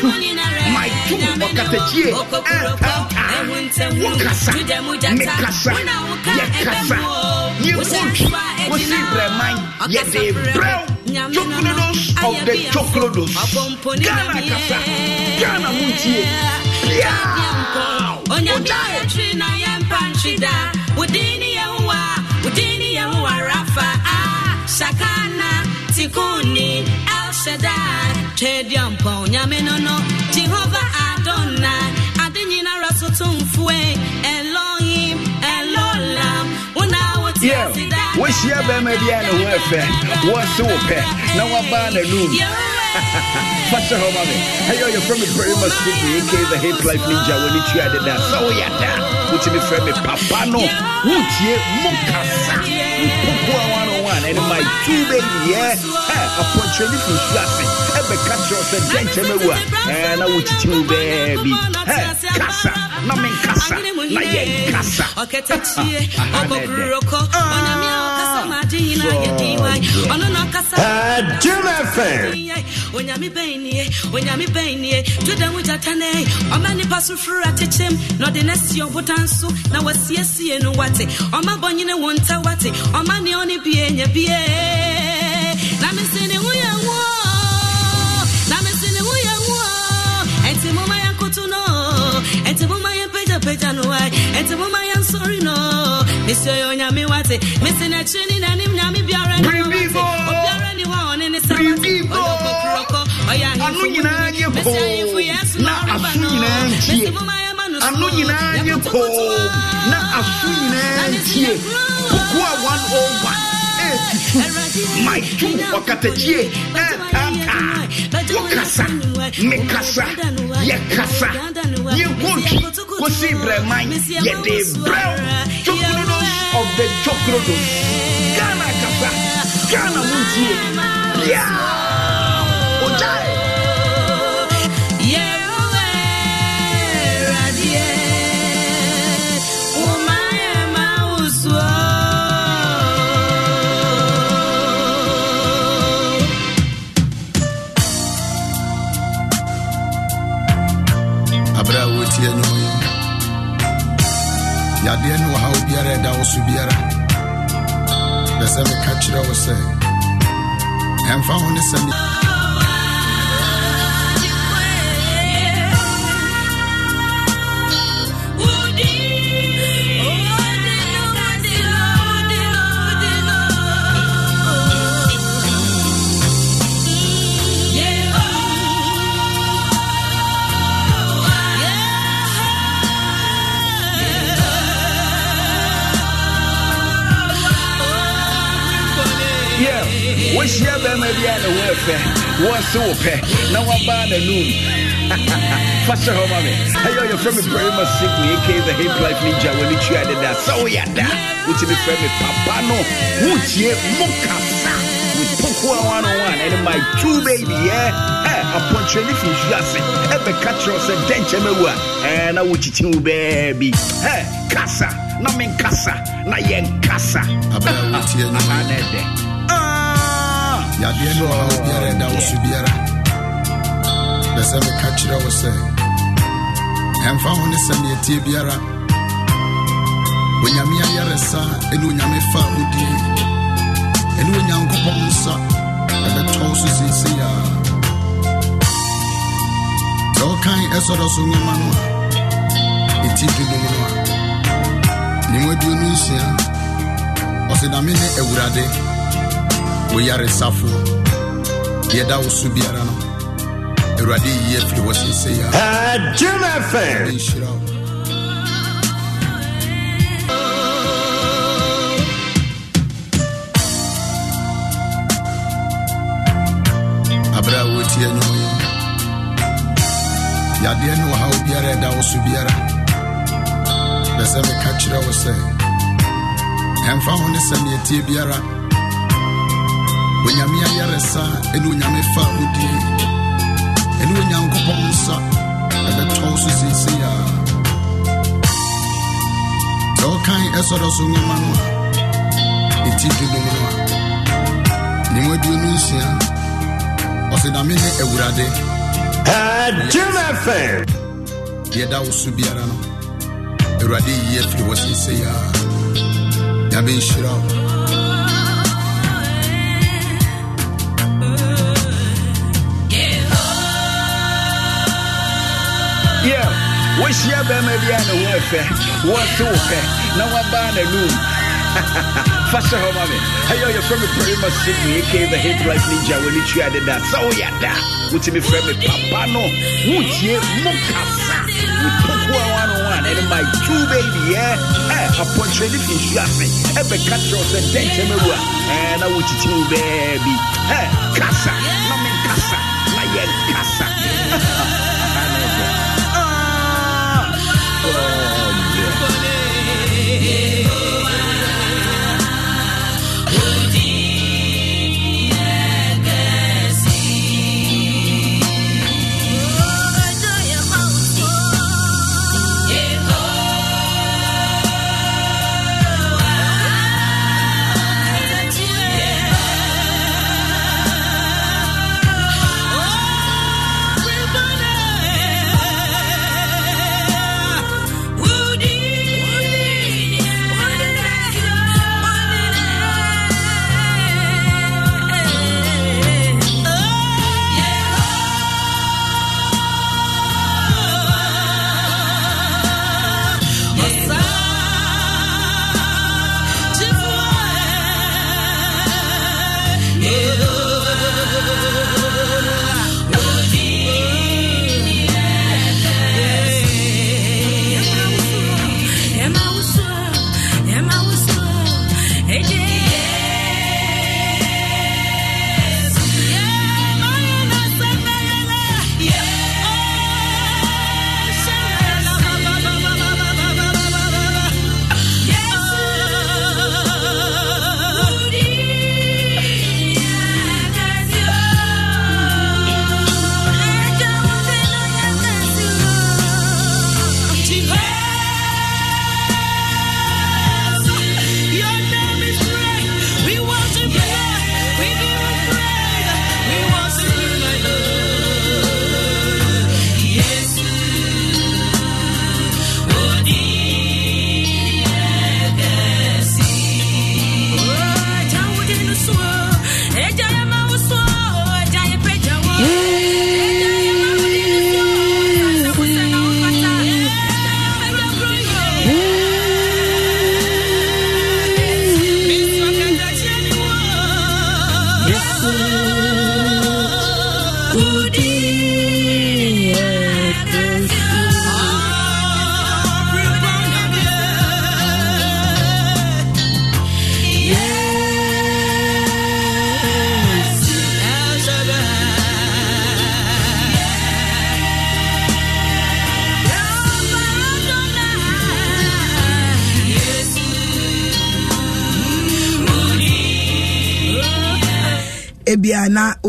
tu my tu ɔkatakyie ɛnkanta ah, ah, ah. wokasa mekasa yɛkasa yɛnkɔtwi wosi brɛman yɛde brɛw chocolodos of the chocolodos ghana kasa ghana montie piaw ɔgyae twɛdi ampɔn nyame no no jehova adonna ade nyinara so tomfoe ɛlɔhim ɛlɔlam wona wotiasida wohyia bɛrima bi a ne ho ɛfɛ wɔ se wo pɛ na woabaa n'anum fahyɛ hɔ ma me ɛyɛ ɔyɛfrɛ me barima sidi ak the hip life ninja wɔne tua deda sɛ woyɛ da wotumi me papa no wotie mo kasa nkokoa wanowan ɛne oh my two babyɛ apɔnkyerɛne firi su ase ɛbɛka kyerɛ na wokyikyi wo baabi kasa na menkasa na bɛnie onyame bɛnie tweda mu gyatane ɔma nnipa so furu atekyɛm na ɔde no asie ɔbotan so na wasiesie no wate ɔma bɔnyene wo nta wate ɔma neɛ ɔne bie nya bie na mese ne ho yɛ wo na mese ne ho yɛ wo ɛnti moma yɛnkoto no ɛnti moma yɛmpagyampagya no ai ɛnti moma yɛnsɔre no mesɛ ɔyɛ biara ano nyinaa nyɛ kɔɔ na aso nyinaa ntie pokua 101 maitu wakatakie ɛtata wokasa mekasa yɛkasa yɛnkɔntwi kɔsi brɛman yɛde brɛw chocolodos of the chocolodos ghana kasa ghana montie bia ogyae adeɛ ne wɔhaw biara ɛda wo so biara bɛ sɛ meka kyerɛ wo sɛ ɛmfa ho ne sɛ wɔahyia bɛrima bi a ne ho ɛfɛ wɔse wo pɛ na woabaa n'anum fa hyɛ hɔ ma me ɛyɛ ɔyɛfrɛ me barima sikli the hip life nigya w'ani tua deda sɛ woyɛda wotumi frɛ me papa no wotie mukasa. poko a one on one and my two baby yeah hey aponcheni fi yase ebe catch us a denche mewa and I would you baby hey kasa na men kasa na yen kasa abana yadeɛ ne wɔhaw biara ɛda wo so biara bɛ sɛ meka kyerɛ wo sɛ ɛmfa ho ne sɛneatie biara onyame ayaresa ɛne onyame fa wodie ɛne onyankopɔn nsa ɛbɛtɔ wo so seesei sɛ wokan ɛsɔdɔ so nwoma no a ɛti dudum no a ne mu aduonu nsia ɔse ne awurade woyaresafo yɛda wo so biara no awurade yi afiri hɔ seesei a nhyira a wɔti anwom yi yadeɛ ne wɔhaw biara ɛda wo so biara pɛ sɛ meka kyerɛ wo sɛ ɛmfa ho ne sɛneɛtie biara onyame ayaresa ɛne onyame fa wodie ɛne onyankopɔn nsa ɛbɛtɔw so seesei a sɛ wokan ɛsɔdɔ so nwoma no a ɛti dodom no a ne mu aduonu nsia ɔse na awurade deɛ wo so biara no awurade yiye firi hɔ seesei a yɛabɛnhyira wo wohyia bɛrima bi a na wɔɛfɛ wɔse wo pɛ na wɔabaa n'anum fa hyɛ hɔ ma me ɛyɛ ɔyɛfrɛ me prima sydney aka the hiplife ninja wɔne tua deda sɛ woyɛ da wotumi frɛ me papa no wotie mo mukasa. We talk one on one. and my two baby yeah eh apɔntrɛni fi nsu ase ɛbɛka kyerɛ sɛ dɛnkyɛm awu a ɛɛ eh, eh, na wotiti wo baby, eh kasa na menkasa na yɛnkasa Whoa.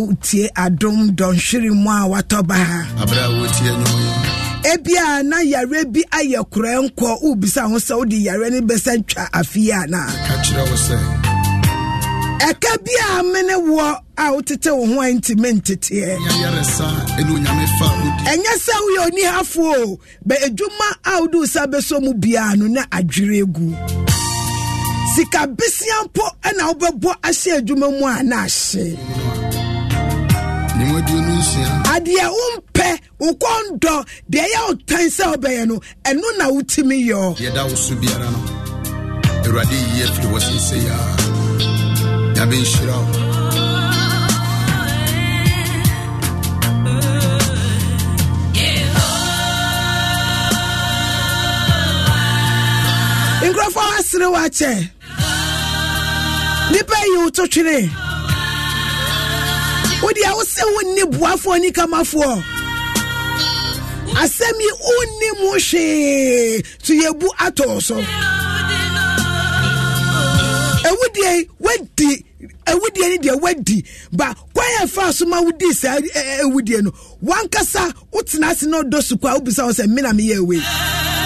wotie adom dɔnhwere mu a watɔ ba ha ebia na yare bi ayɛ kora nkɔ wobisa ho sɛ wode yare no bɛsɛ ntwa afei anaa ɛka bi a mene woɔ a wotete wo ho a nti menteteɛ ɛnyɛ sɛ woyɛ oni hafoɔ o bɛ adwuma a wode wo sa bɛsɔ mu biara no na adwere gu sika besia mpo ɛna wobɛbɔ ahyɛ adwuma mu a na ahye adeɛ wompɛ wo kɔndɔ deɛ ɛyɛ wo sɛ wobɛyɛ no ɛno na wotumi yɛ nkurɔfoɔ asere wakyɛ nnipa yi wo to twere wode a wo sɛ wonni boafoɔ ne kamafoɔ asɛm yi wonni mu hwee to bu atɔɔ so ɛwudie wadi ɛwudie ne deɛ wadi ba kwan ɛfa so ma wodi saa ɛwudie e, e, no wankasa wotena ase na ɔdɔ so kɔ a wobisa wo sɛ me na meyɛ awei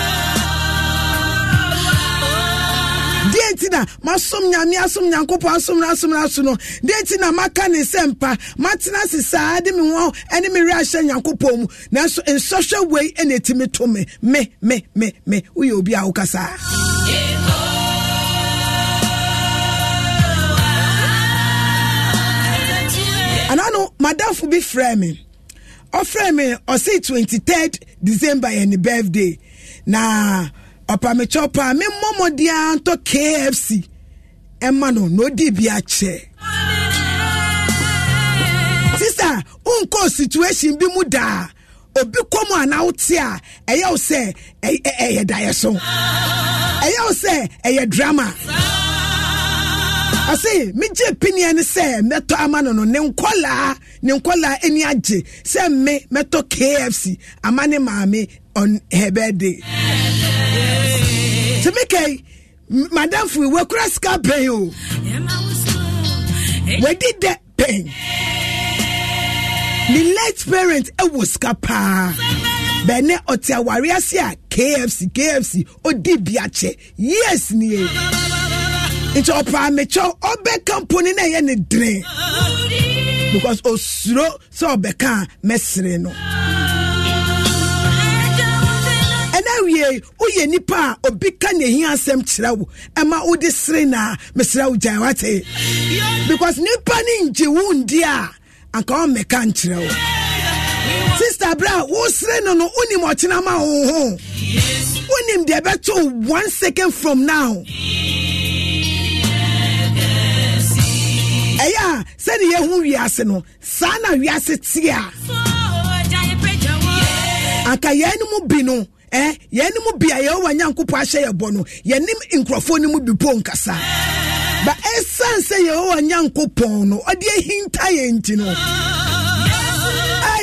na masom nyame asom nyankopɔn asom no asom no aso no deɛ nti na maka ne sɛ mpa matena ase saa de me ho ne me ahyɛ nyankopɔn mu nanso nsɔhwɛ wei ɛna ɛtumi to me me me me me woyɛ obi a woka anano madamfo bi frɛ me ɔfrɛ me ɔse 23 december yɛ ne birthday na ɔpamekyɛ ɔpa me mmɔmɔdeɛ ntɔ kfc ɛma no na ɔdi bi akyɛ sista nko situation bi mu daa obi kɔm a na wote a ɛyɛ wo sɛ ɛyɛ daeɛ so ɛyɛ wo sɛ ɛyɛ drama ɔse megye piniɛ ne sɛ mɛtɔ ama no ne nkɔlaa ne nkɔlaa ani agye sɛ me mɛtɔ kfc ama ne maame on her birthday tèmi kẹyì madam fún ìwé kúrẹ́ sika pẹ̀yìn o wẹ́dí dẹ pẹ̀yìn ni late parent ẹ wò sika paa bẹ́ẹ̀ ni ọ̀tí ase à kfc kfc Odi di ibi yes ni e nti ọ̀pàmìkyọ́ ọbẹ̀ kamponi náà yẹ ne dìrín because osuro sọ ọbẹ̀ kan no awie woyɛ nipa a obi ka ne hi asɛm kyerɛ wo ɛma wode sere naa mesrɛ wo gyae wate because nipa ne ngye wo ndi a anka wɔmmɛka nkyerɛ wo sister berɛ a wosere no no wonim ɔkyena ma wo ho wonim deɛ ɛbɛto one second from now ɛyɛ a sɛne yɛhu wiase no saa na wiase te a anka yɛn no mu bi no ɛ eh, yɛn ni mu bia yɛn wɔ nyankopɔ ahyɛ yɛ bɔ no yɛn ni nkurɔfoɔ ni mu bi po nkasa ba ɛsan sɛ yɛn wɔ nyankopɔn no ɔde ehinta yɛn ti no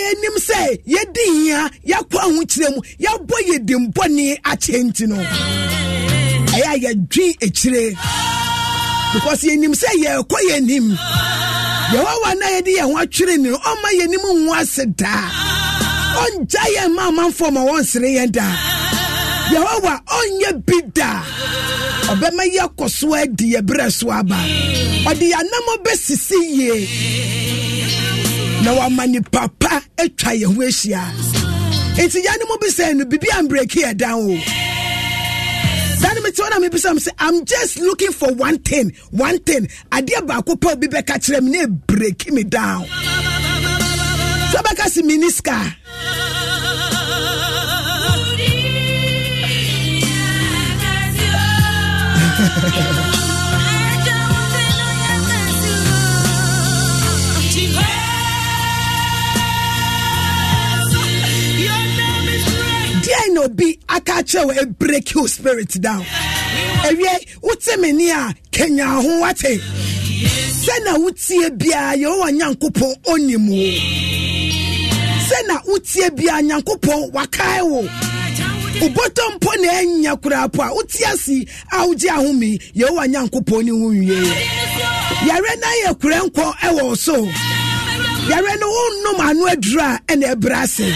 yɛnim sɛ yɛdi hia yɛakɔ ahokyerɛ mu yɛabɔ yɛdi mbɔne akyɛ nti no ɛyɛ a yɛdwe akyire because yɛnim sɛ yɛrekɔ yɛnim yɛwɔwa na yɛde yɛn ho atwere ne no ɔmma yɛnim nho ase daa ɔngya yɛn ma amanfoɔ ma wɔnsere yɛn daa yɛhowa ɔnyɛ bi daa ɔbɛma yɛ kɔ so adi yɛ berɛ so aba ɔde yɛ anam bɛsisi yie na wɔama nipa pa atwa yɛn ho ahyia nti yɛn anom bi sɛ no biribi ambreki yɛ dan o i'm just looking for one thing one thing I baako pɛ obi bɛka kyerɛ me na me down sɛ wobɛka se miniska deɛ na obi aka akyerɛ wo ɛbreki wo spirit down ɛwiɛ wote me ni a kenya ho wate sɛ na wotie biara yɛwɔ wa nyankopɔn ɔnim wo sɛ na wotie bia nyankopɔn wakae wo wobɔtɔ mpo na ɛnya koraa po a wote asi a wogye ahome yehowa nyankopɔn ne ho wie yare na yɛ korɛ nkɔ ɛwɔ wo so yare no wonnom ano aduru a ɛna ɛbrɛ ase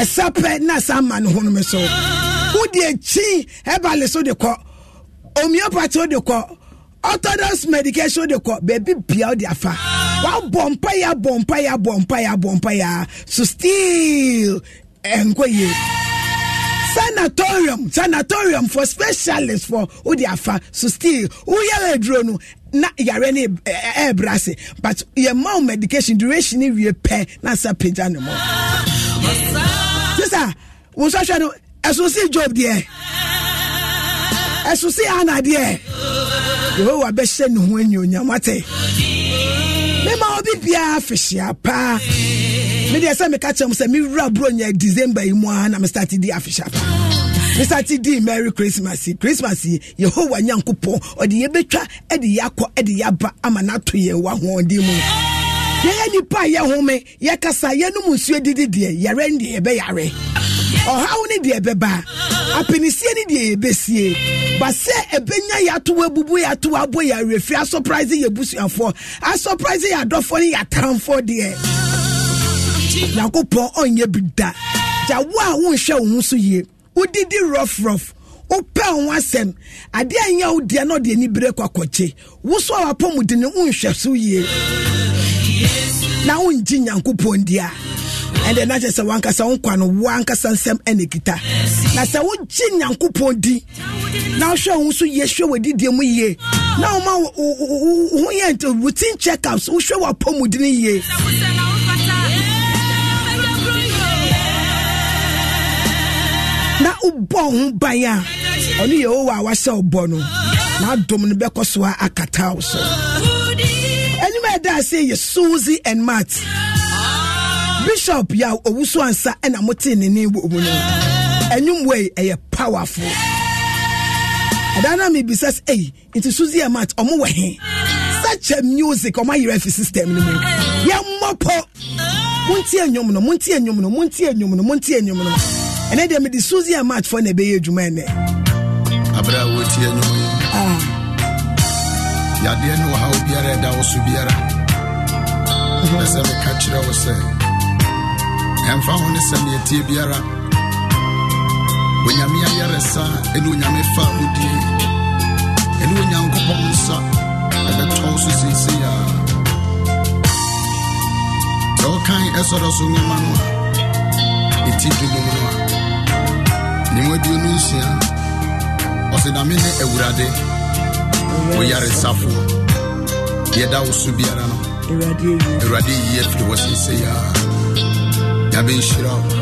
ɛsa pɛ na sa ma ne honome so wode kyi ɛbale so de kɔ omiopati wode kɔ orthodox medication wode kɔ baabi bia wode afa wabɔ mpaeɛ abɔ mpaeɛ abɔ mpaeɛ abɔ mpaeɛ so still ɛnkɔ yie sanatorium sanatorium for specialist for wode afa so still woyɛ aduro no na yare ne ɛɛbra ase but yɛma wo medication duration ne wie pɛ na sa pagya ne mɔ sisa wo nso no ɛso si job deɛ ɛso si ana deɛ yehowa bɛhyɛ ne ho anyonyam mema obi biara afehyia paa medeɛ sɛ meka kyerɛ m sɛ mewura borɔ nya december yi mu a na mestate di afehyia paa mesate di merry christmas christmas yehowa nyankopɔn ɔde yɛbɛtwa de yɛakɔ de yɛaba ama nato yɛn wɔ ahoɔden mu yɛyɛ nipa a yɛhome yɛkasa yɛnom nsuo didi deɛ yɛrɛ ndeɛ yɛbɛyare ɔhaw ne deɛ ɛbɛba apinisie ne deɛ yɛbɛsie ba ɛbɛnya yɛatow abubu yɛatow abɔ ya asɔprise ya asɔprise yɛ ne yɛ deɛ nyankopɔn ɔnyɛ bi da gya wo a wonhwɛ wo ho so yie wodidi wopɛ ho asɛm adeɛ wo deɛ na ɔde ani bere kɔ wo so a wapɔ mu de yie na wongye nyankopɔn di a ɛnɛ na kyerɛ sɛ wankasa wo nkwa no wankasa nsɛm ɛna kita na sɛ wogye nyankopɔn di na wohwɛ wo so yie hwɛ wadidiɛ mu yie na woma ho yɛ nti routine checkups wohwɛ wapɔmudene yie na wobɔ ho ban a ɔno yehowa a wahyɛ wobɔ no na adom no bɛkɔ so a akata wo so ɛnim a ɛda ase yɛ suzy and mat bishop yà owusu ansa ɛna mo tee ne ne wɔ mu no ɛnum wei ɛyɛ powerful ɛdan mi bisa sɛ ɛyi nti suzi amat ɔmo wɔ he such a music ɔmo ayerɛ fi system no mu yɛ mmɔpɔ monti enyom no monti enyom no monti enyom no monti enyom no ɛnɛ deɛ mede suzi amat fɔ na ɛbɛyɛ adwuma ɛnɛ. abira wo ti enyom yi ah. yadeɛ ne wɔ obiara ɛda wo so biara ɛsɛ mhm. meka kyerɛ wo sɛ ɛmfa ho ne sɛneɛ biara onyame ayaresa ɛne onyame fa wodie ɛne onyankopɔn nsa ɛbɛtɔw so seesei a sɛ wokan ɛsɔdɔ so nwoma no a ɛti dwodom no a ne mu nsia ɔse na mene awurade woyaresafoɔ yɛda wo so biara no awurade yie afiri hɔ seesei a Já bem xirol.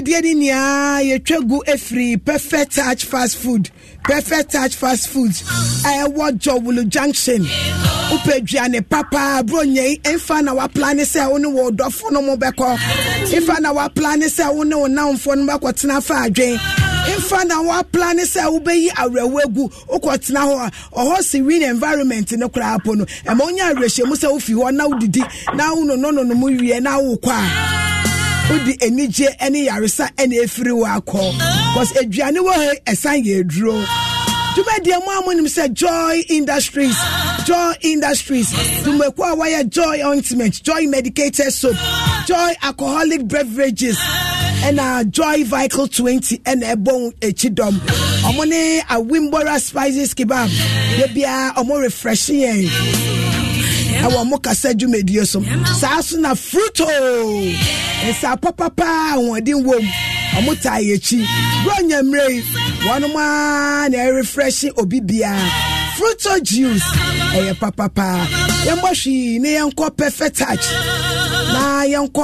dwumadie no nyinaa yɛtwa gu ɛfiri perfect touch fast food perfect touch fast food ɛwɔ jɔwolo junction wopɛ aduane papa ɛmfa na wapla ne sɛ wo ne wɔ dɔfo no mu bɛkɔ ɛmfa na wapla ne sɛ wo ne wo fa adwen na wapla ne sɛ wobɛyi awerɛwo agu wokɔtena hɔ a ɔhɔ environment no koraa po no ɛma wonya sɛ wofi hɔ na wodidi na wie na wode anigye ne yaresa ne ɛfiri wɔ akɔ bcause aduane wɔ ha ɛsan yɛ aduro dwumadiɛ mu a monim sɛ joy industries joy industries dwumako a wɔyɛ joy ointment joy medicated soap joy alcoholic beverages ɛna joy vehicle 20 ɛna ɛbɔ akyi dɔm ɔmo ne awimbora spices kebab deɛ a ɔmo refreshing. yɛn ɛwɔ mo kasa dwumadie so saa so na fruto nsa papapa ahoɔden wom ɔmo taa yɛ akyi nyammerɛ yi wɔnom a na ɛrefrɛhye obi biara fruto juice ɛyɛ papapa yɛmbɔ hwee ne yɛnkɔ perfect touch na yɛnkɔ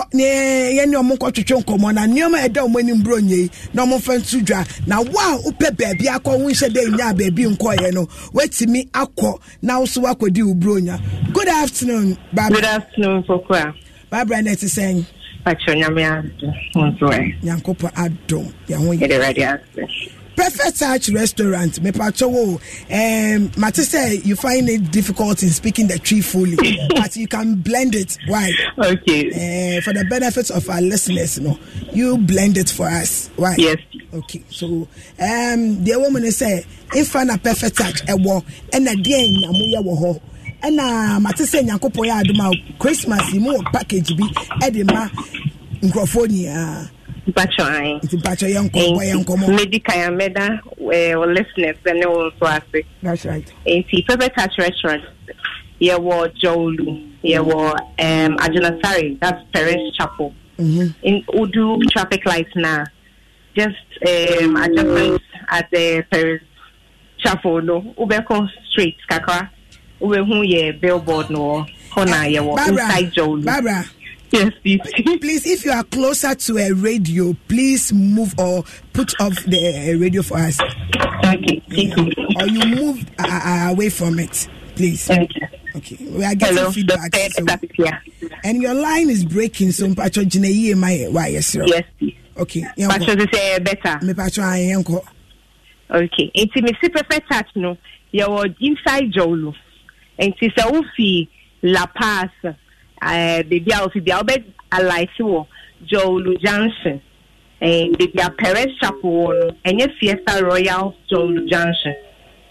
yɛne ɔmo nkɔ twetwe nkɔmmɔ na nneɛma ɛda ɔmo anim buro nye yi na ɔmo fɛ nso dwa na wo a wopɛ baabi akɔ wo nhyɛ dɛ nyaa baabi nkɔyɛ no woatumi akɔ na wo so woakɔdi wo buro nya good afternoon baba good afternoon fokora babra na ɛte sɛn pakyɛ nyame adom nyankopɔn adom yɛho yɛ Perfect Touch Restaurant, me pacho, um, Matisse, you find it difficult in speaking the tree fully, but you can blend it. Why? Okay. Uh, for the benefit of our listeners, you know, you blend it for us. Why? Yes. Okay. So, um, the woman is say, if I'm a perfect touch, a war, and a day in a moya ɛna uh, mate sɛ nyankopɔn yɛ adom a christmas yi mu wɔ package bi eh, de ma nkurɔfoɔ nyinaa ah, mpatsɔ anyi. nti mpatsɔ yɛ nkɔmɔ yɛ nkɔmɔ. medica yɛ mɛda ɛɛ eh, o listeners ɛne wɔn nso ase. that's right. nti pepper catch restaurant yɛ wɔ jɔwlu yɛ wɔ ɛɛm ajonasare that's paris chapel. Mm-hmm. in udu traffic light na just um, adjustment at the paris chapel no wobɛkɔ straight kakra wobɛhu yɛ billboard no wɔ hɔ na yɛ wɔ inside Yes, please. please, if you are closer to a radio, please move or put off the uh, radio for us. Okay, yeah. Or you move uh, uh, away from it, please. Okay. Okay, we are getting Hello. feedback. So. Yeah. And your line is breaking, so Mpacho Jineye, my why, yes, sir. Yes, please. Okay, Mpacho, to say eh, better. Me Mpacho, I am. Okay, it's me super touch no. Your inside Jolo, and it's a La Paz. Eh, beebi a ofi bia ọbẹ alaiti wọ jọwulu junction eh, beebi a Perez Chapel wọ no ẹnyẹ Fiesta Royal jọwulu junction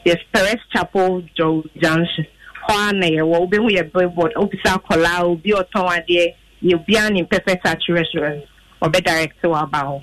yes Perez Chapel jọwulu junction hɔ a na yɛwɔ wobɛhu yɛ billboard wobisa akɔlaa obi ɔtɔn adeɛ yɛ obia ne pɛpɛ touch restaurant ɔbɛ direct wɔ aba hɔ.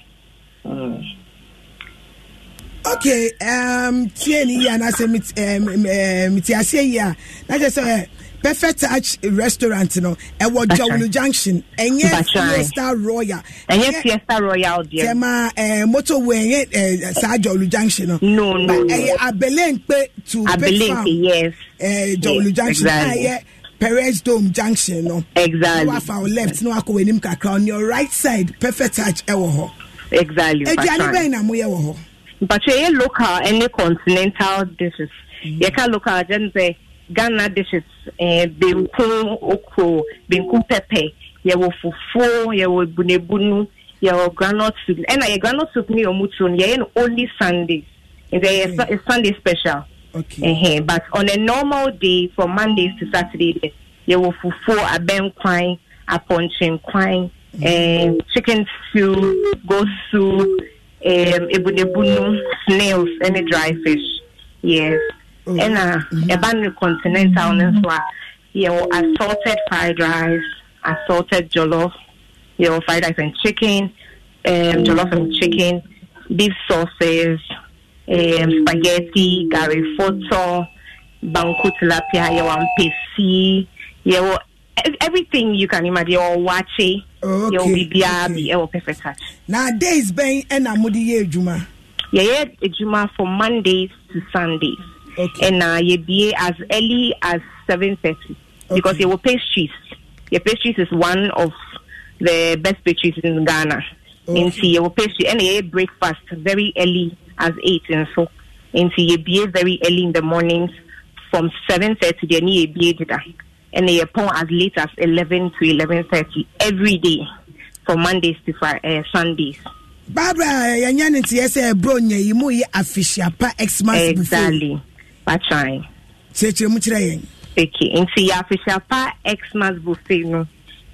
okay um, tie ni yi anaasɛ mete aseɛ yi a na kyerɛ sɛ perfect touch restaurant no ɛwɔ jawulu junction ɛnyɛ fiesta royal ɛnyɛ fiesta royal deɛ tɛma ɛɛ eh, moto wo ɛnyɛ ɛɛ eh, saa jawulu junction no no no ɛyɛ eh, abelenke to abelenke yes ɛɛ jawulu junction ɛyɛ. Perez Dome Junction no. Exactly. Wa fa o left na wa kɔ kakra on your right side perfect touch ɛwɔ hɔ. Exactly. Aduane bɛyɛ na mo yɛ wɔ hɔ. Mpatwa yɛ local ɛne continental dishes. Mm. Yɛ ka local agye n sɛ ghana dishes eh, benkum okro benkum pɛpɛ yɛwɔ fufuo yɛwɔ ebunebunu yɛwɔ groundnut soup ɛna yɛ groundnut soup ni ɔmo tuo yɛyɛ no only sundays nti yɛ okay. sunday special okay. but on a normal day from mondays to saturday yɛwɔ fufuo abɛnkwan apɔnkyenkwan mm-hmm. Eh, chicken stew goat soup eh, ebunebunu snails ɛne dry fish yes ɛna mm-hmm. uh, mm-hmm. ɛba continent continental no nso a yɛwɔ assorted fried rice assorted jollof yɛwɔ fried rice and chicken um, jollof and mm-hmm. chicken beef sauces um, spaghetti gari foto banku tilapia yɛwɔ ampesi yɛwɔ everything you can imagine yɛwɔ wache yɛwɔ biribiara bi ɛwɔ perfect touch. na days bɛn ɛna mo de yɛ adwuma. yɛyɛ adwuma for mondays to sundays. okay. and uh, you be as early as 7.30 because okay. your pastries your pastries is one of the best pastries in ghana In okay. nti your pastry and your breakfast very early as 8 and so nti you be very early in the mornings from 7.30 then you be and you pon as late as 11 to 11.30 every day from mondays to uh, sundays Barbara, yɛnyɛ ne nteɛ sɛ ɛbrɛ nya yi official yɛ afihyia pa xmas exactly. before matran kyerɛkyerɛ mu kyerɛ yɛn okay nti yɛafehyɛ pa xmas buffet no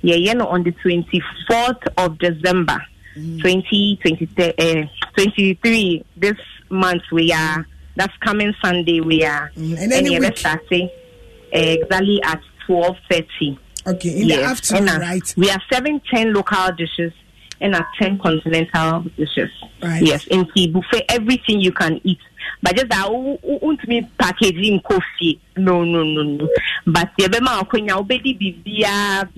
yɛyɛ no on the 24th of december mm. Mm-hmm. 2023 uh, eh, this month we are that's coming sunday we are mm. and, and we're starting uh, exactly at 12.30 okay in yes. the afternoon and, uh, right we are serving 10 local dishes and at uh, 10 continental dishes right. yes in the buffet everything you can eat but just that wontumi be packaging coffee. no no no no but the yɛbɛma akwanya wobɛdi via,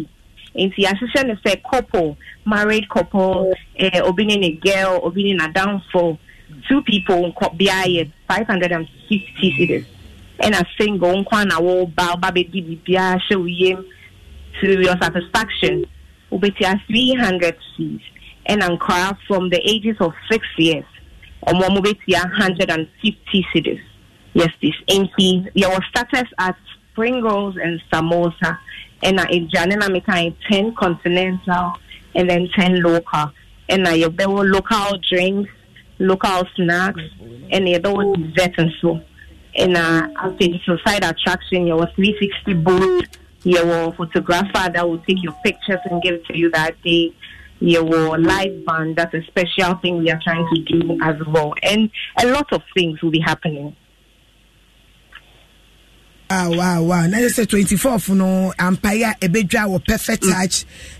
in the yɛahyehyɛ no a couple married couple eh, obi ne ne girl obi ne n'adamfo two people nkɔ biara yɛ five hundred and fifty cedis ɛna single nkwa na wɔba ɔba bɛdi biribiaa hyɛ wo yam to your satisfaction wobɛtia three hundred fees ɛna nkɔra from the ages of six years ọmọ ọmọ bẹtia hundred and fifty cities yes this nti your starters at Pringles and samosa ɛna aduane na meka ten continental and then ten local And ɛna yɛbɛwɔ local drinks local snacks ɛna yɛbɛwɔ dessert nso ɛna And so uh, side attraction yɛwɔ three sixty booth Your photographer that will take your pictures and give it to you that day. your live band. That's a special thing we are trying to do as well. And a lot of things will be happening. Ah, wow, wow. Now you say 24th, no, Empire Ebedra or Perfect mm.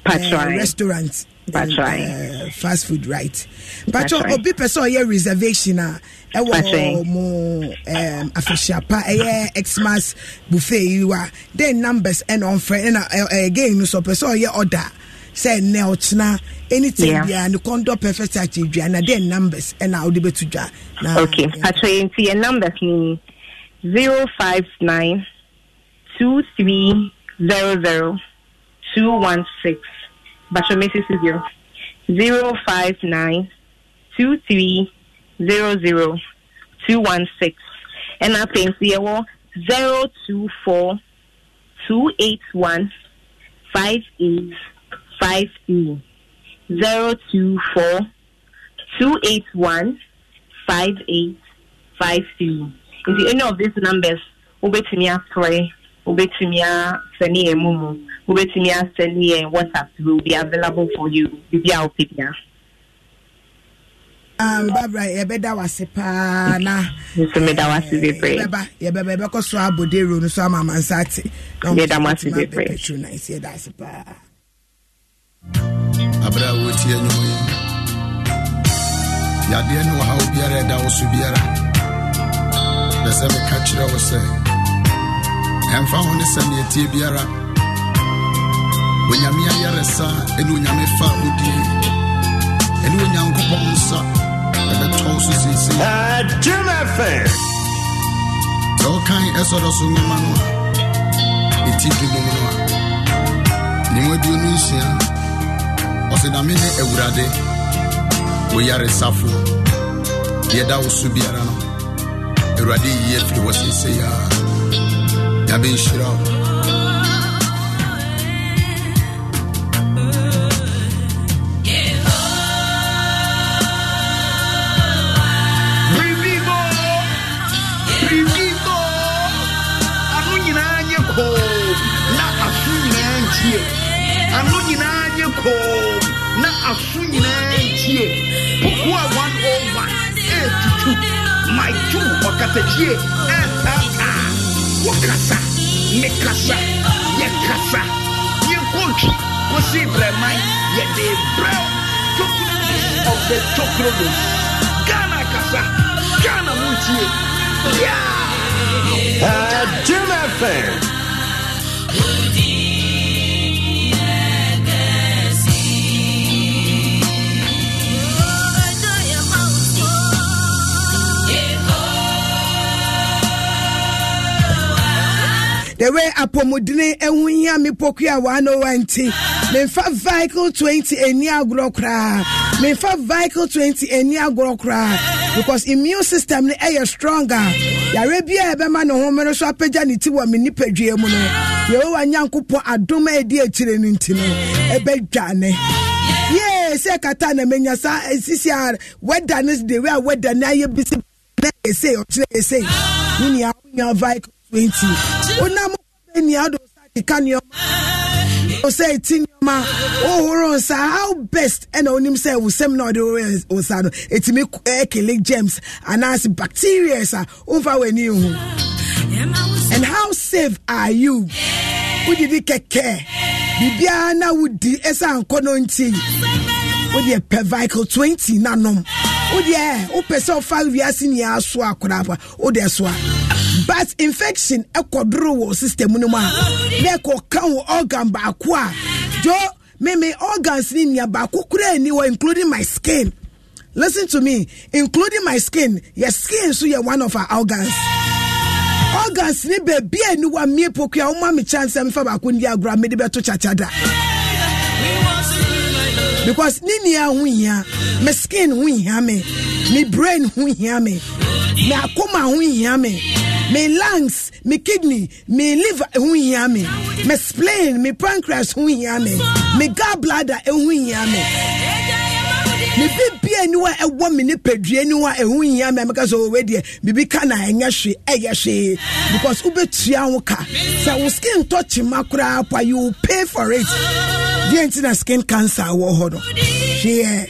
Touch uh, Restaurant. That's right. Uh, fast food, right? But you, right. obi person here reservation ah. Uh, Ewo mo um afishapa eye Xmas buffet you are. Then numbers and on friend and uh, uh, again you so person here order sɛ ɛnɛ ɔkyena anything yeah. biara ne kɔndɔ perfect akyɛ dwa na dɛn numbers ɛna wode bɛto dwa na okay atwɛ nti yɛ numbers ni 059 2300 216 batwɛ mesi studio 059 2300 216 ɛna afei nso yɛwɔ 024 281 58 five two zero two four two eight one five eight five two. Nti any of these numbers wobɛtumi afrɛ wobɛtumi asɛne yɛn mu mu wobɛtumi asɛne yɛn whatsapp we will be available for you biribi a wopɛ bia um, babra yɛbɛda wase paa na meda wase bebreeba eh, yɛbɛba yɛbɛkɔ so abɔde ro no so ama amansa ate na wobɛtumi abɛ patronize yɛda ase paa aberɛ a wɔtie anwuma yi yadeɛ ne ɔhaw biara ɛda wo so biara na sɛ meka kyerɛ wo sɛ ɛmfa ho ne sɛneatie biara onyame ayaresa ɛne onyame fa wodie ɛne onyankopɔn nsa ɛbɛtɔ wo so seesei sɛ wokan ɛsɔdɔ so nwoma no a ɛti dunum no a nimaduo no nsia ɔsɛ na mene awurade woyaresafo yɛda wo so biara no awurade yiyɛ firi wɔ seesei a wo atɛkyie wɔkasa mekasa yɛkasa yɛnkɔntwi kɔsi brɛman yɛde brɛ tokrodos of the tokrodos ghana kasa ghana montie yeah. Uh, Jim FM. dewe apɔmudene ɛho hia me pokua 101 nti memfa vehicle 20 ani agorɔ koraa memfa vehicle 20 ani agorɔ koraa because immune system no ɛyɛ stronger yàrá bi a ɛbɛma ne ho mmerɛ so apagya ne ti wɔ me nipadua mu no yehowa nyankopɔn adom a ɛdi akyire no nti no ɛbɛdwane yee sɛ kata na menya saa eh, sisi a wɛda no de wei a wɛda no ayɛ bisi na ɛsei ɔkyerɛ ɛsei ne wonya vehicle 20 wonam bɛnia wode wo sa sɛ ɛti nneɔma wohoro nsa how best ɛna wonim sɛ wo sɛm na ɔde wo nsa no ɛtumi ɛkele eh, gems anaasɛ bacterias a womfa w'ani ho and how safe are you wodidi kɛkɛ biribiara na wodi ɛsɛ ankɔ no nti wodeɛ pɛ vicle 20 na nom wodeɛ wopɛ sɛ ɔfa wiase nyinaa so akora pa wodeɛ so a but infection ɛkɔdoro wɔ system no mu a na ɛkɔka wo organ baako a jo meme organs ne nia baako koraa ni wɔ including my skin listen to me including my skin your skin so yɛ one of our organs organs ne baabi a ɛni wa mie poku a wɔn ma mi kyɛnse mfa baako ni agorɔ a mede bɛto kyakyada. because ne nia hia me skin ho hia me me brain ho hia me me akoma ho hia me me lungs me kidney me liver ho hia me me spleen me pancreas ho hia me me gallbladder ho hia me ne bibia ni wa ɛwɔ me ne padua ni wa ɛho nyia me meka sɛ deɛ biribi ka na ɛnyɛ hwe ɛyɛ hwee because wobɛtua wo ka sɛ wo skin tɔ kyema koraa pa you pay for it deɛ nti na skin cancer wɔ hɔ no hweɛ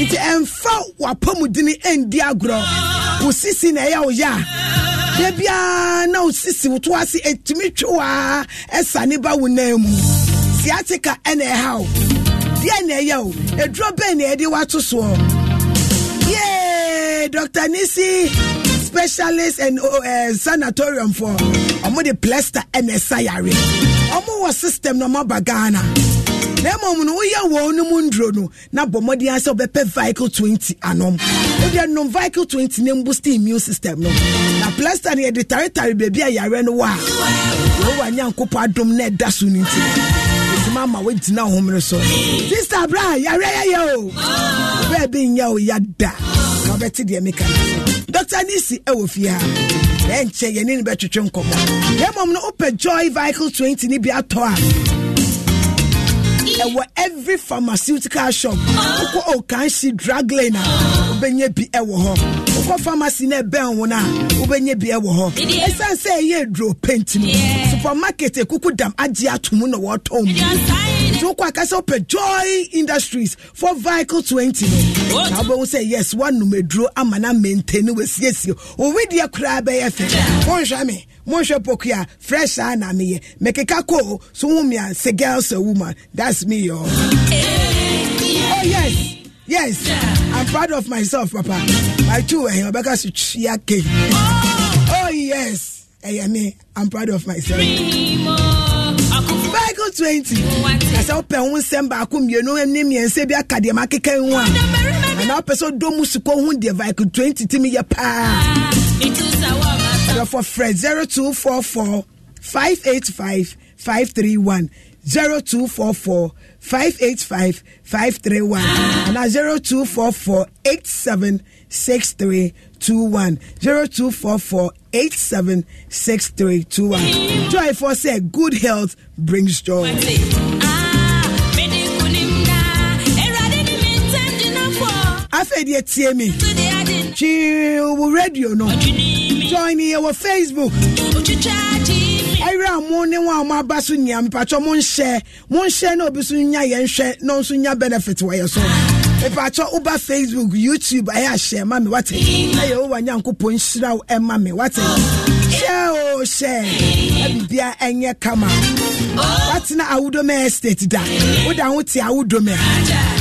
nti ɛmfa wapamudini ɛndi agorɔ wo sisi na ɛyɛ wo yɛ a da biara na osisi woto ase etumi twewaa ɛsa ne ba wo nan mu siatika ɛna ɛha o. deɛ na ɛyɛ o eduro bɛn na yɛde wato soɔ yee dr nisi specialist and uh, oh, eh, sanatorium for ɔmo de plaster ɛna ɛsa yare ɔmo wɔ system na ɔmo aba ghana na mmom no woyɛ wɔn no mu nduro no na bɔ mmɔden asɛ ɔbɛpɛ vehicle twenty anom wode nom vehicle twenty na mbu still immune system no na plaster no yɛde taretare baabi a yare no wɔ a wɔwɔ anyankopɔn adom na ɛda so no nti ma ma wogyina homere so sister bra yɛwerɛ yɛyɛ o berɛ bi nyɛ o yada na wobɛte deɛ meka dr nisi ɛwɔ fi ha ɛnkyɛ yɛne ne bɛtwetwe nkɔmmɔ na mmom no wopɛ joy vehicle twenty ne bi a ɛwɔ every pharmaceutical shop wokɔ okanhye oh, drug lane a bi ɛwɔ hɔ wokɔ pharmacy na ɛbɛn e wo no a wobɛnya bi ɛwɔ hɔ ɛsiane sɛ ɛyɛ aduro paint no supermarket ɛkuku dam agye ato mu na wɔtɔn mu nti wokɔ aka sɛ wopɛ joy industries for vehicle 20 no na wobɛhu sɛ yes woanom aduro ama no maintain wasiesie owideɛ koraa bɛyɛ fɛ wonhwɛ me monhwɛ pokua fresh a na meyɛ mekeka koo so wo mea girls a woman that's me yo oh yes yes i'm proud of myself papa my two ɛhɛ eh, ɔbɛka so twia ke oh yes ɛyɛ eh, me i'm proud of myself Bible 20 ɛsɛ wopɛ ho nsɛm baako mmienu ne mmiɛnsa bi aka deɛ makeka ho a anaa wopɛ sɛ wodɔ mu sukɔ ho deɛ Bible 20 timi yɛ paa yɛfɔ frɛ 0244 585 531 0244 585 531 ana 0244 8763 21 0244 876321. Joy for say good health brings joy. afei deɛ tie me kyi wɔ radio no join me yɛwɔ facebook ɛwerɛ a mo ne wɔn a mo aba so nia mpatwɔ mo nhyɛ mo nhyɛ na obi so nya yɛn hwɛ na nso nya benefit wɔ yɛ so mpatwɔ woba facebook youtube ɛyɛ ahyɛ ma mi wate na yɛ wowa nyankopɔn nhyira wo ɛma mi wate hyɛ o hyɛ ɛbibia ɛnyɛ kama watena awudome estate da woda ho te awudome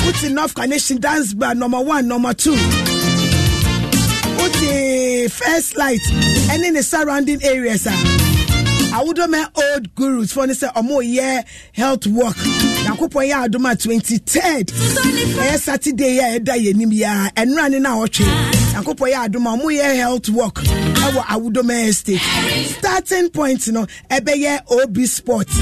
wote north carnation dance bar number one number two wote first light ɛne ne surrounding areas a awodomɛ old gurus fɔ ne sɛ ɔmo yɛ health work yakopɔn yɛ adoma twenty third ɛyɛ saturday yɛ ɛda yɛ nim yɛ ɛnura ne na ɔtwe yakopɔn yɛ adoma ɔmo yɛ health work ɛwɔ awodomɛ estate starting point no ɛbɛyɛ ob sports.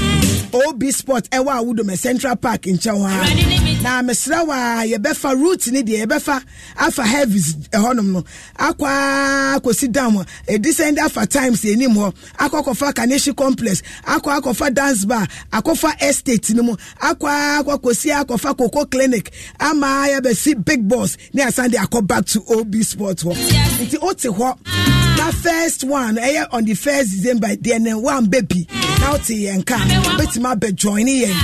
ob sport ɛwɔ awodoma central park nkyɛn hɔ na mesrɛ wa yɛbɛfa route ne deɛ yɛbɛfa afa heavies ɛhɔnom no akɔ akɔsi dam ɛdesɛn de afa times anim hɔ akɔ akɔfa kaneshi complex akɔ akɔfa dance bar akɔfa estate no mu akɔ akɔkɔsi akɔfa koko clinic ama yɛbɛsi big boss ne asan de akɔ back to ob sport hɔ nti wote hɔ na first one ɛyɛ on the first december deɛ ne one baby na wote yɛn ka bɛtumi abɛjoin yɛn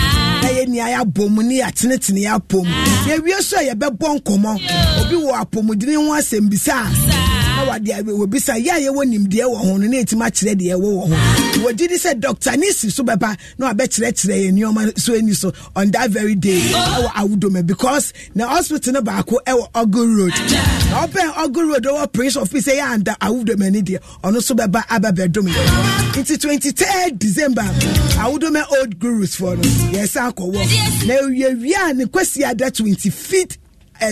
na yɛni ayabɔ mu ne yɛatenetene yɛapɔ mu yɛwie so a yɛbɛbɔ nkɔmmɔ obi wɔ apɔmudini ho asɛmbisa a na wadeɛ wɔbisa yɛ a yɛwɔ nimdeɛ wɔ ho no na ɛtumi akyerɛ deɛ ɛwɔ wɔ ho wɔgye di sɛ dɔkta ne si so bɛba na wabɛkyerɛkyerɛ yɛ nneɔma so ani so on that very day ɛwɔ awodoma because na hospital no baako ɛwɔ ogle road na ɔbɛn ogle road ɔwɔ prince of peace ɛyɛ anda awodoma ni deɛ ɔno so bɛba aba bɛdom yɛ nti 23 december awodoma old gurus for no yɛsa akɔwɔ na ɛwiawia ne kwasi ada 25th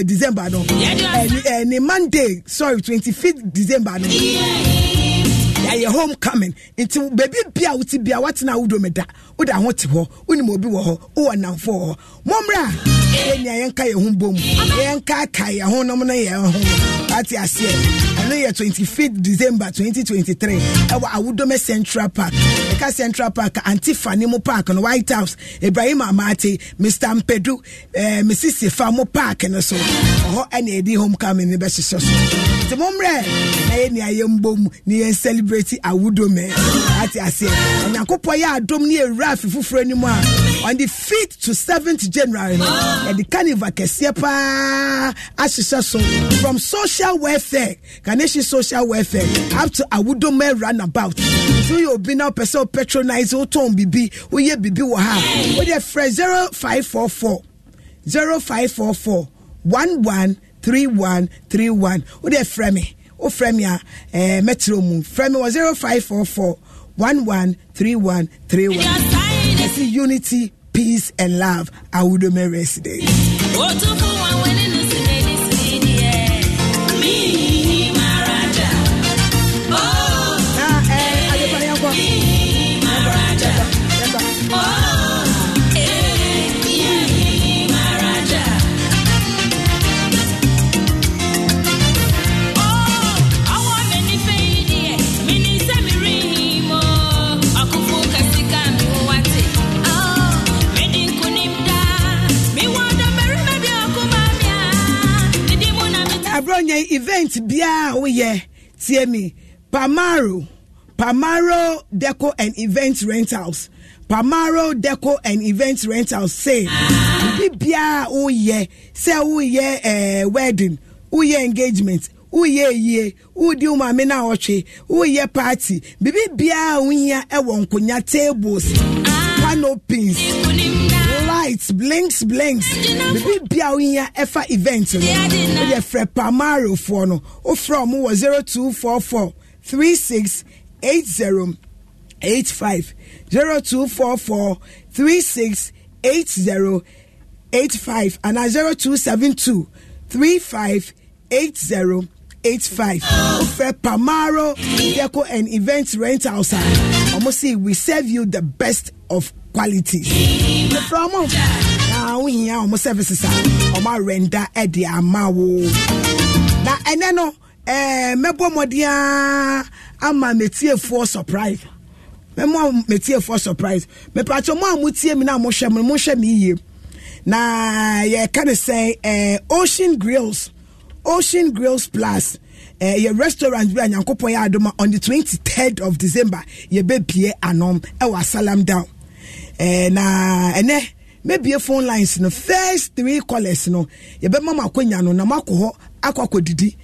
December no ɛni yeah, Monday sorry twenty fifth December no. Yeah, ɛyɛ home coming nti baabi a wote bia watena wodome da wode ho te hɔ wonim obi wɔ hɔ wowɔ namfoɔ wɔ hɔ mommrɛ a ɛnea yɛnka yɛ ho bom yɛnka ka yɛ ho nom no yɛ ho ate aseɛ ɛno yɛ 25 december 2023 ɛwɔ awodome central park ɛka central park antifa ne mu park no white house ibrahim amate mr mpedu eh, mrs sefa mu park no so ɔhɔ ɛne ɛdi homecoming no bɛhyehyɛ so nti mo mmerɛ na yɛ nea yɛmbɔ mu celebrate awudome ate aseɛ onyankopɔn yɛ adom ne yɛwura afe foforɔ anim a on the 5 to 7 january no yɛde carnival kɛseɛ paa ahyehyɛ so from social welfare carnation social welfare up to awudome runabout so yɛ obi na wopɛ sɛ wopatronize wotɔn biribi woyɛ biribi wɔ ha wode frɛ 0544 0544 11 three one three one wọ́n dẹ̀ frẹ́ mi ó frẹ́ mi à ẹ̀ mẹ́tìrì mu frẹ́ mi wọ zero five four four one one three one three one ẹ sì unity peace and love I would awudomẹ residence. onyɛ event biara woyɛ tie mi pamaro pamaro deco and event rentals pamaro deco and event rentals say biribi biara woyɛ sɛ woyɛ ɛɛ eh, wedding woyɛ engagement woyɛ yie wodi wo maame na ɔtwe woyɛ party biribi biara wohia ɛwɔ nkonya tables canopies lights blinks blinks biribi bia wonya ɛfa event no wode frɛ pamarofoɔ no wofrɛ mo wɔ 0244 36 80 85 0244 36 80 85 anaa 0272 35 80 85 For pamaro deco and events rent outside. a ɔmo say we serve you the best of quality. From now we have our services are our render at amawo. Na ene no eh mebo modia ama metiefoɔ surprise. Memo metiefoɔ surprise. Me Mepacho mo amutie mi na mo hwɛ mo hwɛ mi yie. Na yɛka ne say, eh Ocean Grills Ocean Grills Plus uh, your restaurant bi a nyankopɔn yɛ adoma on the 23rd of december yɛbɛpie anom ɛwɔ asalam down Eh, na ɛnɛ mebie phone lines no first three callers no yɛbɛma mo akɔnya no na m'akɔ hɔ akɔ didi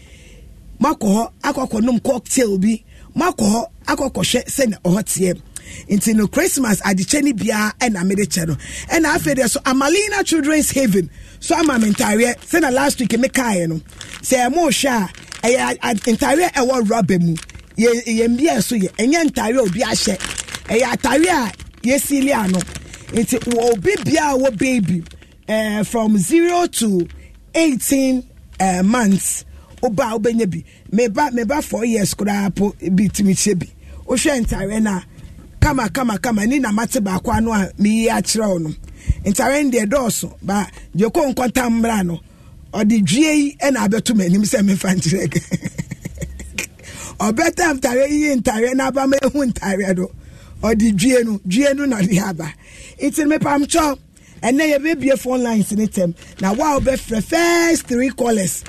m'akɔ hɔ akɔ akɔnom cocktail bi m'akɔ hɔ akɔ akɔhwɛ sɛne ɔhɔ teɛ nti no christmas adekyɛ ni biara ɛna mede kyɛ no ɛna afei deɛ so amalina children's haven so ama me ntareɛ sɛna last week mekaeɛ no sɛ hwɛ a ɛyɛ ntareɛ ɛwɔ rɔba mu yɛmbiɛ so yɛ ɛnyɛ ntareɛ obi ahyɛ ɛyɛ atareɛ a yɛsili ano nti obi bia a wɔ baby uh, from zero to eighteen uh, months ɔba a ɔbɛnya bi meba meba four years koraa po bi tumi bi wohwɛ ntaare na kama kama kama ne na mate baako ano a meyi akyerɛ no ntaare no deɛ dɔɔso ba deɛ kɔ nkɔntam mmra no ɔde dua yi na abɛto m'anim sɛ mefa nkyerɛ ɔbɛtam ntaare yi ntaare na abama ehu ntaare do. No. ɔde due no due no na de aba nti mepamkyɛ ɛnɛ yɛbɛbie phone lines ne tɛm na wa wobɛfrɛ first three callers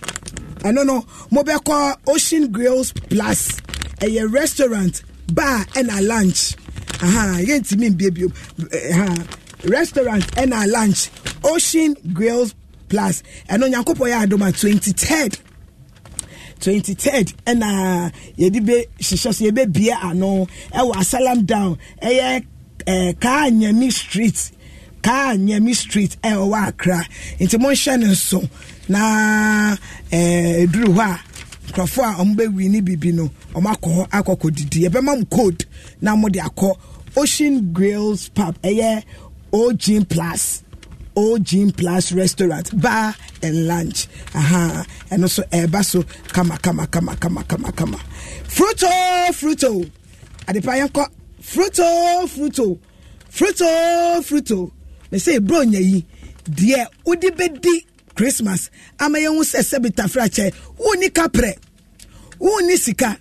ɛno no mobɛkɔ ocean grills plus ɛyɛ restaurant bar ɛna lunch aha yɛntumi mbie bio aha restaurant ɛna lunch ocean grills plus ɛno nyankopɔn yɛ adoma twenty third twenty third ɛna yɛde bɛ hyehyɛ so yɛbɛbie ano ɛwɔ asalam down ɛyɛ ɛɛ kaa nyami street kaa nyami street ɛwɔ akra nti mo nhyɛ ne nso na ɛɛ eduru hɔ a nkurɔfoɔ a wɔn bɛwi ne bibi no wɔn akɔ hɔ akɔ kɔ didi yɛbɛma mo code na mo de akɔ ocean grills pub ɛyɛ ogin plus. ogin plus restaurant bar and lunch ɛno nso ɛreba eh, so kama kama kama kama kama kama fruto fruto adepa yɛn kɔ fruto fruto fruto fruto mɛsɛ eburo nya yi deɛ wode bɛdi christmas ama yɛn ho sɛ sɛbi tafra kyɛ wonni kaprɛ wonni sika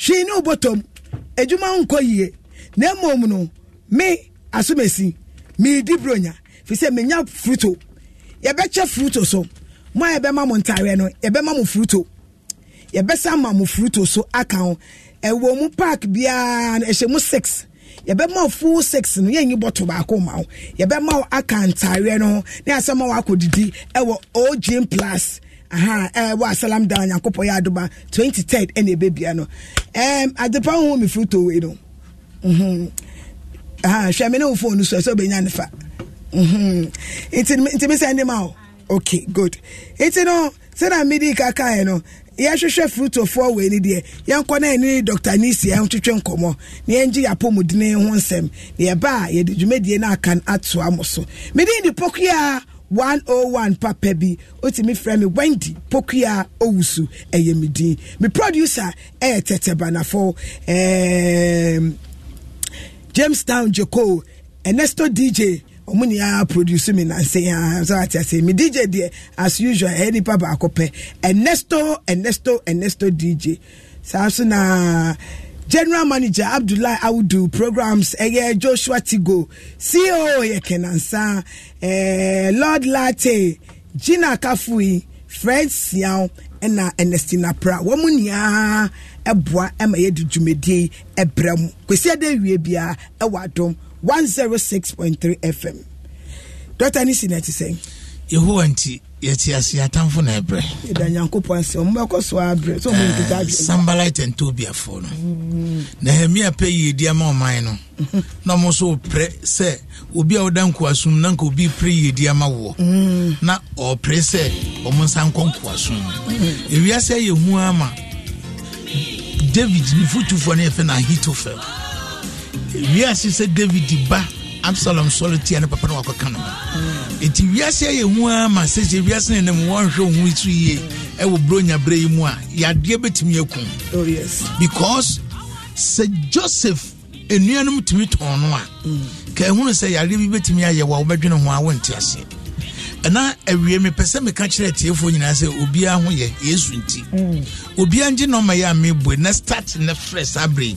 hwee ne wobɔtɔm adwuma nkɔ yie na mmom no me mi di buronya fi sɛ menya fruto yɛbɛkyɛ fruto so mo a yɛbɛma mo ntareɛ no yɛbɛma mo fruto yɛbɛsa ma mo fruto so aka ho ɛwɔ mu park biara no ɛhyɛ mu six yɛbɛma wo full six no yɛnyi bɔtɔ baako ma wo yɛbɛma wo aka ntareɛ no ho na yɛasɛ ma wo akɔdidi ɛwɔ ogm plus aha ɛwɔ eh, asalam dan nyankopɔn yɛ adoba twenty third ɛna eh, ebebia no ɛɛm adepa ho mi fruto wei no mhm. hwɛ me ne wo phone no so ɛsɛ obɛnya ne fa. ntumi sɛ ɛnim awo ok good nti no sɛnna midi kaka yɛ no yɛhwehwɛ fruitofoɔ wɔ ani deɛ yɛnkɔ na ɛne dr nisi ɛntwetwe nkɔmmɔ na yɛngye yɛapɔmudene ho nsɛm na yɛba a yɛde dwumadie na aka atoa mo so mede ne pɔkua 101 papa bi otimi frɛ me wendy pokua owusu ɛyɛ me din me producer ɛyɛ eh, tɛtɛ banafo ɛɛɛ dj ɔmo nyinaa produce mi nansi yaa so ati ase mi dj deɛ as usual ɛyɛ nipa baako pɛ ernesto ernesto ernesto dj saa so na general manager abdullahi awudu programs ɛyɛ joshua tigo ceo yɛ kenansa ɛɛ lord latte gina kafui fred siaw ɛna ernestina pra wɔn nyinaa ɛboa ɛma yɛ de dwumadie ɛbrɛ mu kwesi ɛdɛ wie biara ɛwɔ adom one zero oh six point three fm dɔkta ne si na ti sɛn. yehowa nti yɛte ase atamfo na ɛbrɛ ɛda nyankopɔn ase ɔmobɛkɔ so abrɛ sɛ ɔmnkita eh, sambalite ntobiafoɔ no mm-hmm. nehemia pɛ yiedi ama ɔman no na ɔmo so woprɛ sɛ obi a woda nkoasom na nka obi pere yiedi ama woɔ mm. na ɔɔpere sɛ ɔmo nsa nkɔ nkoasom mm. ewiase yɛ hu ama david ne fotufoɔ no yɛfɛ no ahitofel wiase sɛ david ba absalom sɔre tia ne papa no wakɔka no ɛnti wiase ayɛ hu ara ma sɛsɛ wiase no nam wɔnhwɛ ho so yie ɛwɔ buronyaberɛ yi mu a yɛadeɛ bɛtumi aku oh, because sɛ joseph nnuanom tumi tɔn no a ka ɛhunu sɛ yareɛ bi bɛtumi ayɛ wɔ a wobɛdwene ho a wonte aseɛ ɛna awie mepɛ sɛ meka kyerɛ atiefoɔ nyinaa sɛ obiara ho yɛ yesu nti mm. obiara ngye nɔma yɛ a mebue na start ne frɛ saa berɛ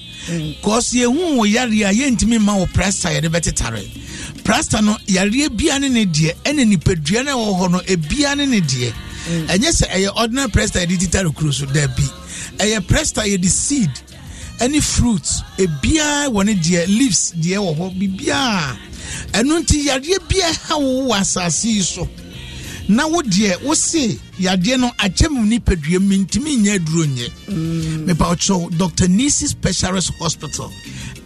kɔsi ehu wɔ yare a yɛntumi ma wɔ presta yɛde bɛtetare presta no yari bia ne ne deɛ ɛne nipadua no ɛwɔ hɔ no ebia ne ne deɛ mm. ɛnyɛ sɛ ɛyɛ ordinary presta yɛde titare kuro so daabi ɛyɛ presta yɛde seed ɛne fruit ebia wɔ ne deɛ leaves deɛ wɔ hɔ bibia ɛno nti yareɛ bia ha wɔ wɔ yi so na wo deɛ wo se yadeɛ no akyɛ mu nipadua mu ntumi nyɛ aduro nyɛ mm. mepa ɔkyerɛw dr nisi specialist hospital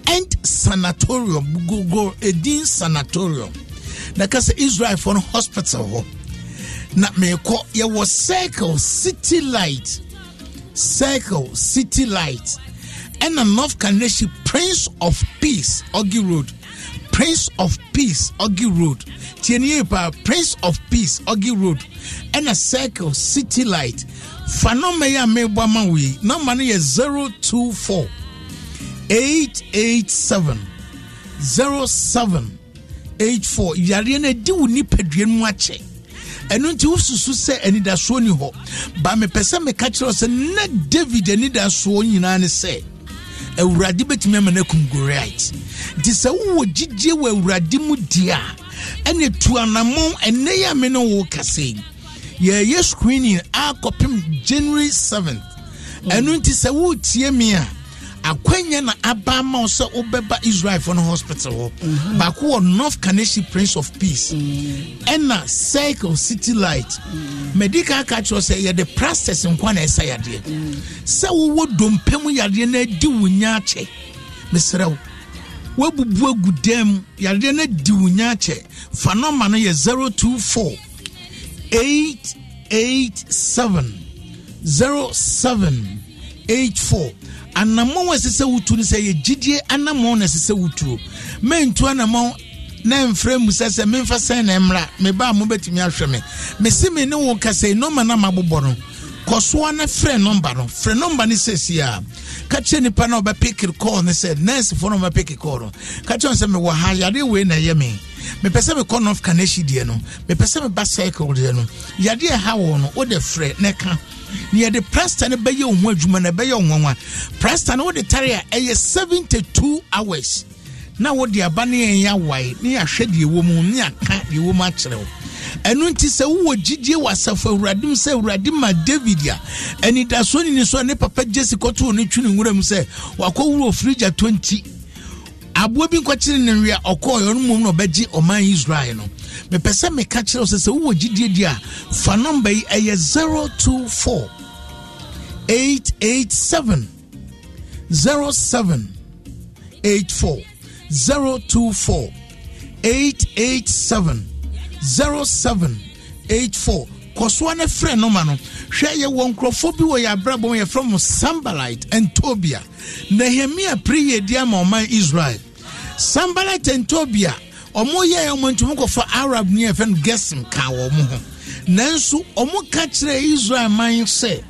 and sanatorium gogo edin sanatorium na ka sɛ israelfoɔ no hospital hɔ na merekɔ yɛwɔ circle city light circle city light ɛna north kanreshi prince of peace ogi road prince of peace ogi road tienie pa prince of peace ogi road ɛna circle city light fa nɔmba yi a mebɔ ama wo yi nɔmba no yɛ 024 887 07 84 yareɛ no adi wo nipadua no mu akyɛ ɛno nti wosusu sɛ anidasoɔ ni hɔ ba mepɛ sɛ meka kyerɛ sɛ na david anidasoɔ nyinaa ne sɛ awurade bɛtumi ama no akum goriat nti sɛ wowɔ gyigye wɔ awurade mu di a ɛne tuanammɔn ɛnɛ yi a me ne wo kasa yi yɛyɛ screening akɔpem january 7th ɛno nti sɛ woretie me a akwanya na aba ama wo sɛ wobɛba israelfoɔ no hospital hɔ mm-hmm. baako wɔ north kaneshi prince of peace mm. ɛna Cycle city light medical mm. ka kyerɛ sɛ yɛde prasters nkwa na ɛsa yadeɛ mm. sɛ wowɔ dompa mu yadeɛ no adi wo nya akyɛ mesrɛ wo woabubu agu dan mu yadeɛ no adi wo nya akyɛ fa nɔma no yɛ 024 887 0784 anammɔn a ɛsɛ sɛ wotuo no sɛ yɛ gyidie anammɔn na ɛsɛ sɛ wotuo mentu na mfrɛ mu sɛ sɛ memfa sɛn na mmra meba a mobɛtumi ahwɛ me mese me ne wo kasɛi nɔma no mabobɔ no kɔsoa na frɛ nɔmba no frɛ nɔmba no sɛsi a ka kyerɛ nipa na ɔbɛpeke kɔɔ no sɛ nɛɛsefoɔ no ɔbɛpeke kɔɔ no ka kyerɛ sɛ mewɔ ha yadeɛ wei na ɛyɛ me mepɛ sɛ mekɔ nɔf kanahyi deɛ no mepɛ sɛ meba cycle deɛ no yadeɛ ɛha wɔ no wode frɛ na ɛka na yɛde presta no bɛyɛ wo ho adwuma na ɛbɛyɛ wo nwanwa presta no wode tare a ɛyɛ 72 hours na wode aba ne yɛnyɛ awae ne yɛahwɛ deɛ wɔ mu ne yɛaka deɛ wɔ mu akyerɛ wo ɛno nti sɛ wowɔ gyidie wɔ asafo awurade mu sɛ awurade ma david a anidasoɔ nini so a ne papa jesi kɔtoo ne twi ne nwura mu sɛ wakɔwuro firigya tɔ nti aboa bi nkɔkyere ne nwea ɔkɔɔyɛ ɔno mmom na ɔbɛgye ɔman israel no mepɛ sɛ meka kyerɛ wo sɛ sɛ wowɔ gyidie di a fa nɔmba yi ɛyɛ 024 887 0784 024 887 0784 kɔsoa no frɛ noma no hwɛ yɛwɔ nkurɔfoɔ bi wɔ yɛ yɛfrɛ mo sambalite and tobia nehemia pre yɛ di ama ɔman israel sambalite and tobia ɔmo yɛ ɔmo ntoma kɔfa arab ni ɛfɛ no gɛsim ka wɔn ho nanso ɔmo ka kyerɛ israel man sɛ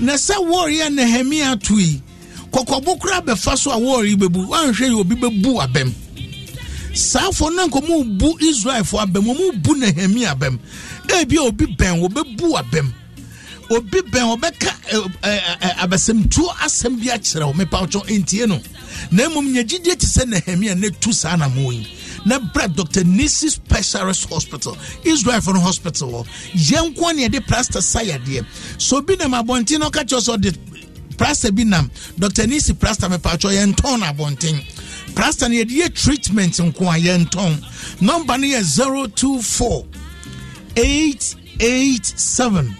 na sɛ wɔɔre a nehemia to yi kɔkɔbo kora bɛfa so a wɔɔre bɛbu wɔanhwɛ yi obi bɛbu abɛm saafo no nka ɔmo bu israelfo abɛm ɔmo bu nehemia abɛm ebi e, e, e, a obi bɛn wɔbɛbu abɛm obi bɛn ɔbɛka abasɛmtuo asɛm bi akyerɛ wo mepa wotwɔ ntie no na mmom nyɛ gyidie te sɛ nehemia na tu saa na mo yi na brɛ dr nisi specialist hospital israelfo no hospital hɔ yɛn nko ne yɛde plaster sa yadeɛ so bi nam abɔnten na ɔka kyerɛ sɛ ɔde plaster bi nam dr nisi plaster mepatwɔ yɛntɔn no abɔnten plaster no yɛde yɛ treatment nko a yɛntɔn number no yɛ 024 887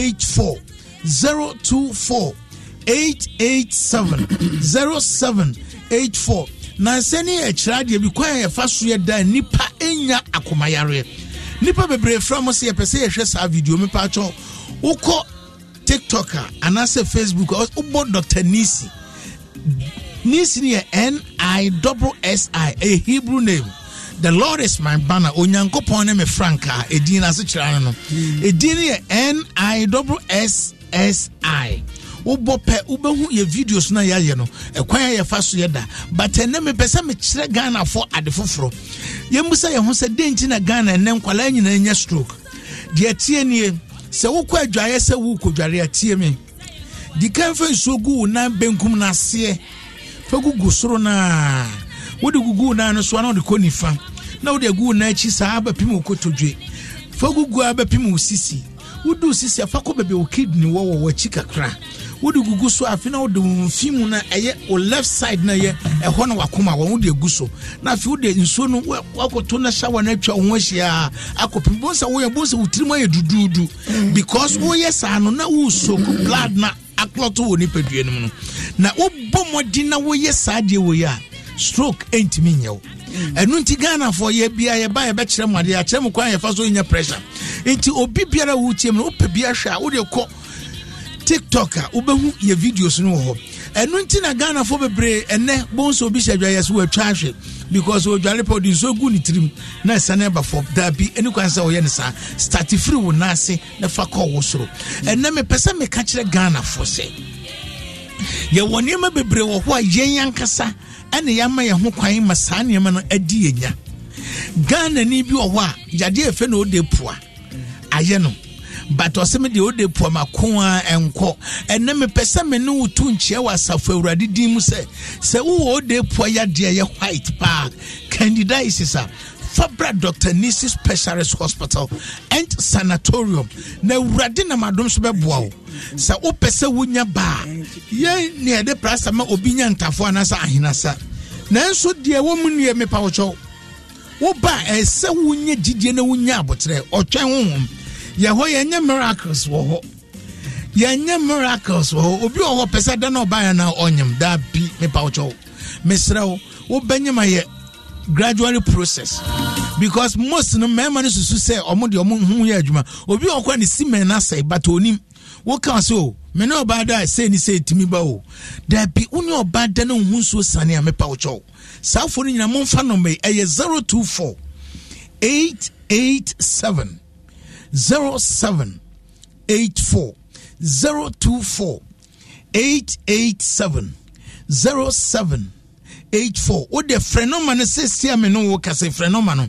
0784 024 887 0784 nansa ne akyirɛ adeɛ bi kwan a yɛfa so yɛ da nipa nya akomayareɛ nipa bebree fra mo sɛ yɛpɛ sɛ yɛhwɛ saa video mepa atwɔ wokɔ tiktok a anaasɛ facebook a wobɔ dr nisi nisi no yɛ nisi ɛyɛ hebrew name the lord is my banner onyankopɔn ne me frankaa ɛdin no ase kyerɛ N I double S S I wobɔ pɛ wobɛhu yɛ videos no yɛayɛ no ɛkwan a yɛfa so yɛda but ɛnɛ mepɛ sɛ mekyerɛ ghanafoɔ ade foforɔ yɛmmusa yɛ ho sɛ dɛn nti na ghana ɛnɛ nkwalaa nyinaa nyɛ stroke deɛ tie nie sɛ wokɔ adwaeɛ sɛ worekɔdware atie me di kan fɛ nsuo gu wo nan benkum no fɛ gugu soro no a wode gugu wo nan no so na wode kɔ nifa na wode agu wo nan akyi saa abɛpem wo kotodwe fa gugu a bɛpem wo sisi wodu sisi afa kɔ baabi wo kidney wɔ wɔ w'akyi kakra wode gugu so afei na wode mfi mu no ɛyɛ o left side no yɛ ɛhɔ no wakoma wɔ wode agu so na afei wode nsuo no wakɔto no hyɛ wɔ no atwa wo ho ahyia akɔpem bo sɛ woyɛ bo sɛ wo tirim ayɛ duduudu mm. because woyɛ saa no na wosoku blood na aklɔto wɔ nipadua no mu no na wobɔ mmɔden na woyɛ saa deɛ wɔ yi a stroke ɛntumi nyɛ wo mm. ɛno nti ghanafoɔ yɛ bia yɛba yɛbɛkyerɛ mu adeɛ akyerɛ mu kwan yɛfa so nyɛ pressure nti obi biara wotie mu no wopɛ bi ahwɛ a wode kɔ tiktok a wobɛhu yɛ videos no wɔ hɔ ɛno nti na ghanafoɔ bebree ɛnɛ bonso bi hyɛ adwaeɛ so wɔatwa ahwe because odware pɛ ɔde nsuo gu ne tirim na ɛsane aba fam daabi ɛni kwan sɛ ɔyɛ ne saa start firi wo naase na fa kɔ wo soro ɛnɛ mepɛ sɛ meka kyerɛ ghanafoɔ sɛ yɛwɔ nneɛma bebree wɔ hɔ a yɛn ankasa ɛne yɛama yɛn ho kwan ma saa nneɛma no adi yɛnya ghanani bi wɔ hɔ a yadeɛ yɛfɛ na ɔde poa ayɛ no but ɔsɛm deɛ wode puamako a ɛnkɔ ɛnɛ mepɛ sɛ me ne wo to nkyia wɔ asafo awurade din mu sɛ sɛ wowɔ wode pua yadeɛ yɛ white paa candidiasis a fabra dr nisi specialist hospital and sanatorium na awurade nam adom so bɛboa wo sɛ wopɛ sɛ wonya baa yɛ ne yɛde prasa ma obi nya ntafoɔ anaasɛ ahenasa nanso deɛ wɔ mu nnuɛ mepa wo kyɛw woba ɛsɛ wonya gyidie na wonya abotrɛ ɔtwɛn honhom yɛhɔ yɛnyɛ miracles wɔ hɔ yɛnyɛ miracles wɔ hɔ obi wɔ hɔ pɛ sɛ da na ɔbaeɛ no ɔnyem daa bi mepa wo kyɛw mesrɛ wo wobɛnyem ayɛ gradual process because most no mmarima no susu sɛ ɔmo deɛ ɔmo ho yɛ adwuma obi wɔ kɔ ne simɛn no but onim woka sɛ o oh, me ne ɔbaa da a sei ne sei tumi ba o daabi wo ne ɔbaa da no nhu nsuo sane a mepa wo kyɛw saa afo no nyina momfa nɔmba yi ɛyɛ 024 887 0784 024 887 07 84 wode frɛ nɔma no sɛsia me no wo kasɛ frɛ nɔma no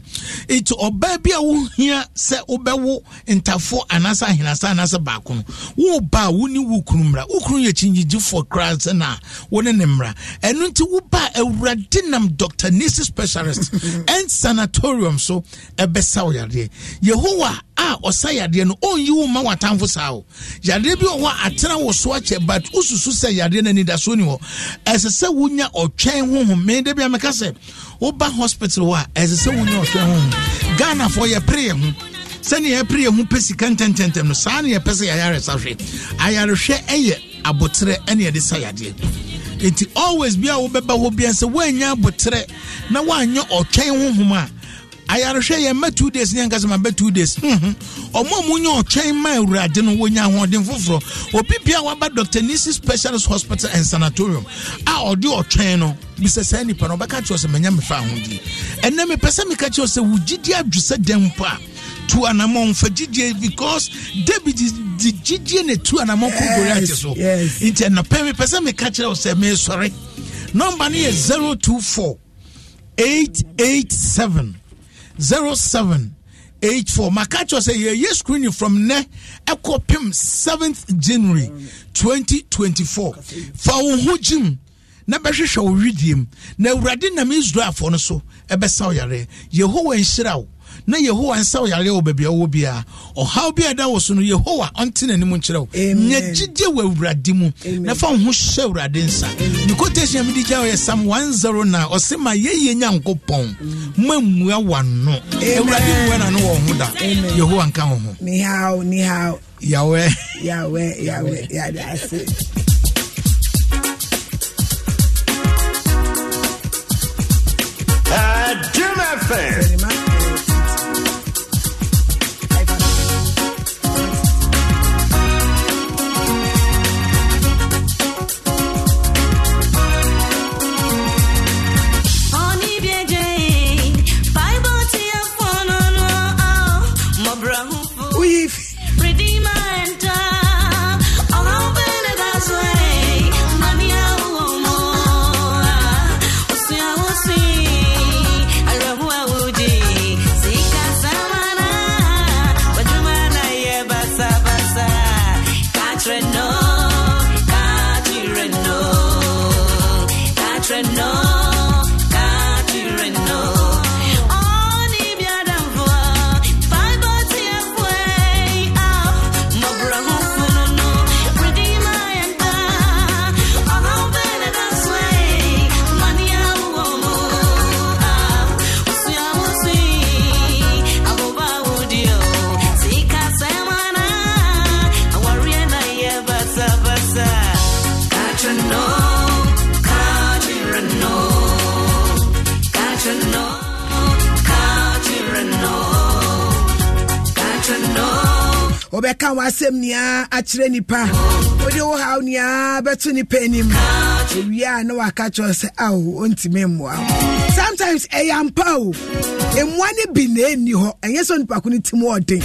nti ɔbaa bi a wohia sɛ wobɛwo ntafo anaasɛ ahenasa anaasɛ baako no woba a wone wo kunu mmra wo kunu yɛ kyingyigyifoɔ koraa sɛ no a wo ne ne mmra ɛno nti woba a awurade dr nisi specialist and sanatorium so ɛbɛsa wo yareɛ yehowa a ɔsa yadeɛ no ɔnyi wo ma watamfo saa o yadeɛ bi wɔ hɔ atena wo so akyɛ but wosusu sɛ yadeɛ no anidasoɔ ni hɔ ɛsɛ sɛ wonya ɔtwɛn honhom mede bia meka sɛ woba hospital hɔ a ɛsɛ sɛ wonya ɔtwɛn honhom ghanafoɔ yɛpere yɛ ho sɛnea yɛpere yɛ ho pɛ sika ntɛmtɛmtɛm no saa ne yɛpɛ sɛ yɛayaresa hwɛ ayarehwɛ ɛyɛ aboterɛ ɛne yɛde sa yadeɛ enti always bia wobɛba hɔ bia sɛ woanya aboterɛ na woanyɛ ɔtwɛn honhom a ayarehwɛ yɛ mma two days ne ankasa ma bɛ two days mhm. ɔmo a mo nya ɔtwɛn ma awurade no wonya ahoɔden foforɔ obi bia waba doctor nisi specialist hospital and sanatorium a ɔde ɔtwɛn no bisɛ saa nipa no ɔbɛka kyerɛ sɛ manya mefa ahodie ɛnɛ mepɛ sɛ meka kyerɛ sɛ wo gyidi adwu sɛ dɛn mpo tu anamɔ nfa gyidie because debi di gyidie na tu anamɔ kɔ goriate so nti ɛnɔpɛ mepɛ sɛ meka kyerɛ wo sɛ meesɔre nɔmba no yɛ eight seven. 07 84 makacho sɛ screen you from ne. ɛkɔ pim 7th january 2024 fa wo jim na bɛhwehwɛ wo wediem na awurade nam israelfoɔ no so ɛbɛsa wo yareɛ yehowa nhyira wo na yehowa nsa yare wɔ baabi a wɔwɔ bia ɔhaw bi a ɛda wɔ so no yehowa ɔnte n'anim nkyerɛ wo nya gyigye wɔ awurade mu na fa wo ho hyɛ awurade nsa ne quotation a mede gya ɔyɛ sam 109 ɔse ma yɛyɛ nyankopɔn moammua wano awurade mmua nano wɔ ho da yehowa nka wo ho yawɛ kyerɛ nipa wode wo haw nyinaa bɛto nipa anim ewia a na waka kyerɛ sɛ ao ɔntumi mmoa sometimes ɛyɛ ampa o mmoa no bi na ɛnni hɔ ɛnyɛ sɛ onipa ko no tim ɔden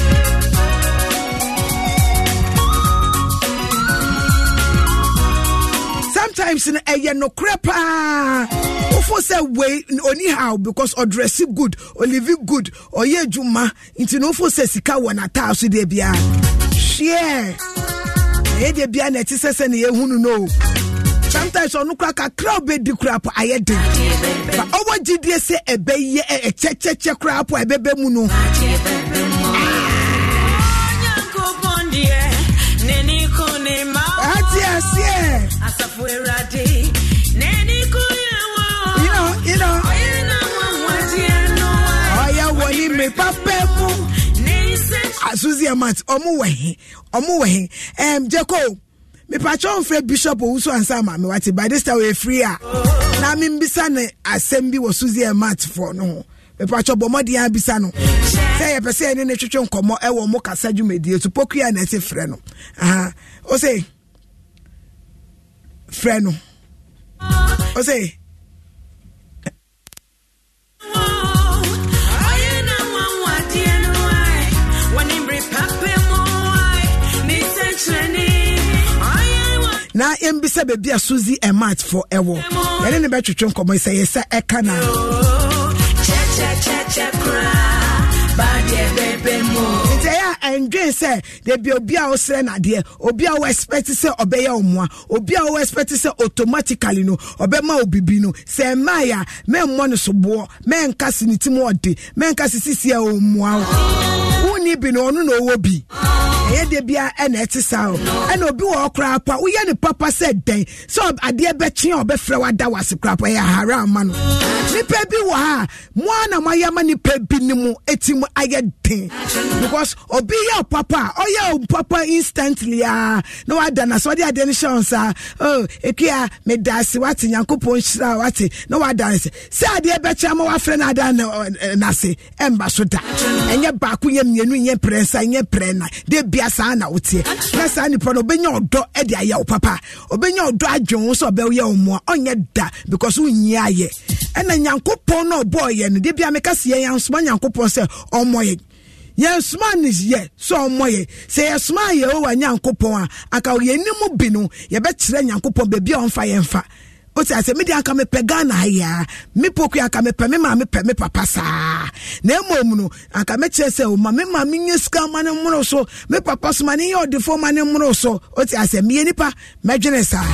sometimes no ɛyɛ nokorɛ paa wofo sɛ wei oni how because ɔdrɛse good ɔlivi good ɔyɛ adwuma nti no wofo sɛ sika wɔ nataa so deɛ biara hweɛ ɛyɛ bia na ɛte sɛ sɛ ne yɛhunu no sometimes ɔno kora kakra wobɛdi kora po ayɛ den fa ɔwɔ gyidie sɛ ɛbɛyɛ ɛkyɛkyɛkyɛ koraa po a ɛbɛbɛ mu no You know, you know. Oh, Papa. susie amat ọmụ wɔ ọmụ ɔmo wɔ he ɛm jeko mipatwa nfrɛ bishop owusu ansa maame wate by this time efiri a na mi mbisa ne asɛm bi wɔ susie amat fọ no ho mipatwa bɔ mɔden abisa no sɛ yɛpɛ sɛ yɛne ne twitwi nkɔmɔ ɛwɔ mo kasa dwumadie so ya na ɛte frɛ no ose frɛ no ose. na yɛmbisa baabi a suzi ɛmat fo ɛwɔ ɛne ne bɛtwetwe nkɔmmɔ sɛ yɛ sɛ ɛka na nti ɛyɛ a ɛndwen sɛ debi obi a wosrɛ nadeɛ obi a wɔ expect sɛ ɔbɛyɛ wo mmoa obi a wɔ expect sɛ automatically no ɔbɛma wo bibi no sɛ mmaayɛ a mɛmmɔ no soboɔ mɛnka se ne tim ɔde mɛnka se sisi a ɔmmoa wo ɔni bi na ɔno na ɔwɔ bi ɛyɛ de bia ɛna ɛte saa o ɛna obi wɔ ɔkora pa woyɛ ne papa sɛ dɛn sɛ adeɛ bɛkye a ɔbɛfrɛ wada wase kora pa ɛyɛ ahare ama no nipa bi wɔ ha mo a na moayɛ ama nipa bi ne mu ɛti mu ayɛ den because obi yɛ papa a ɔyɛ papa instantly a na wada na sɛ ɔde adeɛ no hyɛ wɔn saa oh ekia meda ase wate nyankopɔn hyira wate na wada ase sɛ adeɛ bɛkye ama wafrɛ no ada na eh, eh, ase ɛmba so da ɛnyɛ baako yɛ mmienu no nyɛ prɛ nsa nyɛ prɛ na de bia saa na woteɛ na saa nipa no obɛnya ɔdɔ de ayɛ wo papa obɛnya ɔdɔ adwen wo sɛ ɔbɛyɛ wo mmoa ɔnyɛ da because wonyia ayɛ ɛna nyankopɔn na ɔbɔɔ yɛ no de bia meka se yɛ yɛnsoma nyankopɔn sɛ ɔmmɔ yɛ yɛnsoma ne yɛ sɛ ɔmmɔ yɛ sɛ yɛsoma yɛhowa nyankopɔn a anka yɛnim bi no yɛbɛkyerɛ nyankopɔn baabi a ɔmfa wote asɛ mede aka mepɛ ghana ayɛa me poku aka mepɛ me maa mepɛ me papa saa na mmom no anka mɛkyerɛ sɛ o ma me maa menyɛ sika ma ne mmoro so me papa so ma ne yɛ ɔdefoɔ ma ne mmoro so wote asɛ meyɛ nipa mɛdwene saa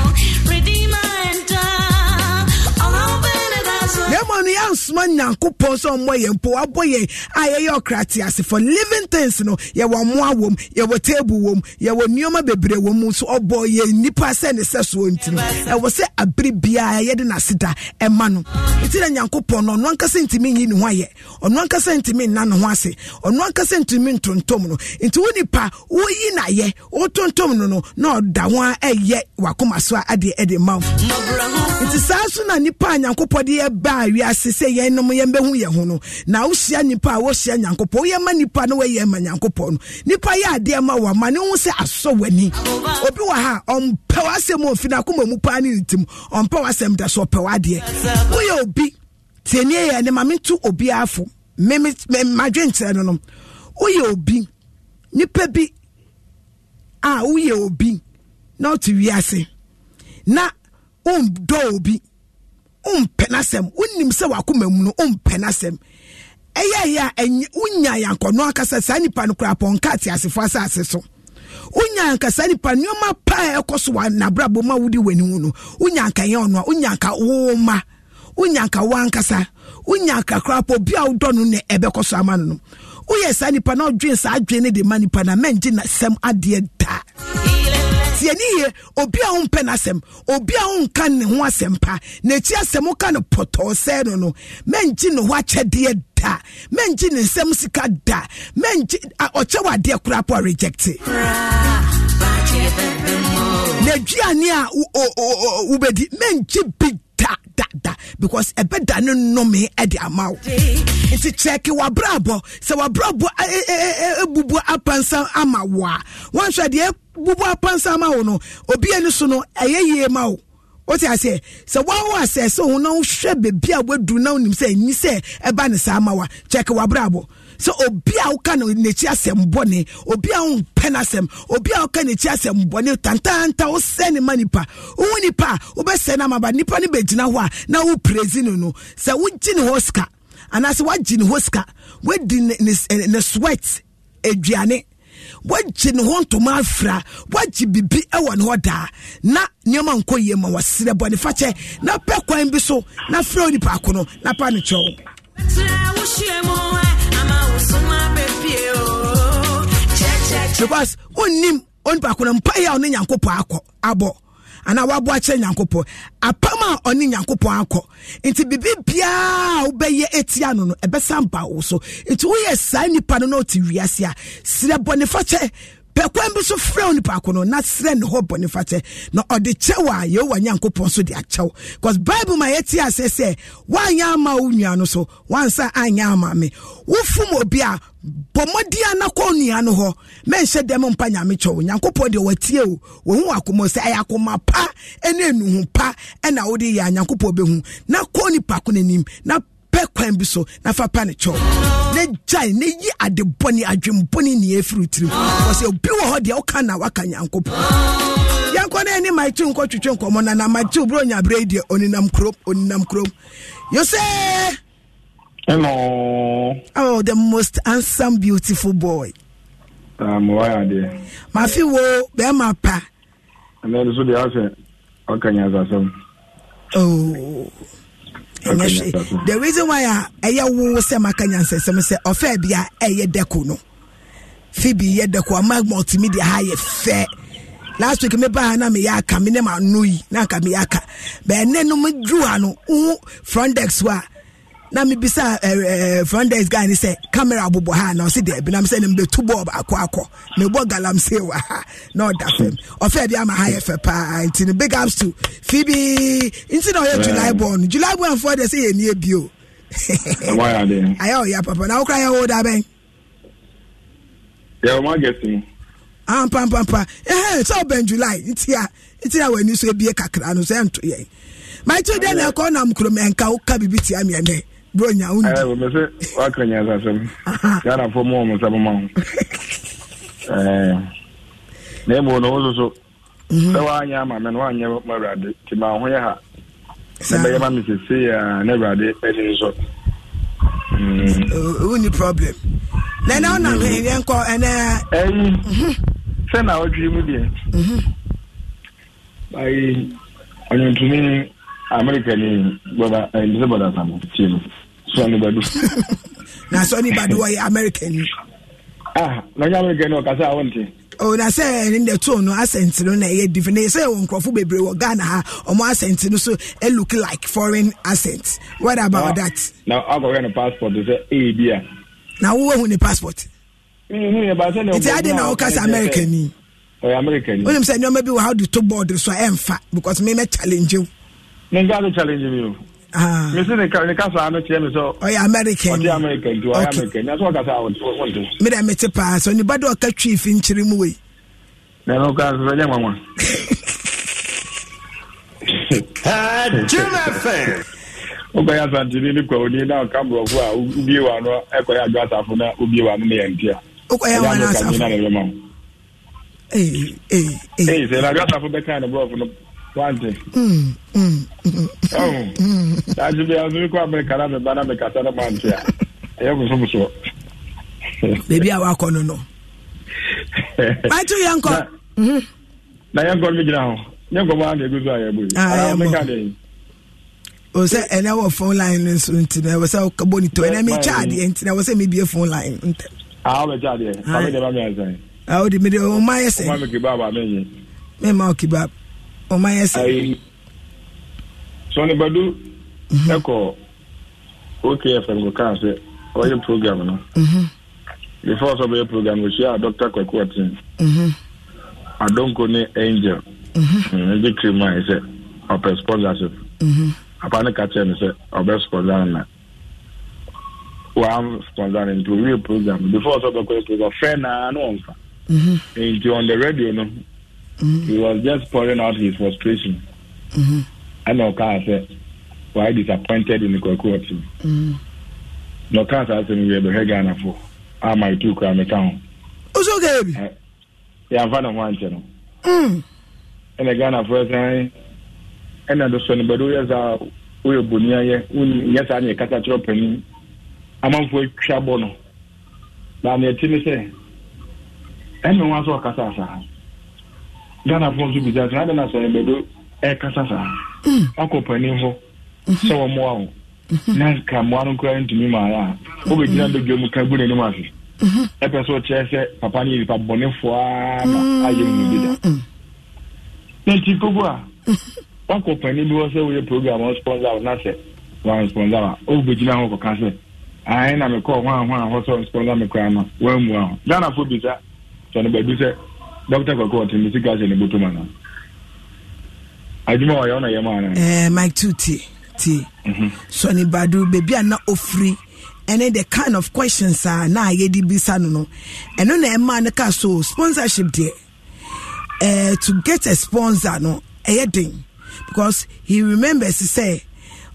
na ɛma no yɛansoma nyankopɔn sɛ ɔmmɔ yɛn mpo wabɔ yɛn a yɛyɛ ɔkrate ase for living things no yɛwɔ mmoa wom yɛwɔ table wom yɛwɔ nneɔma bebree wɔ mu nso ɔbɔ yɛn nnipa sɛ ne sɛ soɔ nti no ɛwɔ sɛ abere biara yɛde n'aseda ɛma no nti na nyankopɔn no ɔno ankasa ntumi nyi ne ho ayɛ ɔno ankasa ntumi nna ne ho ase ɔno ankasa ntumi ntontom no nti wo nipa woyi n'ayɛ wotontom no no na ɔda ho a ɛyɛ wakoma so adeɛ ɛde ma wo nti saa so na nipa a nyankopɔn de yɛba wiase sɛ yɛnom yɛmbɛhu yɛ ho no na wohyia nipa a wohyia nyankopɔn woyɛ ma nipa no woyɛ ma nyankopɔn no nipa yɛ adeɛ ma wɔ ma ne ho sɛ asɔ w'ani obi wɔ ha ɔmpɛ w'asɛm ɔfi no akoma mu paa ne ne tim ɔmpɛ w'asɛm da so ɔpɛ w'adeɛ woyɛ obi tiɛnie yɛ ne ma mento obiara fo madwenkyerɛ no no woyɛ obi nipa bi a woyɛ obi na ɔte wiase na wondɔ obi wompɛ n'asɛm wonim sɛ wakoma mu no wompɛ n'asɛm ɛyɛ yɛ a wonya yankɔno akasa saa nipa no kora pɔnka ateasefo asase so wonya anka saa nipa nneɛma paa ɛkɔ so wɔ n'abrabɔ ma wodi wɔ anim no wonya anka yɛn ɔno a wonya anka woma wonya anka wankasa wonya anka korapɔ bi a wodɔ no na ɛbɛkɔ so ama no no saa nipa na ɔdwen saa adwen ne de ma nipa na mɛngye na sɛm adeɛ daa tie ne yie obi a wompɛ n'asɛm obi a wonka ne ho asɛm pa n'akyi asɛm woka no pɔtɔɔ sɛ no no mɛnkye ne ho akyɛdeɛ da mɛnkye ne nsɛm sika da mɛnkye ɔkyɛ wɔ adeɛ koraa po a rejecte n'aduane a wobɛdi mɛnkye bi dada because ɛbɛ da ne nnome ɛde ama wo nti kyɛke wabrabɔ sɛ wabrabɔ ebubu e, e, e, apansan ama wa. a wɔnhwɛ deɛ bubu apansan ama wo no obi ani so no ɛyɛ yie ma wo wote aseɛ sɛ woawo asɛ sɛ wo na wohwɛ baabi a woadu na wonim sɛ ɛnyi sɛ ɛba ne saa ma wo a kyɛke wabrabɔ sɛ obi a woka no n'akyi asɛm bɔne obi a wompɛ no asɛm obi a woka n'akyi asɛm bɔne tantanta wosɛ ne ma nipa wowo nipa a wobɛsɛ no amaba nipa no bɛgyina hɔ a na woprɛsi no no sɛ wogye ne hɔ sika anaasɛ woagye ne hɔ sika woadi ne eh, sweat aduane wagye ne ho ntoma afira wagye bibi wɔ ne hɔ daa na nneɛma nkɔ yie ma wɔserɛ bɔ ne fakyɛ na pɛ kwan bi so na frɛ onipa ako no na pa ne kyɛw because wonnim onipa ko no mpaeɛ a ɔne nyankopɔn akɔ abɔ anaa wabo akyerɛ nyankopɔn apam a ɔne nyankopɔn akɔ nti biribi biara a wobɛyɛ etia no no ɛbɛsan ba wo so nti woyɛ saa nipa no na ɔte wiase a srɛ bɔnefakyɛ pɛkwan bi so frɛ nipa ko no na ne hɔ na ɔde kyɛw a yehowa nyankopɔn so de akyɛw because bible ma yɛte asɛ sɛ woanyɛ ama wo nua no so woansa anyɛ ama me wofom obi a bɔ mmɔden a nakɔ nua no hɔ mɛnhyɛ dɛm mpa nyame kyɛw nyankopɔn deɛ watie o wɔhu sɛ ɛyɛ akoma pa anuhu pa ɛna wode yɛ a nyankopɔn bɛhu na kɔ nipa ko na bɛ kwan bi so na fa pa ne kyɛw ne gyae ne yi ade bɔne adwembɔne nea ɛfiri tiri ɔsɛ obi wɔ hɔ deɛ woka na waka nyankopɔn yɛnkɔ ne ɛne maite nkɔ twetwe nkɔmmɔ na na maite obrɛ onyaberɛ yi deɛ ɔnenam kurom ɔnenam kurom yose Hello. Oh, the most handsome, beautiful boy. Um, why are they? My few wo, be my pa. And then so they ask, "What can you answer?" Oh ɛnyɛ hwɛ the reason why a ɛyɛ wo sɛ maka nyansɛsɛm sɛ ɔfɛ bia ɛyɛ dɛko no fibi yɛ dɛko ama multimedia ha yɛ fɛ last week meba ha na meyɛ aka me ne ma no yi na anka meyɛ aka bɛɛ no meduru ha no wo front desk hɔ na mebisa uh, eh, uh, eh, front desk guy ne sɛ camera abobɔ ha na ɔse daabi nam sɛ ne mbɛtu bɔɔ baako akɔ mebɔ galamsey wɔ ha na ɔda fam ɔfɛ bi ama ha yɛ fɛ paa nti no big ups to phoebe nti na ɔyɛ july born july born foɔ deɛ sɛ yɛnie bio ayɛ ɔyɛ papa na wokora yɛ wo da bɛn yɛwɔma gɛsi mu ampampampa ɛhɛ sɛ ɔbɛn july nti a nti a w'ani so ebie kakra no sɛ ɛnto yɛn maito dɛ na ɛkɔ nam kurom ɛnka woka biribi tia meɛnɛ bro nya eh, eh, wo ni. ɛɛ mɛ se wa kan nya sasɛm yàrá fɔ mu ɔmu sábà ma ho ɛɛ ne mu no wo soso sɛ wa nya ama mɛ no wa nya ma awurade te ma ho yɛ ha ne bɛyɛ ma mi sese yɛ ne awurade ɛni nsɔ. wo ni problem nana wo nam hɛn eh, yɛn kɔ ɛnɛ. ɛyi sɛ na ɔtwi mu deɛ. ayi ɔnyɔntumi amerika ni bɔda ɛɛ ndisɛ bɔda sanu tiɛ no. Sonny Badu. na Sonny Badu ɔyɛ American. ah n'onye American no kasa awon ti. o oh, na sɛ ɛne de to no asɛnti no na ɛyɛ different na sɛ wɔn nkurɔfo bebree wɔ Ghana ha ɔmo asɛnti no so ɛ e look like foreign accent what about na, ah, that. na akɔkɛ ne passport sɛ ɛyɛ e bi a. na wo ehu ne passport. E nti adi na ɔkasa American ni. ɔyɛ American ni. wonim sɛ nneɛma bi wɔ ha de to board so a ɛnfa because mi mɛ challenge o. ne n gaa de challenge mi o. Ah. mesi ne kasa no kyerɛ me sɛ ɔyɛ american ɔte american nti ɔyɛ american na sɛ ɔkasa wɔnto medɛ mete paa sɛ onipa de ɔka twi fi nkyere mu wei nano ka sɛ nyɛ nwanwa wokɔyɛ n'i ne kwaoni na ɔka mborɔfo a wobie wa no ɛkɔyɛ adwo asafo na wobie wa Ee ee Ee wante. ɔn mm, mm, mm, oh. bi yanzu kó amẹrika náà mi ba náà mi kasa náà máa n tia ẹ yẹ muso muso. bèbí àwọn akɔnù nù. bàtú na yẹn mi gyina hàn yẹn kọ mu àwọn ẹgbẹ so àyẹ bọ yìí o sɛ ɛnɛ wɔ phone line no so nti na ɛwɔ sɛ bɔ ne tɔ ɛnɛ mekyɛ adeɛ nti na ɛwɔ sɛ mebie phone line ntɛ a wobɛkyɛ adeɛ ame deɛ ma me ansan a wode mede ɔma yɛ sɛ mema ɔma yɛ sɛ sɔne badu ɛkɔ mhm. okfm ko kaa sɛ ɔyɛ program no mhm. before sɛ ɔbɛyɛ program ɔhyia a dɔctor kwaku ɔten mhm. adonko ne angel ɛgye kiri mu ayɛ sɛ ɔpɛ sponsorship apa ne ka kyerɛ no sɛ ɔbɛ sponsor no na wàá sponsor no nti owurɛ program before sɛ ɔbɛkɔyɛ program fɛ naa ne ɔmfa nti on the radio no Mm-hmm. He was just pouring out his frustration. Mm-hmm. And Oka said, why disappointed in the team? Mm-hmm. No said, we have a for. I might took a town. Who's okay? Yeah, I'm fine. one channel. Mm. And a Ghana first time. And just but who is our woyɛ boni ayɛ nyɛ saa neɛ kasa na neɛ ti ne sɛ ɛmɛ wa ghanafoɔ nso bisa sɛ adɛ na sɛ ɛbɛdo ɛkasa saa akɔ pani hɔ sɛ na ka mmoa no nkora ntumi maayɛ a wobɛgyina bɛdwa mu ka gu n'anim ase ɛpɛ sɛ ɔkyerɛ sɛ papa no yɛ bɔnefoɔ a na ayɛ mu bi da na nti kogo a wakɔ pani bi hɔ sɛ woyɛ a wobɛgyina kɔka sɛ na mekɔɔ hɔ a hɔ a hɔ sɛ ɔnsponsor no woammua ghanafoɔ bisa sɛ dɔkta kɔkɔ ɔte ne sika hyɛ ne bɔtɔ mu ana adwuma ɔyɛ ɔna yɛ mu ana. ɛɛ mike two tie tie mhm. sɔni badu beebi a na ofiri ɛne the kind of questions a na ayɛ de bisa no no ɛno na ɛma e ne ka so sponsorship deɛ ɛɛ eh, to get a sponsor no ɛyɛ e den because he remembers sɛ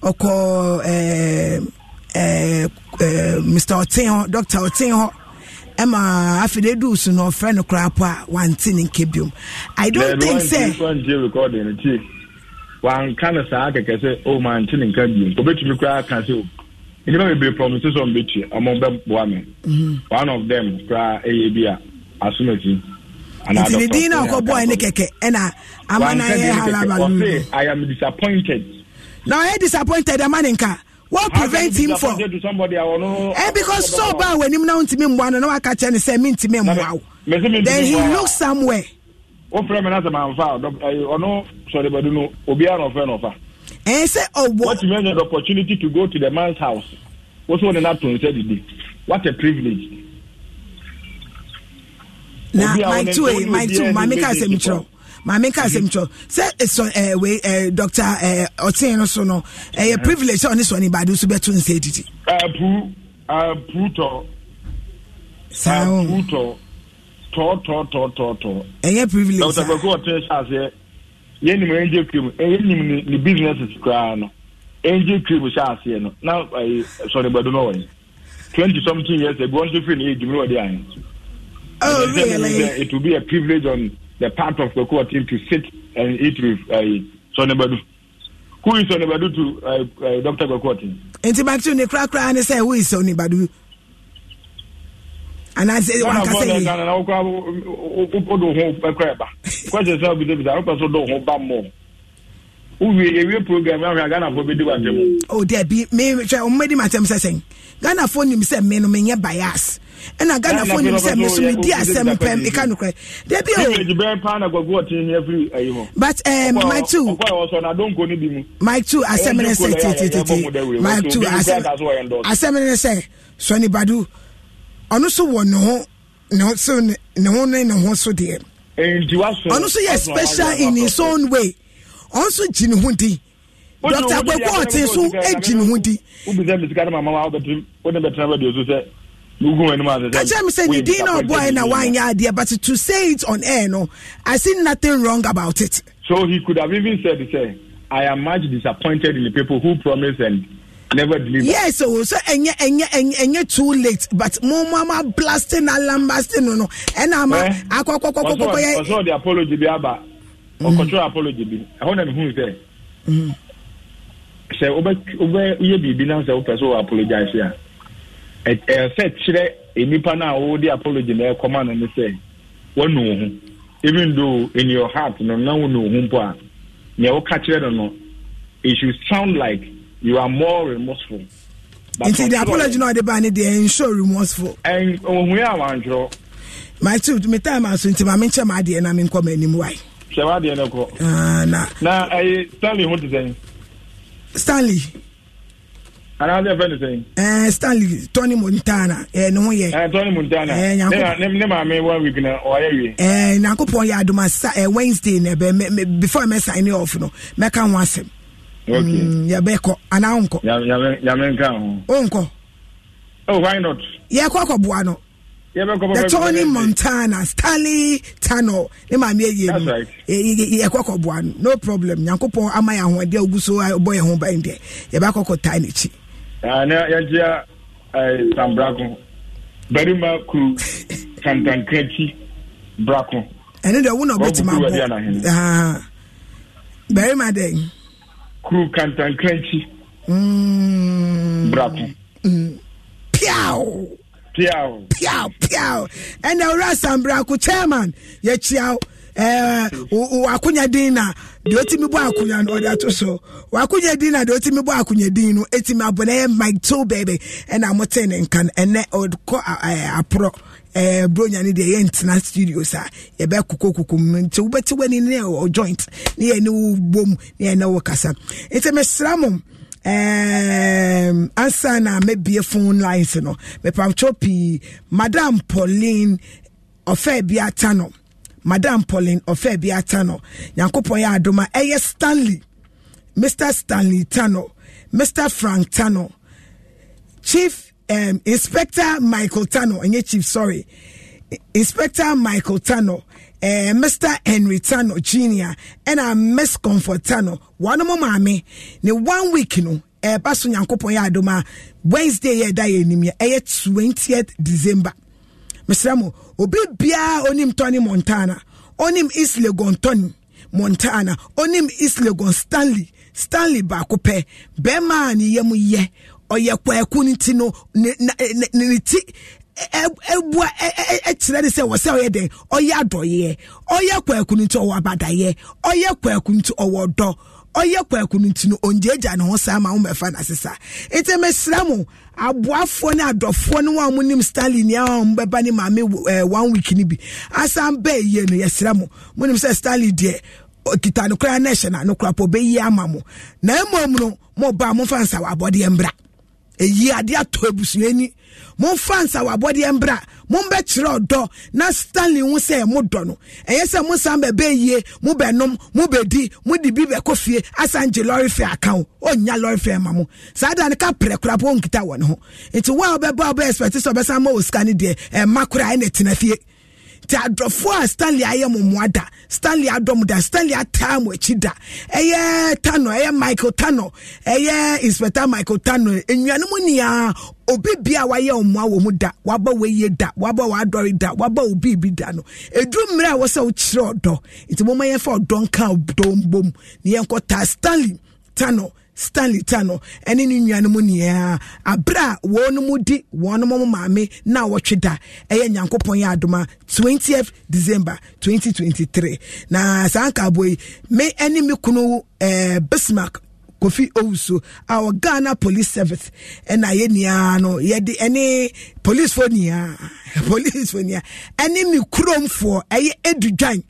ɔkɔ ɛɛ ɛɛ mr ɔten hɔ dr ɔten hɔ ɛma afidie duu so na ɔfrɛ no koraa po a wante ne nke biom i don't think sɛ. wɔntie recording no tie wanka no saa kɛkɛ sɛ o ma nte ne nka biom obetumi koraa ka sɛ o nnipa bebree promise sɛ ɔmbɛtue ɔmo bɛboa me one of them koraa ɛyɛ bi a asomati nti ne din na ɔkɔboa ne kɛkɛ ɛna ama na yɛ halaba no i am disappointed na ɔyɛ disappointed ama ne nka what prevent him from eh because so bad when him now ntimi mboa no na waka kyerɛ ne sɛ me ntimi mboa wo then he look somewhere wofrɛ oh, me na sɛ mamfa ɔno sɔrebadu no obiara na ɔfrɛ no ɔfa ɛn sɛ ɔwɔ watumi anya the opportunity to go to the man's house woso ne nato nsɛ didi what a privilege na my two my two maame ka asɛm kyerɛw maame nka asɛm kyɛ sɛ ɛsɔ ɛɛ eh, wei ɛɛ dɔkta ɛɛ ɔtɛn no so no ɛyɛ privilege sɛ ɔne sɔni baadu nso bɛto nsa etiti. ɛɛpu ɛɛputɔ. saa o ɛɛputɔ tɔɔtɔɔtɔɔtɔ. ɛyɛ privilege saa dɔkta kɔkɔ ɔtɛn hyɛ aseɛ yɛn nim ɛnjɛ kiri mu ɛyɛ nim ni ni businesses koraa no ɛnjɛ kiri mu hyɛ aseɛ no na ɛɛ sɔni baadu no wɔ yɛ twenty something years ago ɔn so fi ni edumuni wɔ de ayɛ. oh really it will be a privilege on the part of the court to sit and eat with uh, Sonibadu. Who is Sonibadu to uh, uh, Dr. Gokwati? Enti bakti ne kra kra ne say who is Sonibadu? And I say one can say. Na na okwa o do ho ekra ba. Kwaje say obi dey bizarre person do ho ba mo. Uwe ewe program ahwe Ghana for be do atem. Oh there be me try o medi matem sesen. Ghana for nim say me no me nye bias ɛna ghanafoɔ nim sɛ mesomedi asɛm pɛm ɛka nokorɛ da bio but uh, mike two mike two asɛm ne sɛ titititi mike two asɛm ne sɛ sɔni badu ɔno so wɔ ne ho ne ho so ne ho ne ne ho so deɛ ɔno so yɛ special in his own way ɔno so gyi ne ho di dɔkta akpɛkɔ ɔte so gyi ne ho di kakyɛ me sɛ ne din na ɔbɔɛ na wanyɛ adeɛ but to say it on air no i see nothing wrong about it so he could have even said "Say, i am much disappointed in the people who promise and never deliver yes so so ɛnyɛ ɛnyɛ ɛnyɛ too late but mo mo ama blasting alarm blasting no no ɛna ama akɔkɔkɔkɔkɔ yɛ ɔsɔ ɔdi apology bi aba ɔkɔtɔ mm. apology bi ɛhɔ na mi hu sɛ sɛ wobɛ wobɛ yɛ biribi na sɛ wopɛ so wɔ apologize a ɛsɛ kyerɛ nipa no a wɔde apology na ɛkɔma no ne sɛ wɔnu wo even though in your heart no na wɔnu wo ho mpo a nea wɔka kyerɛ no no it should sound like you are more remorseful. nti the apology na ɔde ba ne deɛ nso remorseful. ɛn ohun yɛ awa ntwerɛ. my two mi time aso nti maame nkyɛn maa deɛ na mi nkɔ ma anim wa yi. kyɛn maa deɛ na kɔ. Ah, na na ɛyɛ stanley ho ti sɛn. stanley. anaasɛ fɛn de sɛn. stanley tɔni montana ɛɛ eh, eh, eh, ne yɛ. ɛɛ tɔni montana ɛɛ nyanko ne ne maame na ɛɛ nyanko pɔn yɛ aduma sa ɛɛ wednesday na bɛ mɛ mɛ before mɛ sign off no mɛ ka ho asɛm. ok mm, yabɛ kɔ anaa nkɔ. yabɛ yabɛ nka ho. o nkɔ. oh why not. yɛ kɔ kɔ bua no. yɛbɛ kɔ bɔ montana stanley tano ne yɛ yɛ mu. no problem nyanko bɔ ho ban Ah, na yɛgyea eh, sambrako barima kuru kantankrakyi brako ɛne deɛ wo na wobɛtumi barima dɛn kuru kantankrakyi mm. brako mm. piao, piao, piao. piaw ɛnna wura sambrako chairman yɛkyiaw Eh, wakonya din na deɛ ɔtumi bɔ akonya no ɔde ato so wakonya din eh, eh, na deɛ ɔtumi bɔ akonya din no etimi abɔ na ɛyɛ mike tow baabi ɛna mote ne nka ɛnɛ ɔkɔ aporɔ ɛɛ bronya ne deɛ yɛntena studios a yɛbɛ koko koko mu nti wobɛte w'ani ne ɔ joint ne yɛ wo bom ne yɛ wo kasa nti mesra mo um, ansa na mebie phone lines no mepamtwo pii madam pauline ɔfɛ bi ata no madam pauline ɔfɛ bi atano nyankopɔn yɛ adoma ɛyɛ stanley mr stanley tano mr frank tano chief um, inspector michael tano ɛnyɛ chief sorry inspector michael tano eh, mr henry tano Junior, ɛna miss comfort tano wɔn mo maame ne one week no ɛɛba eh, so nyankopɔn yɛ adoma wednesday yɛ ɛda yɛ anim yɛ ɛyɛ twentieth december mesrɛ mo obi biara onim tony montana onim east legon tony montana onim east legon stanley stanley baako pɛ bɛrima a ne yam yɛ ɔyɛ kwaku no ti no ne ti ɛbua ɛkyerɛ ne sɛ wɔsɛ ɔyɛ dɛn ɔyɛ adɔyeɛ ɔyɛ kwaku no nti ɔwɔ abadaeɛ ɔyɛ kwaku no nti ɔwɔ dɔ ɔyɛ kwaku no nti no ɔngyeagya ne ho saa ma wommɛfa no ase saa nti mesra mo aboafoɔ ne adɔfoɔ ne wɔn a wɔnim starling a wɔn bɛba ne maame eh, one week ne bi asan bɛɛ yie no yɛsra mo wɔnim sɛ starling deɛ okita no koraa ne ɛhyɛ n'ano koraa pɔ bɛyie ama mo na emu mu no mo ba mo fa nsa wɔ abɔdeɛ mbra eyi ade atɔ ebusua ni mo fa nsa wɔ abɔdeɛ mbra mombɛkyerɛ ɔdɔ na stanley ho sɛ ɛmo dɔ no ɛyɛ sɛ mo san bɛbɛ yie mo bɛnom mo bɛdi mo de bi bɛkɔ fie asan gye lɔre fɛ aka ho ɔnya lɔre fɛ ma mo saa da ne ka prɛ kora po nkita wɔ ne ho nti wo a wobɛba wobɛ expect sɛ ɔbɛsan ma wɔ sika no deɛ ɛma eh, kora ɛna tena fie te adɔfoɔ a stanley ayɛ mɔmmoa da stanley adɔm da stanley ataa mo akyi da ɛyɛ tano ɛyɛ michael tano ɛyɛ inspector michael tano nnuanom nyinaa obi bia wayɛ ɔmoa wɔ mu da waba wɔyie da waba wadɔre da obi bi da no edu mmerɛ a wɔsɛ wokyerɛ ɔdɔ nti mɔmɔ yɛn fa ɔdɔ nka ɔdɔ mbom ne yɛn kɔ stanley tano stanley Tano, no ɛne ne nua no mu nyinaa aberɛ a wɔn no mu di wɔn no mu maame na wɔtwe da ɛyɛ nyankopɔn yɛ adoma 20th december 2023 na saa nkaabo yi me ɛne me kunu ɛɛ eh, bismarck kofi owusu a ghana police service ɛna yɛ nyinaa no yɛde ɛne policefoɔ nyinaa policefoɔ nyinaa ɛne me kuromfoɔ ɛyɛ edudwan.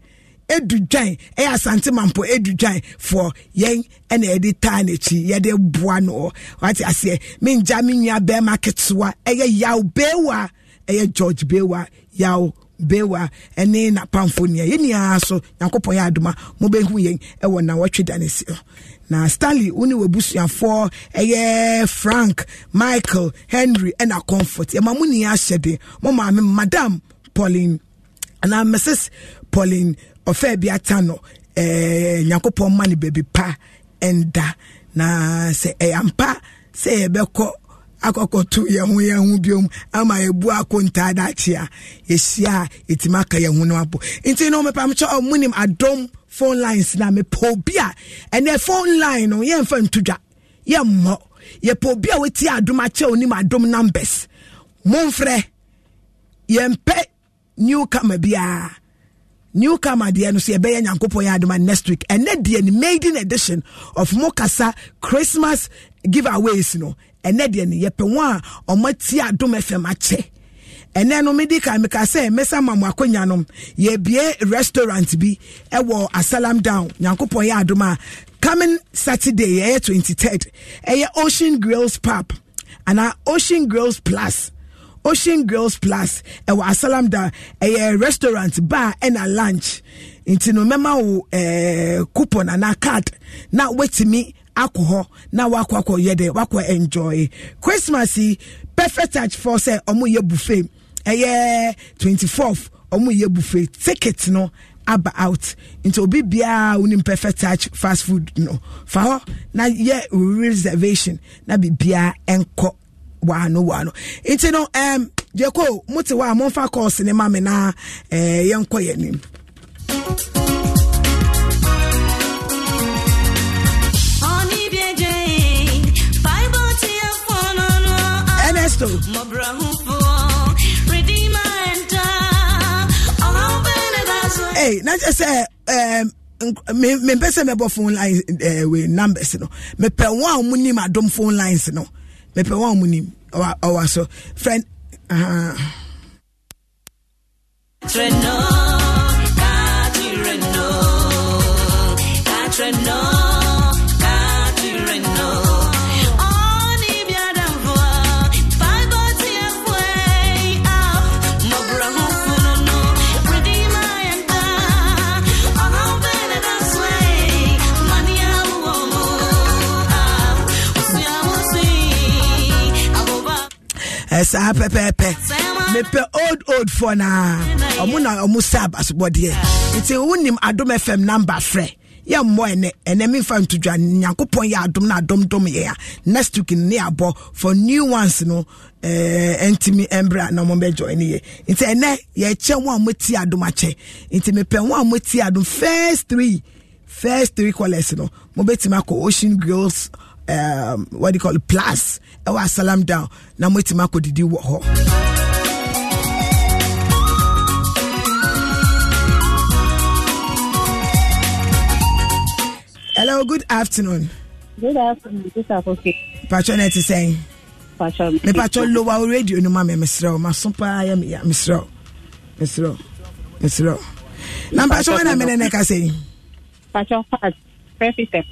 edu dwan ɛyɛ asante mampo edu dwan for yɛn ɛna yɛde taa n'akyi yɛde boa no wate aseɛ mengya me nua bɛrima ketewa ɛyɛ yaw beewa ɛyɛ george bewa yaw beewa ɛne na nea yɛn nyinaa so nyankopɔn yɛ adoma mo bɛ hu yɛn ɛwɔ na wɔtwe da ne si na stanley wone wabusuafoɔ ɛyɛ frank michael henry ɛna comfort ɛma mu nyinaa hyɛ de mo maame madam pauline anaa mrs pauline ɔfɛ bi ata no ɛɛ nyankopɔn ma no baabi pa ɛnda na sɛ ɛyɛ ampa sɛ yɛbɛkɔ akɔkɔto yɛn ho yɛn ho biom ama ebu akɔ ntaa a ehyia a etimi aka yɛn ho no abo nti no mepa mekyɛ ɔmo nim adom phone lines na mepɛ obi a ɛnɛ phone line no yɛmfa ntodwa yɛmmɔ yɛpɛ obi a wɔti adom akyɛ onim adom numbers momfrɛ yɛmpɛ newcomer biara newcomer deɛ no so yɛbɛyɛ nyankopɔn yɛ adoma next week ɛnɛ deɛ no maiden edition of mokasa christmas giveaways no ɛnɛ deɛ no yɛpɛ wɔn a ɔmati adom fm akyɛ ɛnɛ no mede ka meka sɛ mɛsa ma akonya no yɛbie restaurant bi ɛwɔ asalam down nyankopɔn yɛ adom coming saturday ɛyɛ 23rd ɛyɛ ocean grills pub anaa ocean grills plus ocean girls plus ɛwɔ asalam da ɛyɛ restaurant bar ɛna lunch nti no mɛma wo ɛɛ coupon anaa card na wetumi akɔ hɔ na wakɔ akɔ yɛ dɛ wakɔ enjoy christmas yi perfect touch for sɛ ɔmo yɛ buffet ɛyɛ twenty fourth ɔmo yɛ buffet ticket no aba out nti obi biara wonim perfect touch fast food no fa hɔ na yɛ reservation na biribiara nkɔ waano waano nti no um, jeko mote hɔ a momfa kɔɔse ne ma me na uh, eh, yɛnkɔ yɛ anim Ernesto. Hey, na just say um me me pese me bo phone line uh, eh, we numbers no. Me pe one munim adom phone lines no mepɛ wɔn a nim ɔwɔ so friend. Uh-huh. saa pɛpɛɛpɛ mepɛ old old fɔ naa ɔmo na ɔmo sab asobɔdeɛ nti wonim adom fm number frɛ yɛmmɔ ɛnɛ ɛnɛ memfa ntodwa nyankopɔn yɛ adom na adom dom yɛ a next week ne abɔ for new ones no ɛntimi eh, ɛmbrɛ a na ɔmɔbɛjoin yɛ nti ɛnɛ yɛkyɛ ho a mɔti adom akyɛ nti mepɛ ho a mɔti adom first three first three callers no ma akɔ ocean girls um, what do you call it, plus ɛwɔ asalam down na moatumi akɔdidi wɔ hɔ hello good afternoon good afternoon this is patro na saying? sɛn mepatro lowa wo radio no ma me mesrɛ wo maso paa yɛ meya mesrɛ wo mesrɛ wo mesrɛ wo na mpatro wana mene ne ka sɛi patro pat prɛfisɛ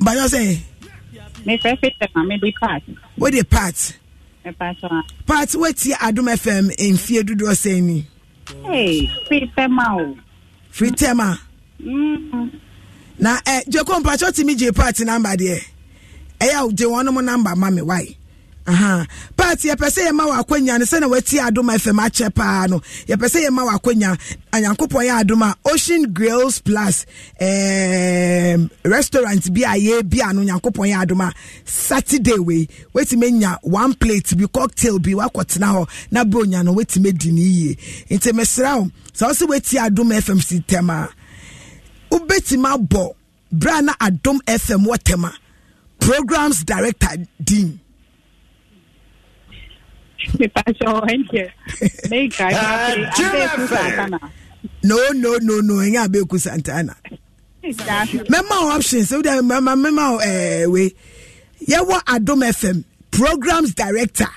batro sɛi mefrɛ mi mede part wode part part woatie adom fm mfie dodoɔ sɛ ni fitɛma o fitɛma na eh, gyeko mpakyɛ tumi gye part number deɛ ɛyɛ eh, gye wɔnom number ma me wae paati yɛpɛ sɛ yɛma wɔ akwanya no sɛna wati adoma fm akyɛ paa no yɛpɛ sɛ yɛma wɔ akwanya anyankopɔn yɛ adoma ocean grills plus um, restaurant bi a yɛbia no nyankopɔn yɛ adoma saturday wei wɔatumi anya one plate bi cocktail bi wakɔtena hɔ na bronya no wɔatumi di ne yie nti mesrɛ wo sɛ wo sɛ adoma fm si tɛm a wobɛtumi abɔ berɛ na adom fm wɔ tɛm programs director din mipasọ ẹnjẹ mẹka abeku santana. no no no no ẹ̀yin abeku santana. mẹ́mà options ó dẹ̀ mẹ́mà mẹ́mà ẹ̀ẹ́wé yẹ wọ Adom FM programs director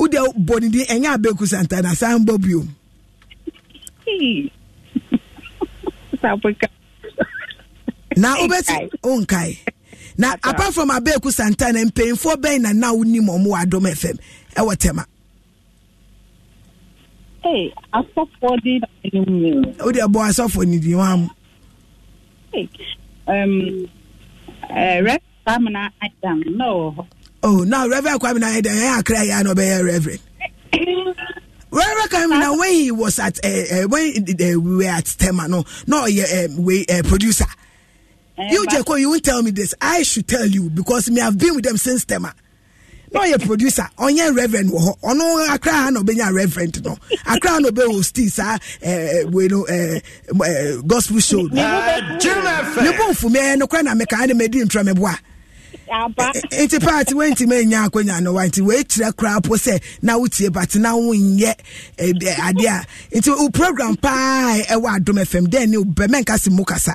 ó dẹ̀ bọ̀ nídìí ẹ̀yin abeku santana sáà ń bọ̀ bí o. E na ó bẹ ti na apart from abeeku santana mpanyinfoɔ bɛn na na wonim ɔmo wɔ adom fm ɛwɔ tɛma. ee asɔfoɔ di na mu. o de bɔ asɔfoɔ ni di wa mu. Um, ee eh, ɛm ɛɛ rɛ kwamina adam na ɔwɔ oh na reverend kwamina adam ɛyɛ akra yɛ na ɔbɛyɛ reverend. Reverend Kwamina, when he was at, uh, when we were at Tema, no, no, uh, we, producer. Eh, you Jeko, you won't tell me this. I should tell you because me, have been with them since Tema. No, your producer, on your reverend, or no, I cry, no, being a reverend, no, I cry, no, be hosting, sir, eh, we know, eh, gospel show. You ah, both for me, no, cry, I make Me ah, immediate from a boy. nti paati wo ntoma enya akonya no wa nti woekyerɛ koraa po sɛ na wotie but na wonyɛ adeɛ a nti wo program paa ɛwɔ adom fm dɛn ne wobɛmɛnka se mu kasa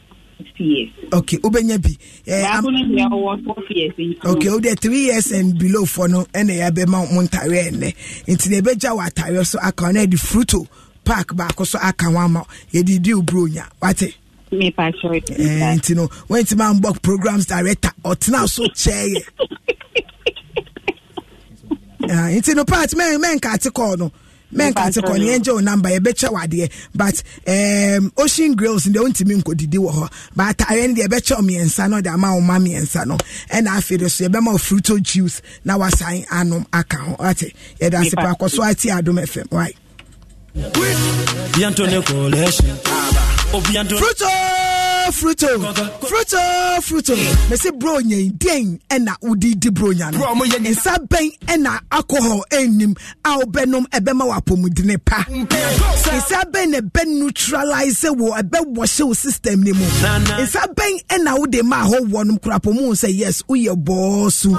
okay wobɛnya bi. baako eh, ne okay o three years and below fɔ no ɛna yɛ abɛma mo ntaare ɛnɛ nti na ebɛgya wɔ ataare so aka ɔna yɛde fruto park baako so aka wɔn ama yɛde di oburo nya wate. Eh, nti no wɔnti ma mbɔ programs director ɔtena so kyɛɛ yɛ ah, nti no part mɛn mɛn nkaate kɔɔ no. menka te kɔne yɛngye wo number yɛbɛkyɛ wadeɛ but um, ocean grills deɛ wontumi nkɔdidi wɔ hɔ but atareɛ no deɛ yɛbɛkyɛ wo mmiɛnsa no de ama wo ma mmiɛnsa no ɛna afei de so yɛbɛma wo fruto juice na wasan anom aka ho ate yɛde ase pa akɔ so ate adom fm Fruto! fruto fruto fruto mɛsi bronya den ɛna wodi di bronya no nsa bɛn ɛna alcohol ɛnim a wobɛnom ɛbɛma wapɔmudene pa nsa bɛn na ɛbɛ neutralize wo ɛbɛ wɔhyɛ wo system ne mu nsa bɛn ɛna wode ma ahɔwɔ nom korapɔ mu sɛ yes woyɛ bɔɔso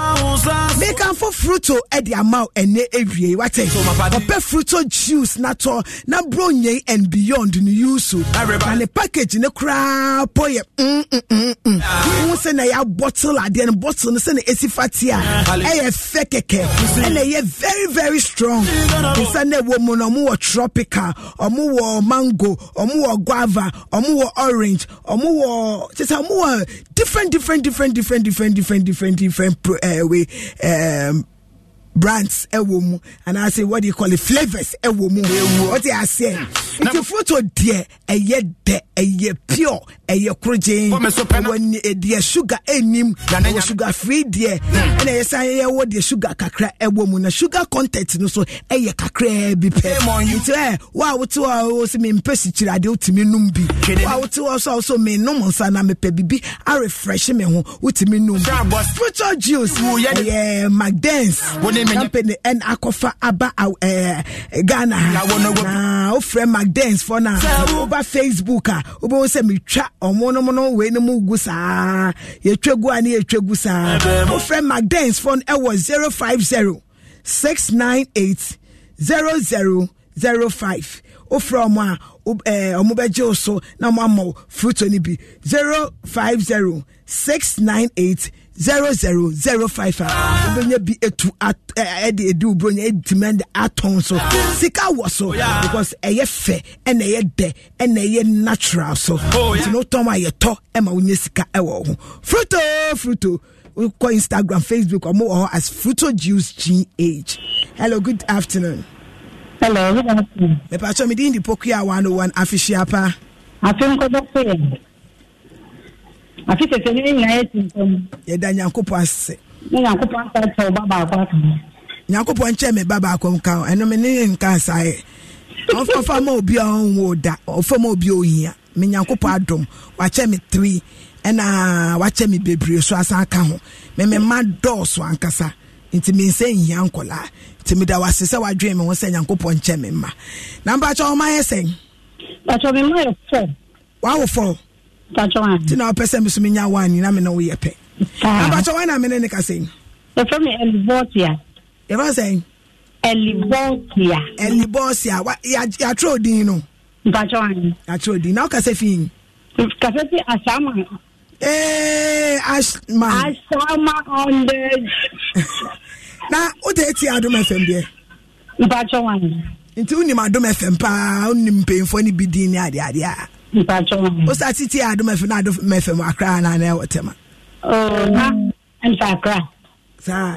mekamfo fruto ɛde ama ɛnɛ ɛwie watɛ ɔpɛ fruto juice natɔ na bronya and beyond no use so na ne package ne koraa mpo yɛ mm. mm, mm, mm. sɛ na ɛyɛ bottle adeɛ no bottle no sɛ na ɛsi fate a ɛyɛ fɛ kɛkɛ ɛna ɛyɛ very very strong nsa na ɛwɔ mu no ɔmo tropical ɔmo wɔ mango ɔmo wɔ guava ɔmo wɔ orange ɔmo wɔ kyesa ɔmo wɔ different different different different different different different different uh, way um, brands ɛwɔ mu anaasɛ what do you call it Flavors a flavours ɛwɔ mu wɔte aseɛ nti foto deɛ ɛyɛ dɛ ɛyɛ pure ɛyɛ korogyen wɔni eh, deɛ sugar ɛnim wɔ sugar free deɛ ɛna ɛyɛ san yɛwɔ deɛ sugar kakra ɛwɔ mu na sugar content no so ɛyɛ kakra bi pɛ nti ɛ wo a wote hɔ mi wɔsɛ mempɛ sikyiri adeɛ wotumi nom bi wo a wote hɔ so a wɔsɛ menom nsa na mepɛ bibi arefresh me ho wotumi nom bi spiritual juice ɛyɛ macdance company ɛna akɔfa aba ghana ha na wofrɛ macdance fɔ na. a woba facebook a wobɛhu sɛ metwa ɔmo nom no wei no mu gu saa yɛtwa gu a ne yɛtwa gu saa wofrɛ macdens fo no ɛwɔ 050 698 0005 wofrɛ ɔmo a ɔmo bɛgye wo so na ɔmo ama wo fruto no bi 050 698 zero zero zero five five wobɛnya bi etu ɛde edu buronya edimɛn de atɔn so sika wɔ so because ɛyɛ fɛ ɛna ɛyɛ dɛ ɛna ɛyɛ natural so nti na otɔn a yɛtɔ ɛma wonya sika ɛwɔ ho fruto fruto wokɔ instagram facebook ɔmo wɔ hɔ as fruto juice gh hello good afternoon. hello good afternoon. mepatro mede ndi pokuya 101 afihyiapa afe nkɔdɔ so yɛ afi tete ne nyinaa yɛ tuntum. yɛda nyankopɔn ase. ne nyankopɔn nsa kyɛ ɔba baako aka ho. nyankopɔn nkyɛn mi ba baako nka ho ɛnum ne nka asa yɛ ɔfa ma obi a ɔnwo da ɔfa ma obi a ohia me nyankopɔn adum wakyɛ mi three ɛna wakyɛ mi bebree so asan ka ho mɛmɛ ma dɔɔso ankasa nti mi nsa nhia nkɔlaa nti mi da wase sɛ wadwene mi ho sɛ nyankopɔn nkyɛn mi ma na mpatsɛ ɔmo ayɛ sɛn. mpatsɛ mi ma yɛ four. wa wɔ four. nti na wopɛ sɛ me so menya wani na mene woyɛ pɛ abakyɛ wan na mene ne ka sɛi yɛfrɛ me elibotia Elibosia. sɛi elibotia elibotia yɛatwerɛ odin no mpakyɛ wan yɛatwerɛ odin na woka sɛ fii kasɛ fi asama Hey, Ashman. Ashama on the. na wote eti adom fm deɛ. mpakyɛ wan. nti wonim adom fm paa wonim mpanyinfoɔ ne bi din ne adeadeɛ a wo sa titi adom afim na adom afim akra na na ɛwɔ tɛma oh, saa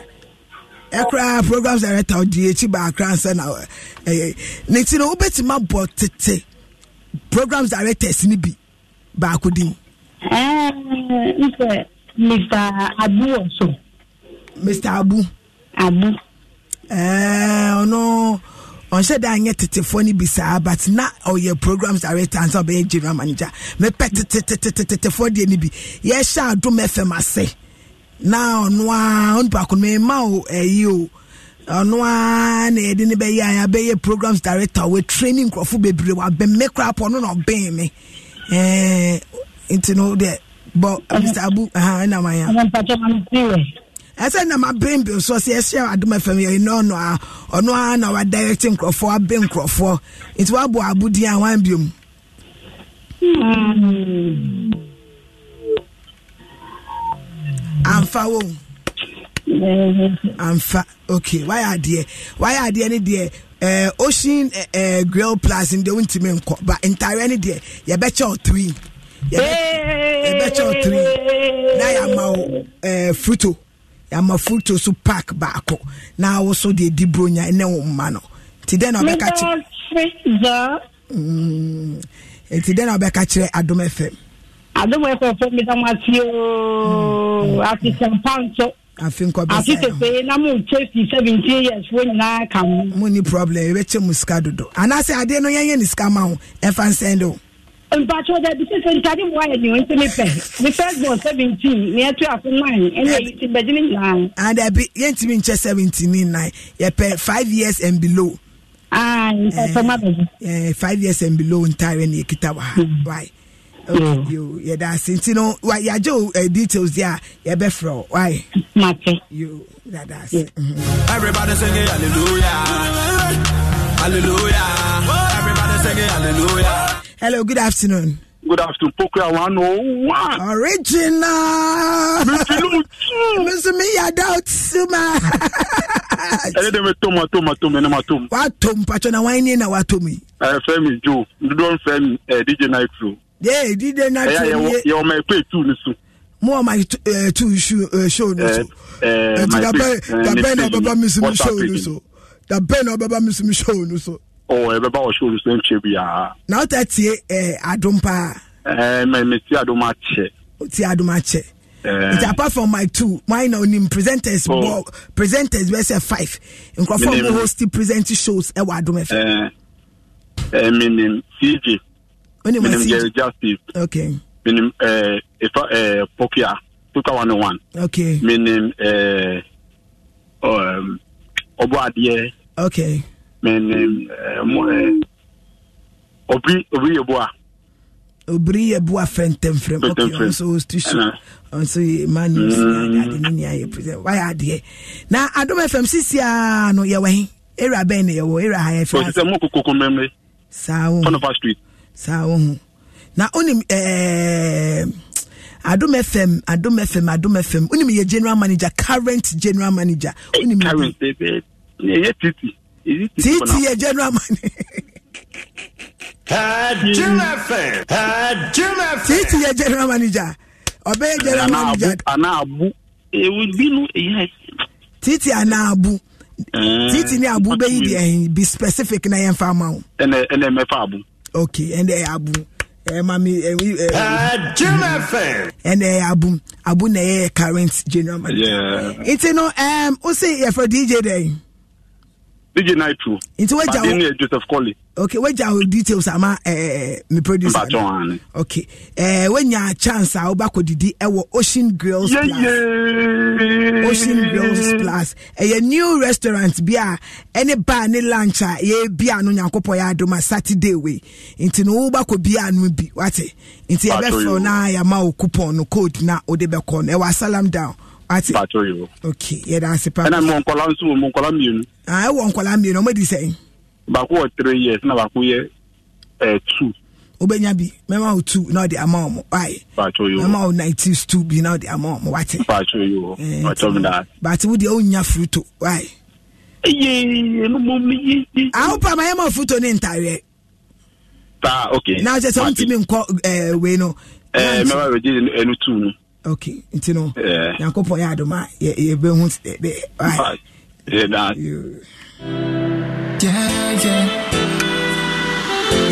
ɛkora programs director di ekyi ba akra nsɛ na ɛyɛ eh, eh, ne ti no wobɛtumi abɔ tete programs directors ni bi baako din. ɛɛ n fɛ mr abu wɔ so. mr abu. abu. ɛɛ eh, ɔno. Uh, ɔnhyɛ da nyɛ tetefoɔ no bi saa but na ɔyɛ programs director ansa ɔbɛyɛ general manager mepɛ tetetetetetefoɔ deɛ no bi yɛhyɛ adom fm ase na ɔno a no mema o ɛyi eh, o ɔno a na yɛde ne bɛyɛ a yɛabɛyɛ programs director wɔ training nkurɔfo bebree wabɛn me koraa pɔ no na ɔbɛn me ɛɛ eh, nti no deɛ bɔ mr abu ɛna mayɛ ɛsɛ na ma brain bill so ɔsɛ ɛhyɛ adum fm yɛ ɛnɛ ɔno a ɔno a na wa direct nkurɔfoɔ abe nkurɔfoɔ nti wabɔ abudin a wan biom. amfa wo amfa okay wayɛ adeɛ wayɛ adeɛ ne deɛ ɛɛ eh, ocean ɛɛ eh, eh, grill plus ndeɛ wontumi nkɔ ba ntaare ne deɛ yɛbɛkyɛ o three yɛbɛkyɛ o three na yɛ ama o fruto ama fruto so park baako na awoso deɛ di bronya ne wo mma no nti dɛn na ɔbɛka kyerɛ mm, nti dɛn na ɔbɛka kyerɛ adom fm adom fm fo meda mo ateɛ o mm, mm. afesɛmpa nso afi nkɔbɛsa afi tete na mo nkyɛ fi seventeen years wo nyinaa ka ho mo ni problem ebɛkyɛ mo sika dodo anaasɛ adeɛ no yɛnyɛ ne sika ma ho ɛfa nsɛn de o mpatsɔ dɛ bisi sɛ ntade mu ayɛ ni nti mi pɛ first born seventeen ni ɛtu afɔ nine ɛna ti bɛdi ni and ɛbi yɛn nkyɛ seventeen ni nine yɛ pɛ years and below. aa nta fɛn five years and below ntaare ni ekita wa ha why. yɛ da ase nti no wa yagye o uh, details Yeah, a yɛbɛ frɛ o why. mate. yo yɛ da ase. everybody sing hallelujah hallelujah everybody sing hallelujah. Hello, good afternoon. Good afternoon, Poker 101. Original. Mr. Me, I doubt Suma. ɛyɛ dɛ mɛtɔ mu atɔ mu atɔ mu ɛnɛ mu atɔ mu. wa tɔ mu patɔ na wɔn ani na wa tɔ mu yi. ɛɛ fɛn mi jo dodo fɛn mi ɛɛ dj night show. ee dj night show ye. ɛyà yɛ ɔmɔ ɛkpɛ etu ni so. mu ɔmɔ ɛɛ tu show ɛɛ show ni so. ɛɛ ɛɛ my face ɛɛ ne face ni wɔta pe ni. dabɛn na ɔbɛba misimu show ni so dabɛn na ɔbɛba misimu show ni so ɔwɔ ɛbɛba wɔ show so nkyɛ biara. na ɔtɛ tie ɛɛ paa. ɛɛ mɛ akyɛ. ti adum akyɛ. nti apart from my two mine na onim presenters bɔ presenters bɛ sɛ five nkurɔfoɔ mo host present shows ɛwɔ adum ɛfɛ. ɛɛ CG. cj. onim jerry justice. okay. minim ɛɛ efa pokia tuka one oh one. okay. minim ɛɛ ɔbɔ adeɛ. okay. mene eh, eh, eh, obi obi yeboa obiri yɛ bu afɛntɛm fɛm ɔkè ɔnso ostu so ɔnso maa ni osi ade ne nia yɛ pɛsɛ wayɛ adeɛ na adum fm sisi yɛ hin bɛn na yɛ wɔ area ha yɛ fɛ. ɔsisɛ mu koko kun bɛ mire. saa wo ho na adum fm adum fm adum fm yɛ general manager current general manager yɛ titi. titi yɛ general money. titi yɛ general manager ɔbɛyɛ general manager. anaabu ewu binu eya. titi anaabu eh, titi ni abu bɛyi di ɛyin be specific na yɛn fa ma o. ɛnɛ ɛnɛ mɛfa abu. Ok, ɛnɛ ɛ abu ɛ eh, mami ɛ ɛ. ɛɛ ɛnɛ abu abu na yɛ current general manager. nti no ɛm o se yɛfɛ dj dɛ. DJ Nitro. Nti wagya wo. Madina Joseph Colley. Okay, wagya wo details ama eh, eh, eh me producer. Mba chon Okay. Eh wanya chance a wobakɔ didi ɛwɔ Ocean Grills yeah, Plus. Yeah. Ocean Grills Plus. Ɛyɛ new restaurant bi a ɛne bar ne lunch a yɛ bi a no Nyankopɔ yɛ adom a Saturday we. Nti no wobakɔ bi a no bi. Wate. Nti yɛbɛfrɛ na yɛama wo coupon no code na wode bɛkɔ no. Ɛwɔ Asalam down ati pato o. ok yɛda ase pa. ɛna mɔ nkɔla nso mɔ nkɔla mmienu. aa ah, ɛwɔ nkɔla mmienu ɔmo di sɛn. baako wɔ three years na baako yɛ ɛɛ eh, two. wobɛnya bi mɛma wo two na ɔde ama ɔmo ayi. pato o mɛma wo nineties two bi na ɔde ama ɔmo wate. pato o pato mi da. baate wo deɛ nya fruto ayi. eye enu mo mi ye. awo ah, pa ma yɛ ma fruto ne ntaare. taa ok. na ɔkyɛ sɛ ɔntumi nkɔ ɛɛ wei no. ɛɛ mɛma wɛ di ɛnu two no okay nti no nyankopɔn yɛ adom a yɛbɛhu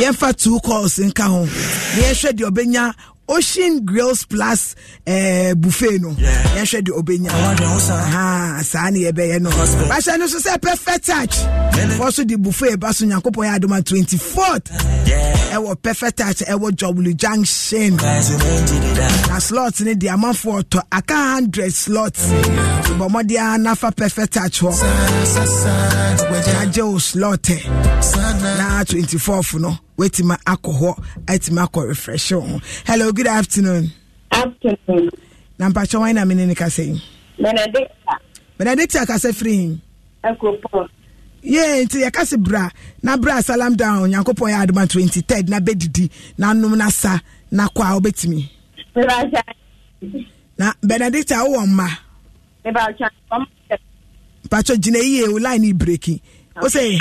yɛmfa two calls nka ho na yɛhwɛ deɛ ɔbɛnya ocean grills plus eh, buffet no yɛhwɛ de ɔbɛnya saa ne yɛbɛyɛ no bahyɛ no so sɛ perfect touch fɔ di buffet ba so nyankopɔn yɛ adoma 24th ɛwɔ perfect touch ɛwɔ jɔbulu junction na slot ni de amanfoɔ ɔtɔ aka hundred slot bɔ mmɔde a nafa perfect touch hɔ agye wo slot na twenty fourth no wɔatumi akɔ hɔ atumi akɔ refresh wo hello good afternoon. afternoon. na mpatsɔ wɔn na mi ne ne kasa yi. benedicta. benedicta kasa firi yi. ɛkopɔ. yee nti yɛkasa bra na bra salam down nyankopɔn yɛ aduma twenty third na bɛdidi na num na sa na kɔ a obetumi. na benedicta wowɔ mma. mpatsɔ gyina yie o line breki. o se.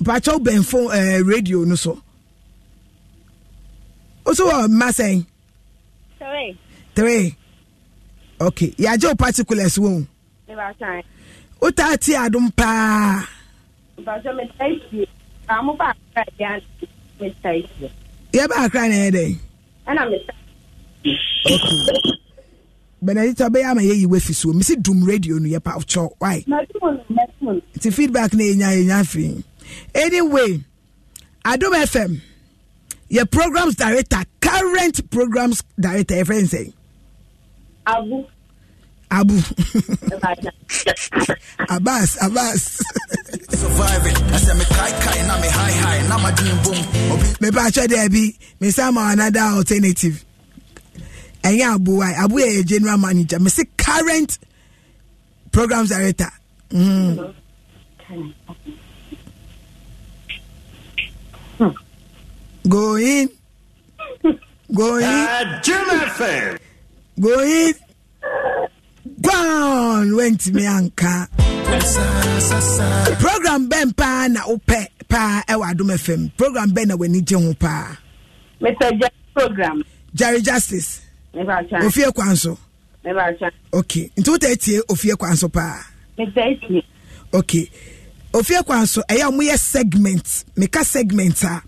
mpatsɔ bɛn fo ɛɛ eh, radio no so. Oso wɔ uh, mma sɛn. three. three okay yàgye o particulars wɔn. o taa ti adum paa. ìbàdàn mi ta ìsì àmú bá àkàrà yà mi ta ìsì. yẹ bá àkàrà nìyẹn dẹ. ẹnna mi ta. okay benedict ọbẹ̀yà àmà yẹ yìí wẹ́ fi so mi si dum radio nu yẹ pa ọ̀kyọ́ wáyé. mẹtún mẹtún. ti feedback na yẹn nya yẹn nya fi. anyway adum fm. Your programs director current programs director yɛ fɛn sɛ. abu. abu. abas abas. mepa atwa dɛ bi mesa ma another alternative ɛnyɛ abu wa abu yɛ yɛ general manager Me say current programs director. Mm. Mm-hmm. Go in. Go in. Uh, Jim FM. Go in. Gone went me anka. Program Ben pa na ope pa ewa Adum FM. Program Ben na weni je ho pa. Mr. Jerry program. Jerry Justice. Ofie kwanso. Okay. Nti wo tetie ofie kwanso pa. Mr. Etie. Okay. Ofie kwanso eya mo ye segment. Meka segment a.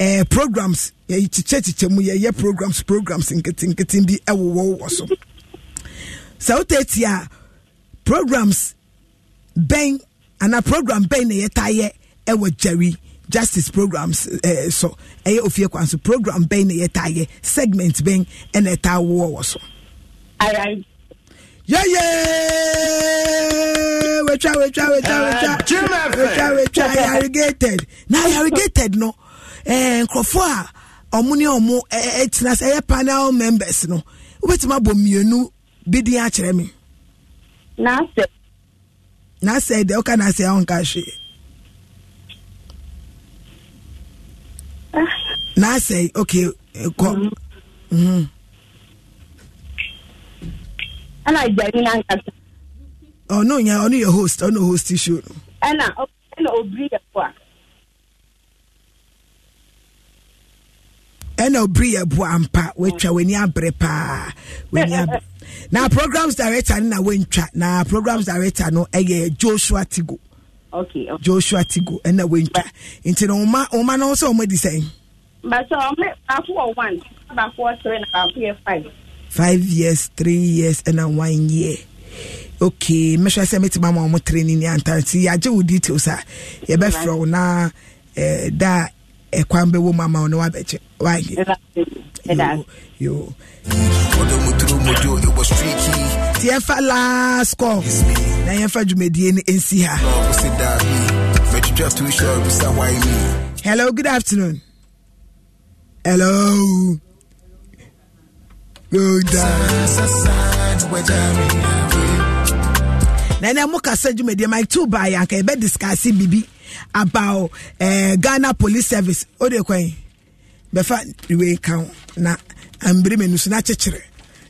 uh, programs yɛkyekyɛkyekyɛ mu yɛyɛ programs programs nketenketen bi ɛwowɔ eh, wɔ so sɛ wotati a programs bɛn ana program bɛn na yɛta yɛ ɛwɔ eh, gyari justice programs uh, so ɛyɛ ofie kwan so program bɛn na yɛta yɛ segment bɛn ɛna ɛta wowɔ wɔ so yeye wetwa We wetwa we wetwa wetwa yarrigated na yarrigated no Eh, nkurɔfo a ɔmo ne ɔmo eh, eh, tena sɛ ɛyɛ panel members no wobɛtumi abɔ mmienu bi din akyerɛ me n'asɛ n'asɛ deɛ woka n'asɛ a ɔnka hwee ah. n'asɛ okay kɔ mm-hmm. Mm-hmm. ɛna agyani nankasa ɔno nya ɔno yɛ host ɔno host show ɛna ɛna obiri yɛ fo a ɛna obiri yɛ bu ampa wetwa w'ani abere paa w'ani abere na programs director no na wentwa na programs director no ɛyɛ joshua tigo okay, okay. joshua tigo ɛna wentwa nti no ɔma ɔma no sɛ ɔma di sɛn. bàtà ɔmɛ uh, baako wɔ one baako wɔ three na baako yɛ five. five years three years ɛna one year okay mɛhwɛ sɛ mɛtumi ama ɔmo training ni anta nti yagye wo details a yɛbɛfrɛ wo na ɛɛ eh, daa ɛkwan bɛwɔ mu ama wo na wabɛkyɛ nti yɛmfa last call na yɛmfa dwumadie no ɛnsi ha hello good afternoon hello na ɛnɛ mokasa dwumadie mike too baa yɛ anka yɛbɛdiscase bibi about uh, ghana police service o de kwan bɛfa iwe kan na ambiri na na kyekyere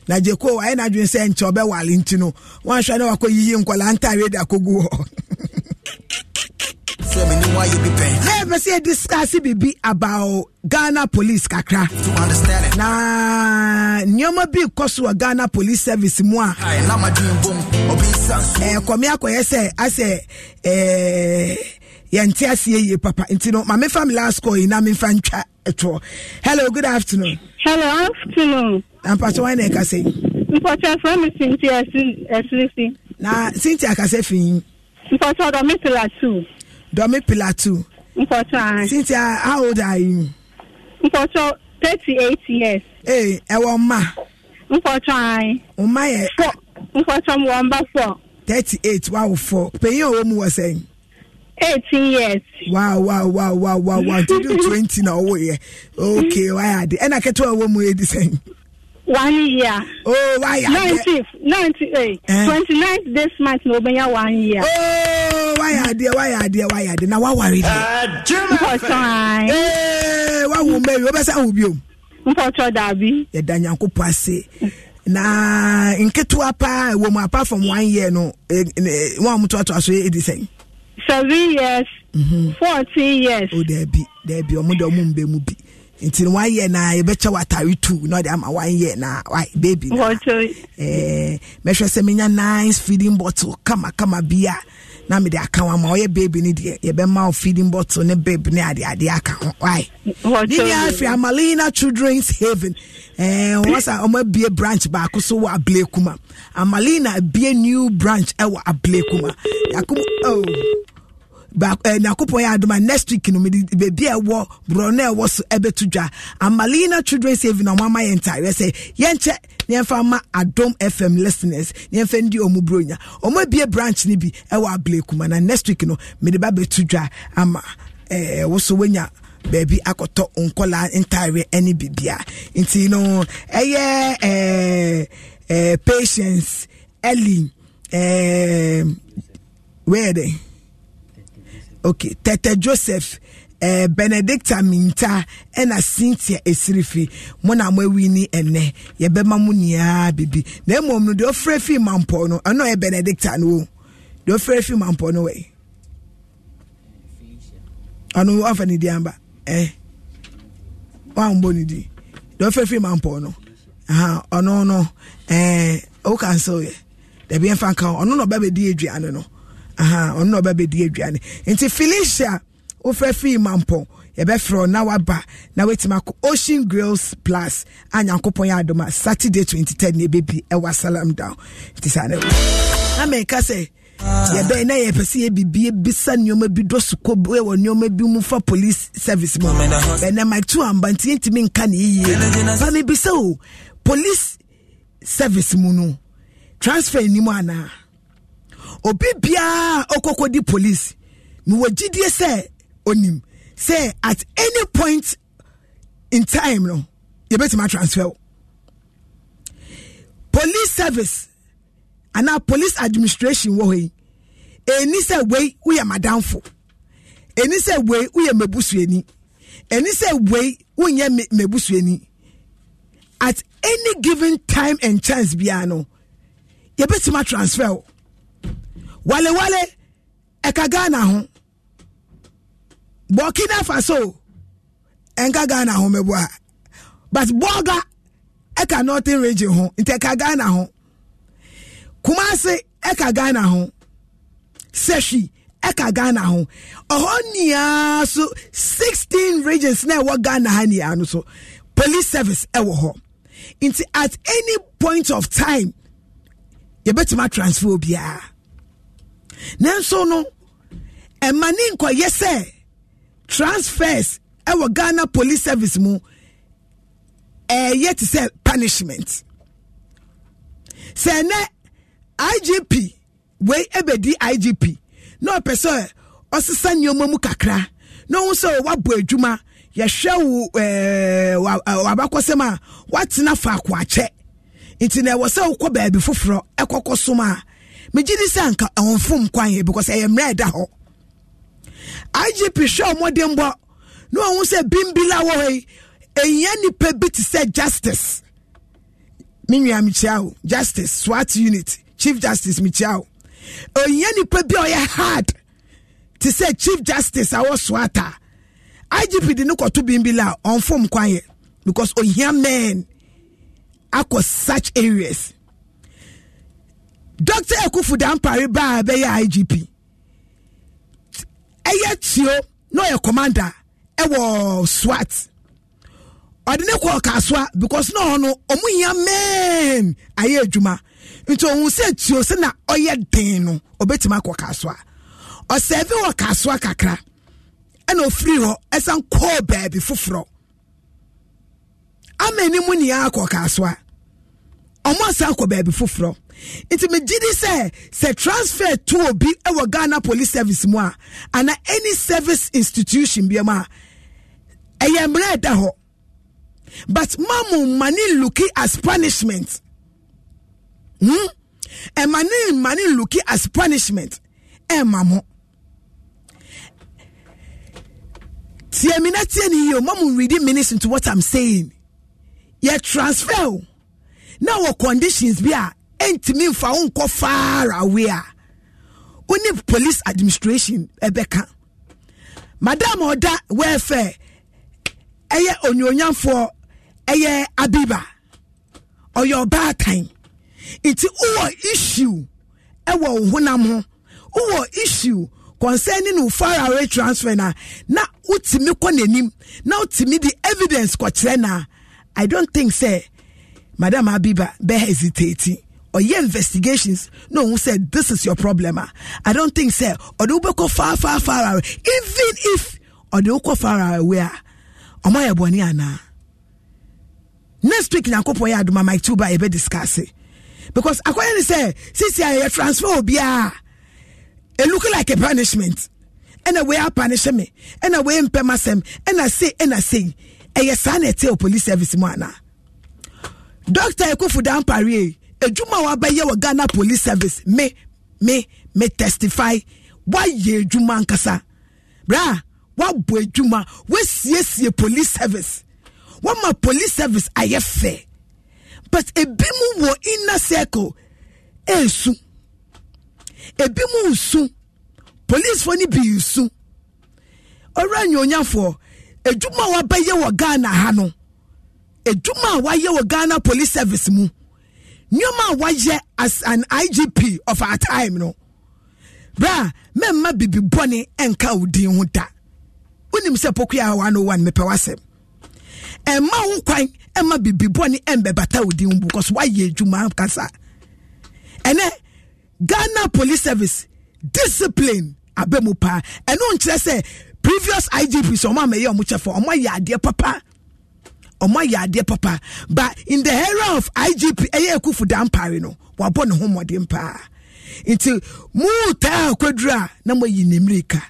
na jeko ayɛ n'adwene sɛ wale nti no na yiyi nkɔla ntaare de akɔgu hɔ. ɛpɛ sɛ yɛdiscase biribi about ghana police kakra na nneɔma bi ghana police service mụ a yɛnte aseɛ yie papa nti no ma mefa me last call yi na memfa ntwa ɛtoɔ hello good afternoon hello afternoon ampatɔ wan na ɛka sɛ mpɔtɔ frɛ me sinti asilisi na sinti akasɛ fii mpɔtɔ dɔme pila two dɔme pila two mpɔtɔ sinti how old are you mpɔtɔ thirty eight years ee eh, ɛwɔ mma mpɔtɔ mma yɛ mpɔtɔ mma wɔn ba four thirty eight wa wò four panyin a mu wɔ sɛn. eighteen years. wow wow wow wow wow wow ti do twenty na ọwọ yẹ okay wáyà de Ẹna kẹtọ ọwọ mu yẹ di one year. oh wáyà de nineteenth ninety eight eh, eh. twenty ninth this month na obìnrin one year. oh wáyà de wáyà de wáyà de na wa wari de. mpọtọ ayi. ee wà wù mẹ́rin o bẹ́ sẹ́ wù bí o. mpọtọ dàbí. yẹ da nyanko pa se. na nketewa paa wɔ mu apart from one year no wɔn a wɔn toatoa so yɛ edi sɛn. seven years mhm. fourteen years. o dẹbi dẹbi ọmọ dẹ ọmọ mbẹ mu bi nti one year na yɛbɛkyɛ w'atare two na ɔde ama one year na Why, baby na ɛɛ mɛhwɛ sɛ menya nice feeding bottle kamakama bi a. Kama na mede aka ho ama ɔyɛ baby no deɛ yɛbɛma wo feeding bottle ne babe ne adeade aka ho ae ne nyinaa firi amalina children's haven wɔ sa ɔma bie branch baako so wɔ ablekuma amalina bie new branch ɛwɔ ablekuma yakob oh. Eh, nyakopɔn yɛ adoma next week no mede baabi a ɛwɔ borɔ no ɛwɔ so ɛbɛto dwa amalina children save na moama yɛ ntareɛ sɛ yɛnkyɛ na yɛmfa ma adom fm listeners na yɛmfa ndi ɔmu borɔ nya ɔmo abie branch no bi ɛwɔ ablekuma na next week no mede ba bɛto dwa ama ɛwɔ eh, so wanya baabi akɔtɔ nkɔla ntareɛ ne bibia nti no ɛyɛ ɛɛ eh, ɛɛ patience ɛli ɛɛ wɛɛdɛ okay tete joseph eh, benedicta minta ɛna cynthia esirifi mo na mo awi ni ɛnɛ yɛbɛma mo nyinaa bibi na mmom no deɛ ɔfrɛ fi mampɔ no ɛno yɛ benedicta no o deɛ ɔfrɛ fi mampɔ no wɛyi ɔno ɔfa ne di amba ɛɛ eh, wɔambɔ ne di deɛ ɔfrɛ fi mampɔ no ɔno eh, no ɛɛ ɔwɔ kansel yɛ dɛbi ɛnfa kan ɔno na ɔba bɛ di aduane no. ɔno na ɔbɛbɛdi aduane nti felicia wofrɛ fii mampɔn yɛbɛfrɛ na waba na woatumi akɔ ocean grills plus a nyankopɔn yɛ adom a saturday 2010 ne ɛbɛbi ɛwɔ asalam down nti saa ne na meka sɛ yɛbɛn na yɛpɛ sɛ yɛbibie bisa nneɔma bi dɔ soko wɔ nneɔma bi mu fa police service mu ɛnɛ matu amba nti yɛntumi nka ne yiyie ba mebisa o police service mu no transfer nnim anaa obi biara okoko di police mewɔ gyidie sɛ onim sɛ at any point in time no yɛbɛtumi atransfer police service anaa police administration wɔ hɔ yi ɛni sɛ wei woyɛ madamfo ɛni sɛ wei woyɛ mabusuani ɛni sɛ wei wonyɛ mabusuani at any given time and chance biara no yɛbɛtumi atransfer o walewale ɛka ghana ho burkina faso ɛnka ghana ho mɛboa but bɔga ɛka northern region ho nti ɛka ghana ho kumase ɛka ghana ho sehwi ɛka ghana ho ɔhɔ nyinaa so sixteen regions na ɛwɔ ghana ha nyinaa no so police service ɛwɔ hɔ nti at any point of time yɛbɛtuma transfer obiara nanso no ɛma ne nkɔyɛ sɛ transfers ɛwɔ ghana police service mu ɛyɛ te sɛ punishment sɛ ɛnɛ igp wei ɛbɛdi igp na ɔpɛ sɛ ɔsesa nneɛma mu kakra na ɔhu sɛ wabɔ adwuma yɛhwɛ wo ɛɛ wabakɔsɛm a watena faako akyɛ nti na ɛwɔ sɛ wokɔ baabi foforɔ ɛkɔkɔ som a megye di sɛ anka ɔmfom kwan yɛ because ɛyɛ mmerɛ ɛda hɔ igp hwɛ ɔmɔden bɔ na ɔho sɛ bimbila wɔ hɔ yi ɛnyɛ nipa bi te sɛ justice me nua mekyia wo justice swat unit chief justice mekyia wo ɛnyɛ nipa bi a ɔyɛ hard te sɛ chief justice a wɔ swat a igp de no kɔto bimbila a ɔmfom kwan yɛ because ohia men akɔ such areas dr ekufu dampare baa bɛyɛ igp ɛyɛ tio na ɔyɛ commander ɛwɔ swat ɔde ne kɔ kasoa because na ɔno ɔmo hia mɛɛm ayɛ adwuma nti ɔmo sɛ tio sɛ na ɔyɛ den no ɔbɛtumi akɔ kasoa ɔsɛɛbi wɔ kasoa kakra ɛna ofiri hɔ ɛsan kɔɔ baabi foforɔ ama anim nyinaa akɔ kasoa ɔmo asan kɔ baabi foforɔ. nti megye di sɛ sɛ transfer to obi wɔ ghana police service mu a ana any service institution bi mu a ɛyɛ mmerɛ ɛda hɔ but mamu mani luki as punishment hmm ɛmani mani luki as punishment ɛma mo tie mi na tie ni yie o mamu reading minutes into what i'm saying yɛ transfer o na wɔ conditions bi a. entimi nfa wo nkɔ far away a wone police administration ɛbɛka madam ɔda welfare ɛyɛ onyoonyamfoɔ ɛyɛ abiba ɔyɛ ɔbaatan nti wowɔ issue ɛwɔ wo honam ho wowɔ issue concerning wo far away transfer na na wotumi kɔ n'anim na wotumi de evidence kɔkyerɛ na i don't think sɛ madam abiba bɛ hesitate or your investigations no one said this is your problem ah. i don't think so or do go far far far away even if or do go far away or my boni ana next week na kopo ya aduma my tuba a be discuss because according to say since i transfer obia ah. it look like a punishment and a way I punish me and a way in pemasem and I say and I say ɛyɛ saa na ɛte police service mu ana doctor ekufu dan parie edwuma a wabɛyɛ wɔ ghana police service me me me testify wayɛ edwuma nkasa bra wabɔ edwuma wasiesie police service wama police service ayɛ fɛ but ebi mu wɔ inner circle esu ebi mu nsu policefoɔ ni bi nsu ɔwura nyonyafoɔ edwuma a wabɛyɛ wɔ ghana ha no edwuma a wayɛ wɔ ghana police service mu nneɛma a wayɛ as an igp of our time no bra mɛmma bibi bɔne nka wo din ho da wonim sɛ pokua a wano wa no mepɛ w'asɛm ɛma wo kwan ɛma bibi bɔne ɛmbɛbata wo din ho because wayɛ adwuma kasa ɛnɛ ghana police service discipline abɛ mu paa ɛno nkyerɛ sɛ previous igps ɔmo amɛyɛ ɔmo kyɛfa ɔmo ayɛ adeɛ papa ɔmo ayɛ adeɛ papa but in the era of igp ɛyɛ ekufu dampare no wabɔ ne ho mmɔden paa nti mu taa akwaduro a na mo yi ne mmirika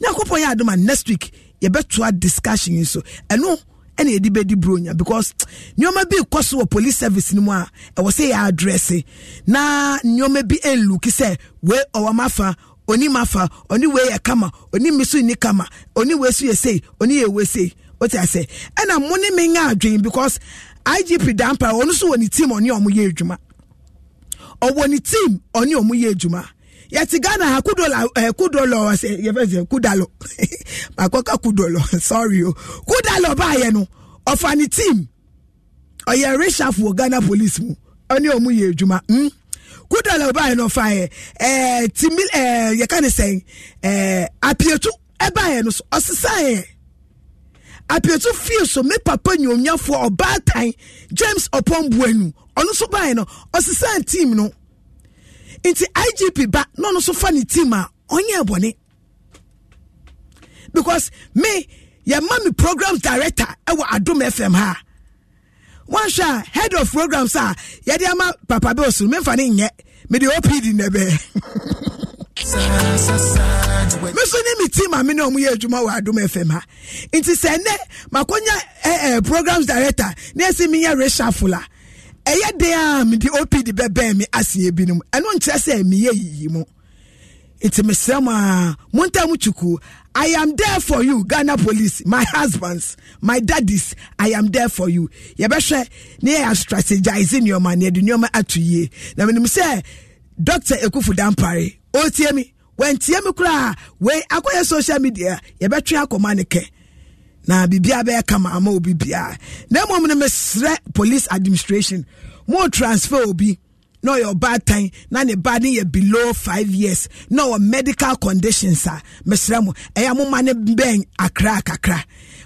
nyakopɔn yɛ adoma next week yɛbɛtoa discussion yi so ɛno ɛna yɛde bɛdi bronya because nneɛma bi kɔ so wɔ police service no mu a ɛwɔ sɛ yɛ adrɛse na nneɛma bi ɛnluki sɛ wei ɔwɔ ma fa oni ma fa oni wei yɛ kama oni misu so ni kama oni wei so yɛ sei oni yɛ wei sei wote ase ena mo ne me nya because igp dampa ɔno nso wɔ ne team ɔne team ghana ha kudolo ɛɛ eh, kudolo ɛsɛ yɛfɛ sɛ kudalo akɔka sorry o kudalo baayɛ no ɔfa ne team ghana police mu ɔne ɔmo yɛ adwuma kudalo baayɛ no ɔfa eh, ti ɛɛ timi eh, apietu e apietu fie so me papa nyomnyafoɔ ɔbaatan james ɔpɔnbuanu ɔno nso baeɛ no ɔsesan team no nti igp ba na ɔno nso fa ne team a ɔnyɛ ɛbɔne because me yɛma me program director ɛwɔ adum fm ha wanhwɛ a head of programs a yɛde ama papa bills no memfa ne nyɛ mede opd nɛbɛɛ meso ne me team a me ne ɔmo yɛ adwuma wɔ adom fm ha nti sɛ nnɛ makonya eh, eh, programs director na ɛsi menyɛ reshuffle a ɛyɛ den a mede opd bɛbɛn me aseɛ binom ɛno nkyerɛ sɛ meyɛ yiyi mu nti mesrɛ mu a montam kyuku I am there for you, Ghana police, my husbands, my daddies. I am there for you. Yabeshe, ne ya strategizing your man, ne dunyo ma atu ye. Na minimu se, Dr. Ekufu Dampare, ɔretie mi wɔntie mi koraa wei akɔyɛ social media yɛbɛtwe akɔma ne kɛ na biribiara bɛyɛ kama ama obi biara na mmom no mesrɛ police administration mo transfer obi na ɔyɛ ɔbaa tan na ne ba ne yɛ below five years na ɔwɔ medical conditions a mesrɛ mo ɛyɛ amoma ne bɛn akra kakra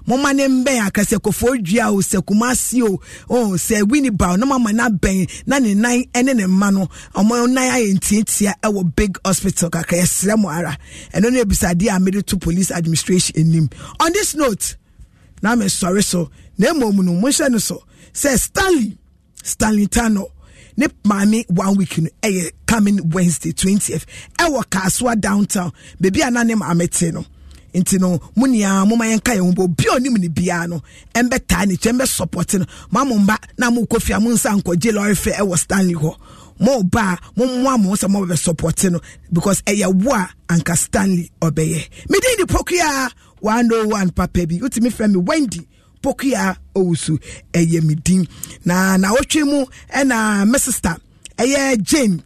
moma ne mbɛn akasɛkofoɔ dua o sɛ kumasi o o sɛ winneba na mama na bɛn na ne nan ne ne mma no ɔmo nan ayɛ ntiatia ɛwɔ big hospital kakra yɛsrɛ mo ara ɛno ne ebisadeɛ a mede to police administration anim on this note na mɛ sɔre so na mmom no mo hyɛ no so sɛ stanley stanley tano ne maame one week no ɛyɛ coming wednesday twentieth ɛwɔ kasoa downtown beebi a na ne maame te no nti no mu nyinaa mo ma yɛn ho bɔ obi a onim ne biara no ɛnbɛtaa ne kyɛn bɛsɔpɔte no mo amu mba na mo kɔ fia mo nsa nkɔgye lɔre fɛ ɛwɔ stanley hɔ mo ba mo mmoa mo sɛ mo bɛ sɔpɔte no because ɛyɛ wo a anka stanley ɔbɛyɛ mede ne pokua 101 papa bi wotumi frɛ me wendy pokua owusu ɛyɛ me din na nawɔtwe mu ɛna me sister ɛyɛ jane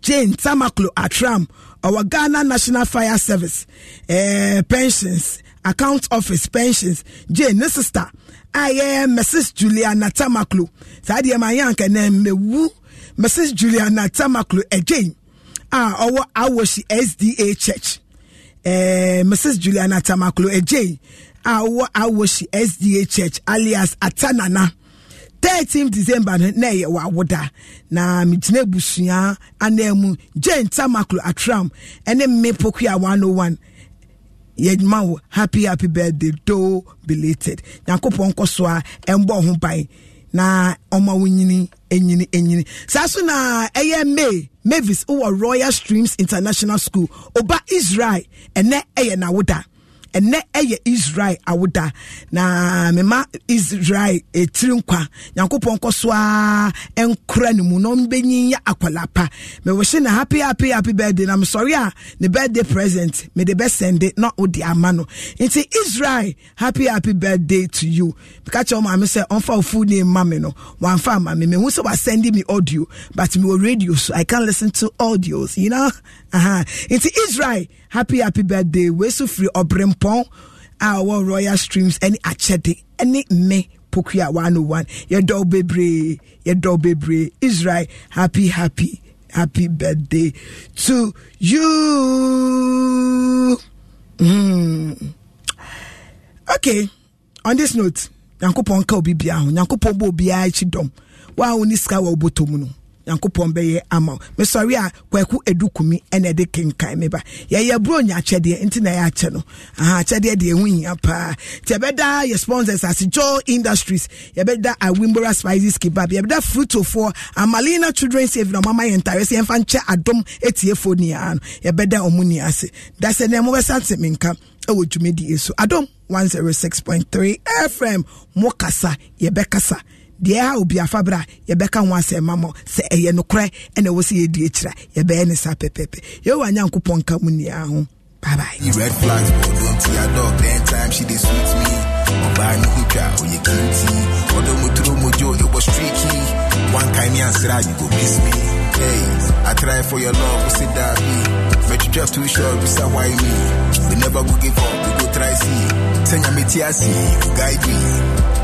jane tamaklo atram our Ghana National Fire Service uh, pensions account office pensions Jane, ne sister am ah, Mrs Juliana Tamaklo saa deɛ ma yɛ anka na mmewu Mrs Juliana Tamaklo ah, ɛgye a our eh, ah, awoshi SDA Church uh, Mrs Juliana Tamaklo ɛgye Our our awoshi SDA Church alias Atanana thirteen december no na ɛyɛ wawoda na megyina abusua anan mu gye ntamaklo atram ɛne mme pokua one oh one yɛma wo happy happy birthday do belated nyankopɔn nkɔ so a ɛmbɔ ho ban na ɔma wo nyini enyini enyini saa so na ɛyɛ may mavis wɔ royal streams international school oba israel ɛnɛ ɛyɛ nawoda ɛnɛ ɛyɛ israel awoda na mema israel ɛtiri nkwa nyankopɔn kɔ so a ɛnkora ne mu na ɔmbɛnyinya akwala pa mewɔhye ne happy happy happy birthday na mesɔre a ne birthday present mede bɛsɛnde na wode ama no nti israel happy happy birthday to you meka kyerɛ wo maame sɛ ɔmfa wo full name ma me no wamfa ama me mehu sɛ wasɛnde me audio but mewɔ radio so i can listen to audios you know uh-huh. nti israel happy happy birthday wesu firi ɔbrempɔn a ɔwɔ royal streams ɛne akyɛde ɛne mme one. 101 yɛdɔw bebree yɛdɔw bebree israel happy happy happy birthday to you mm. okay on this note nyankopɔn ka obi biara ho nyankopɔn bɔ obiara akyi dɔm wa a wo ne sika wɔ wobɔtɔ mu no nyankopɔn bɛyɛ ama mesɔre a kwaku edu kumi ɛna ɛde kenkan meba yɛyɛ buro nya akyɛdeɛ nti na ɛyɛ no aha akyɛdeɛ deɛ ɛho hia paa nti yɛbɛda yɛ sponsors ase joe industries yɛbɛda awimbora spices kebab yɛbɛda fruitofoɔ amalina children save na ɔmama yɛ ntare sɛ yɛmfa nkyɛ adom etiefoɔ nyinaa no yɛbɛda ɔmo ni ase dasɛ na ɛmobɛsa nse menka ɛwɔ dwumadie so adom 106.3 fm mo kasa yɛbɛkasa deɛ a obi afa bra yɛbɛka ho asɛm ma mɔ sɛ ɛyɛ nokorɛ ɛna ɛwɔ sɛ yɛdi akyira yɛbɛyɛ ne saa pɛpɛpɛ yɛwɔ anyankopɔn nka mu nnia ho bye bye. The red flags but don't see a dog. Then time she dey sweet me. Ọba mi kò twa oyè kìntì. Ọdún mo dúró mojo ìwọ streaky. One time you're answer you go miss me. Hey, I try for your love, you say that me. Fẹ̀tútù too short, you say why me? We never go give up, we go try see. Send mi tí see. you guide me.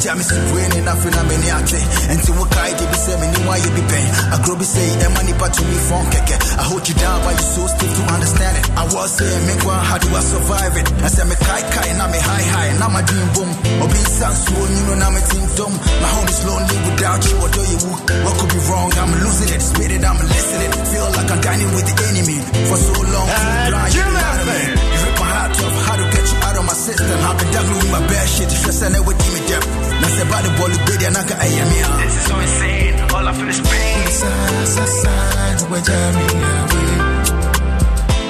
time I see rain in Africa, many acting. And to work, I be seven, you why you be pain. I grow be say, and money part to me from keke. I hold you down, but you so stiff to understand it. I was saying, make one, how do I survive it? I said, me kai kai, and I'm a high high, and I'm a dream boom. Or be sound soon, you know, I'm a team dumb. My home is lonely without you, although you would. What could be wrong? I'm losing it, spit it, I'm listening. Feel like I'm dining with the enemy for so long. So dry, you know what You rip my heart off, how do system. I've been juggling my bad shit. If you're sending with me, Now say about the ball, you and I got AM. This is so insane. All I feel is pain. Signs, signs, where Jamie away.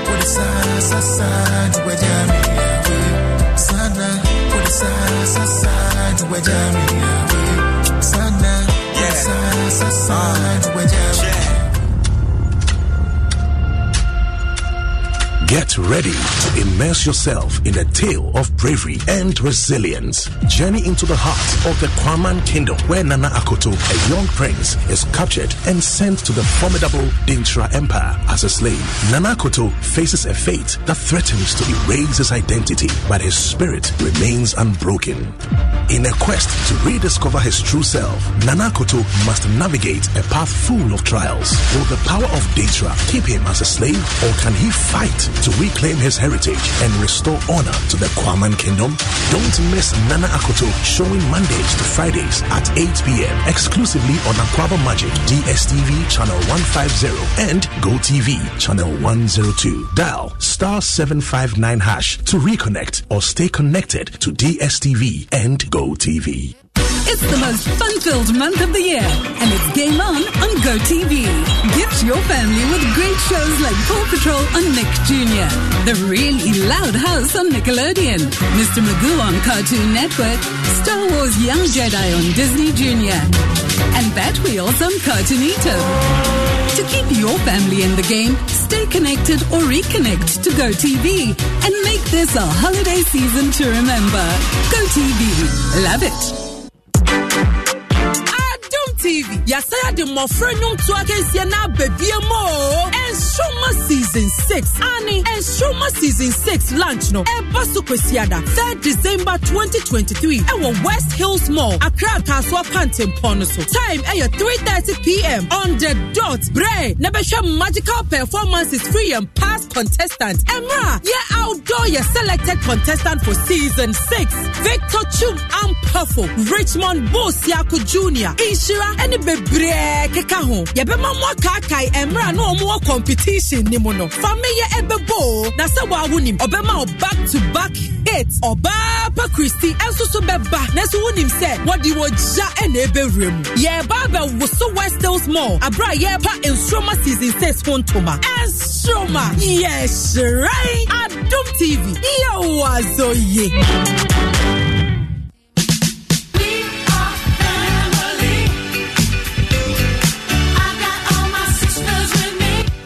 What is signs, signs, where are away. Sana, what is signs, signs, where Jamie we Sana, yeah. signs, signs, where Jamie away. Get ready to immerse yourself in a tale of bravery and resilience. Journey into the heart of the Kwaman Kingdom, where Nana Akoto, a young prince, is captured and sent to the formidable Dintra Empire as a slave. Nana Akoto faces a fate that threatens to erase his identity, but his spirit remains unbroken. In a quest to rediscover his true self, Nana Akoto must navigate a path full of trials. Will the power of Dintra keep him as a slave, or can he fight to reclaim his heritage and restore honor to the Kwaman Kingdom? Don't miss Nana Akoto showing Mondays to Fridays at 8 p.m. exclusively on Aquaba Magic DSTV channel 150 and GoTV channel 102. Dial star 759 hash to reconnect or stay connected to DSTV and GoTV. It's the most fun-filled month of the year, and it's game on on GoTV. Gift your family with great shows like Paw Patrol on Nick Jr., The Really Loud House on Nickelodeon, Mr. Magoo on Cartoon Network, Star Wars Young Jedi on Disney Jr., and Batwheels on Cartoonito. To keep your family in the game, stay connected or reconnect to GoTV and make this a holiday season to remember. GoTV. Love it tv yɛasɛ de mmɔfra nnwomto akansiɛ no ababie mu o ɛnsoroma season 6 and Shuma season 6 lunch no E so kwasiada Third december 2023 ɛwɔ west hills mall akra akaasoa pantempɔn no so time ɛyɛ 3.30pm on the dot Bray. na magical magical performances free and past contestants Emra. a outdoor your selected contestant for season 6 victor chum ampafo richmond bo siako jr Ishira. kakra ne bebree keka ho yɛbɛma mo akaakae mmerɛ na ɔmo competition ni mu no fa meyɛ ɛbɛbɔ na sɛ wɔawo nim ɔbɛma ɔ back to back hit ɔbaa pa kristi nso so bɛba nanso wonim sɛ wɔde wɔ gya na ɛbɛwura mu yɛreba abɛwoso west hills mall aberɛ a yɛrepa nsoroma season 6 ho ntoma nsoroma yɛhyerɛn adom tv yɛwɔ azɔ ye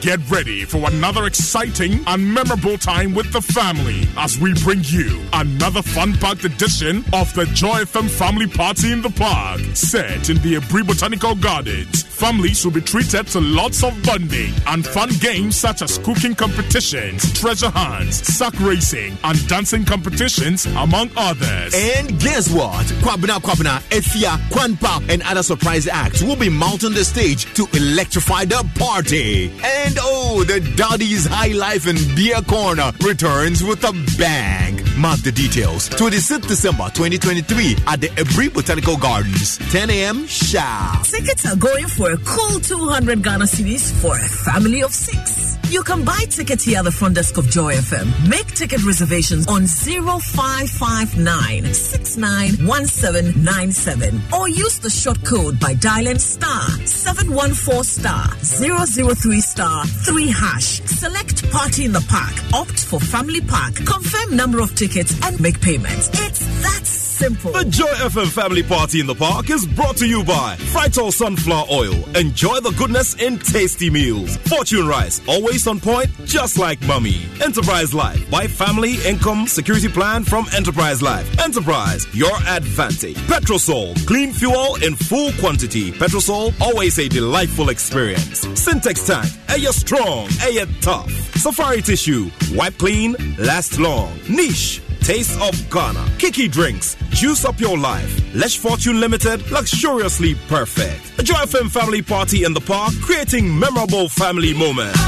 Get ready for another exciting and memorable time with the family as we bring you another fun-packed edition of the Joy FM Family Party in the Park, set in the Abri Botanical Gardens. Families will be treated to lots of bonding and fun games such as cooking competitions, treasure hunts, sack racing, and dancing competitions, among others. And guess what? Kwabena Kwabena, Efia, Kwanpa, and other surprise acts will be mounting the stage to electrify the party. And and oh, the Daddy's High Life in Beer Corner returns with a bang. Mark the details. 26th December 2023 at the Ebri Botanical Gardens, 10 a.m. sharp. Tickets are going for a cool 200 Ghana cedis for a family of six. You can buy tickets here at the front desk of Joy FM. Make ticket reservations on 0559 or use the short code by dialing star 714 star 003 star three hash. Select party in the park. Opt for family park. Confirm number of tickets and make payments. It's that simple. The Joy FM family party in the park is brought to you by Frital Sunflower Oil. Enjoy the goodness in tasty meals. Fortune Rice, always on point, just like mummy. Enterprise Life, buy family income security plan from Enterprise Life. Enterprise, your advantage. Petrosol, clean fuel in full quantity. Petrosol, always a delightful experience. Syntex Tank, air strong, air tough. Safari Tissue, wipe clean, last long. Niche, Taste of Ghana. Kiki Drinks. Juice up your life. Lesh Fortune Limited. Luxuriously perfect. A Joy FM family party in the park, creating memorable family moments.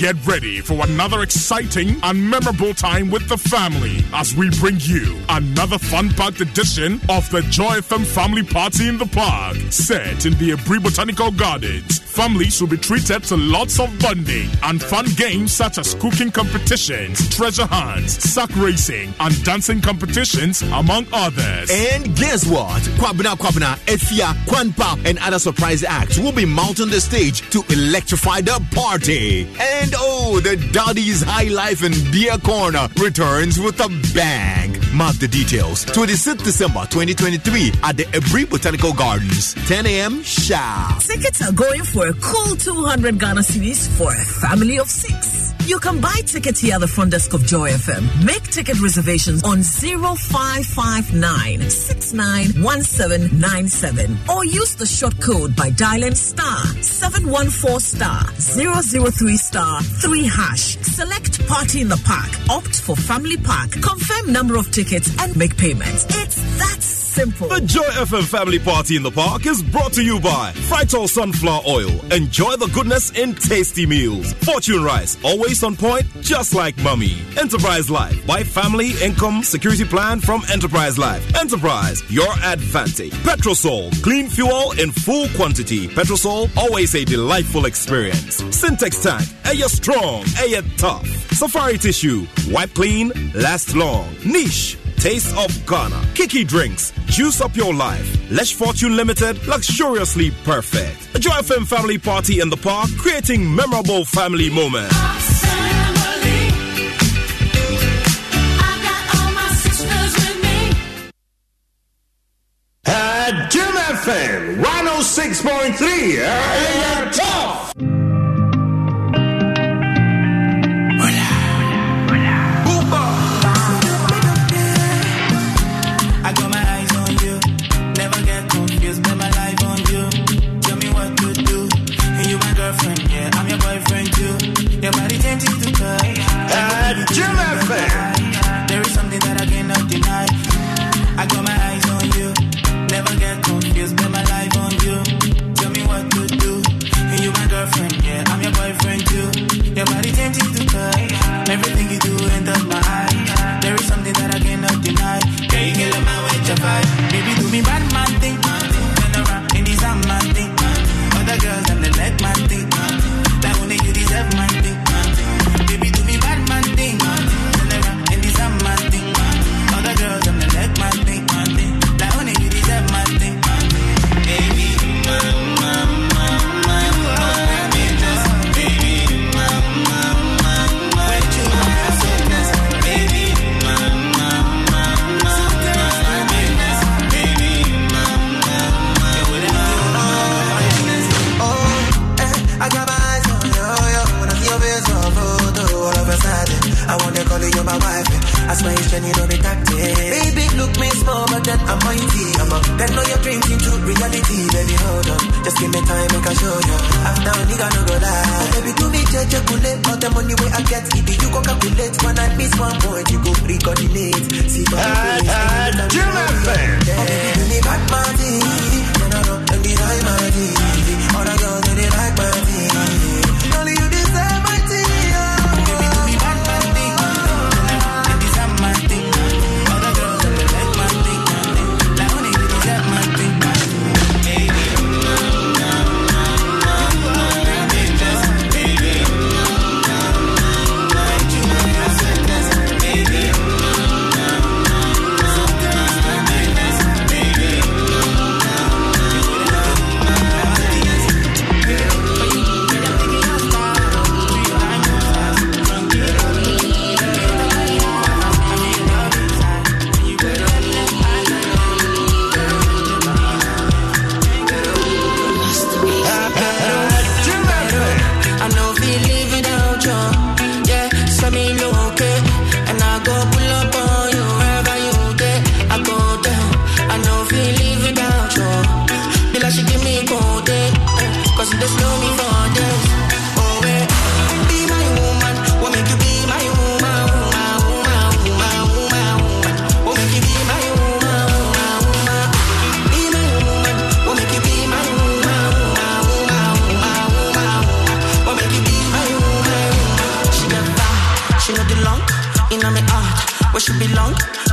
Get ready for another exciting and memorable time with the family as we bring you another fun-packed edition of the Joy FM Family Party in the Park, set in the Abri Botanical Gardens Families will be treated to lots of bonding and fun games such as cooking competitions, treasure hunts, sack racing, and dancing competitions, among others. And guess what? Kwabena Kwabena, Efia, Kwanpa, and other surprise acts will be mounting the stage to electrify the party. And oh, the Daddy's High Life in beer Corner returns with a bang. Mark the details. 26th December 2023 at the Ebri Botanical Gardens, 10 a.m. sharp. Tickets are going for for a cool 200 Ghana cedis for a family of six. You can buy tickets here at the front desk of Joy FM. Make ticket reservations on 0559 or use the short code by dialing star 714 star 003 star 3 hash. Select party in the park, opt for family park, confirm number of tickets and make payments. It's that simple. The Joy FM Family Party in the Park is brought to you by Frital Sunflower Oil. Enjoy the goodness in tasty meals. Fortune Rice, always on point, just like mummy. Enterprise Life, buy family income security plan from Enterprise Life. Enterprise, your advantage. Petrosol, clean fuel in full quantity. Petrosol, always a delightful experience. Syntex Tank, air strong, air tough. Safari Tissue, wipe clean, last long. Niche, Taste of Ghana. Kiki Drinks. Juice up your life. Lesh Fortune Limited. Luxuriously perfect. A Joy FM family party in the park, creating memorable family moments. At Jim FM 106.3, you're tough! soda. After a nigga no go lie. Baby, do me check, check, collect. All the money where I get, if you go calculate. When I miss one point, you go pre See, but I'm not going to do me back my teeth. When I rock, and behind my teeth. All the girls, they like my teeth.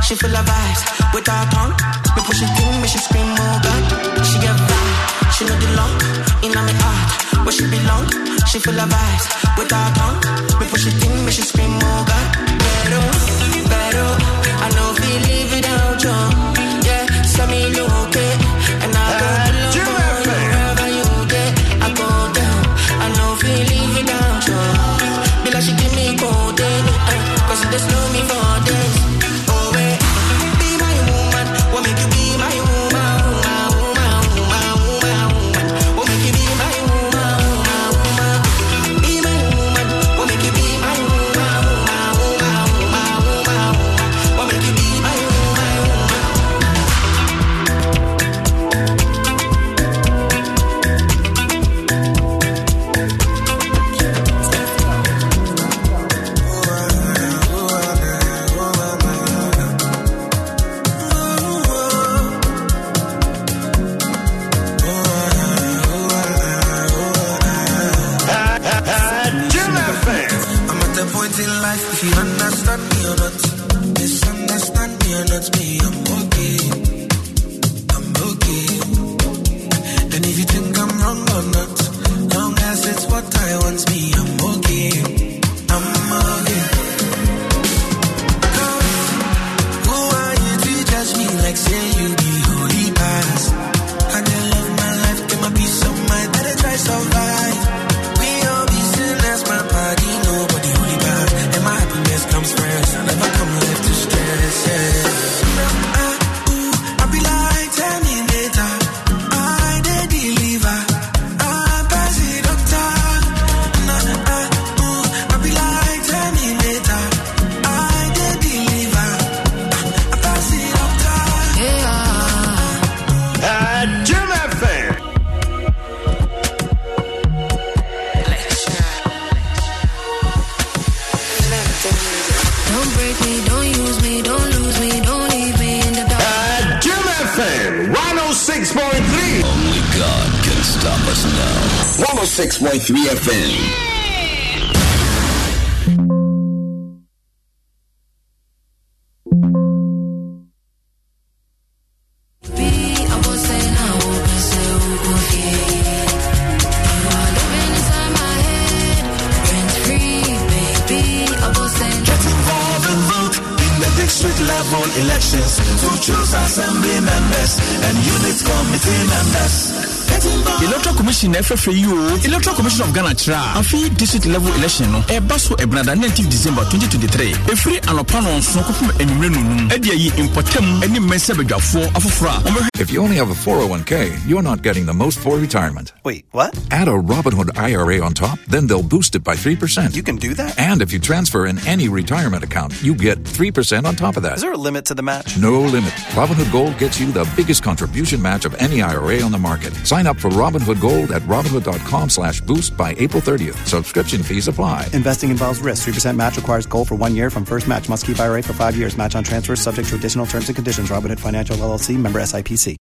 She full of vibes. With her tongue, me push it thing, me she scream, oh God. She get vibe. She know the long, in my heart. Where she belong, she full of vibes. With her tongue, me push it thing, me she scream, oh God. Better, better. I know if we live without you. Yeah, send me, you. afei yi o electoral commission of ghana afei district level election no so 19 december 2023 ɛfiri nso kɔpem anwummerɛ ɛde ayi mpɔtam ne mmɛnsɛ badwafoɔ afoforɔ a If you only have a 401k, you're not getting the most for retirement. Wait, what? Add a Robinhood IRA on top, then they'll boost it by 3%. You can do that? And if you transfer in any retirement account, you get 3% on top of that. Is there a limit to the match? No limit. Robinhood Gold gets you the biggest contribution match of any IRA on the market. Sign up for Robinhood Gold at Robinhood.com slash boost by April 30th. Subscription fees apply. Investing involves risk. 3% match requires goal for one year from first match. Must keep IRA for five years. Match on transfers subject to additional terms and conditions. Robinhood Financial LLC member SIPC.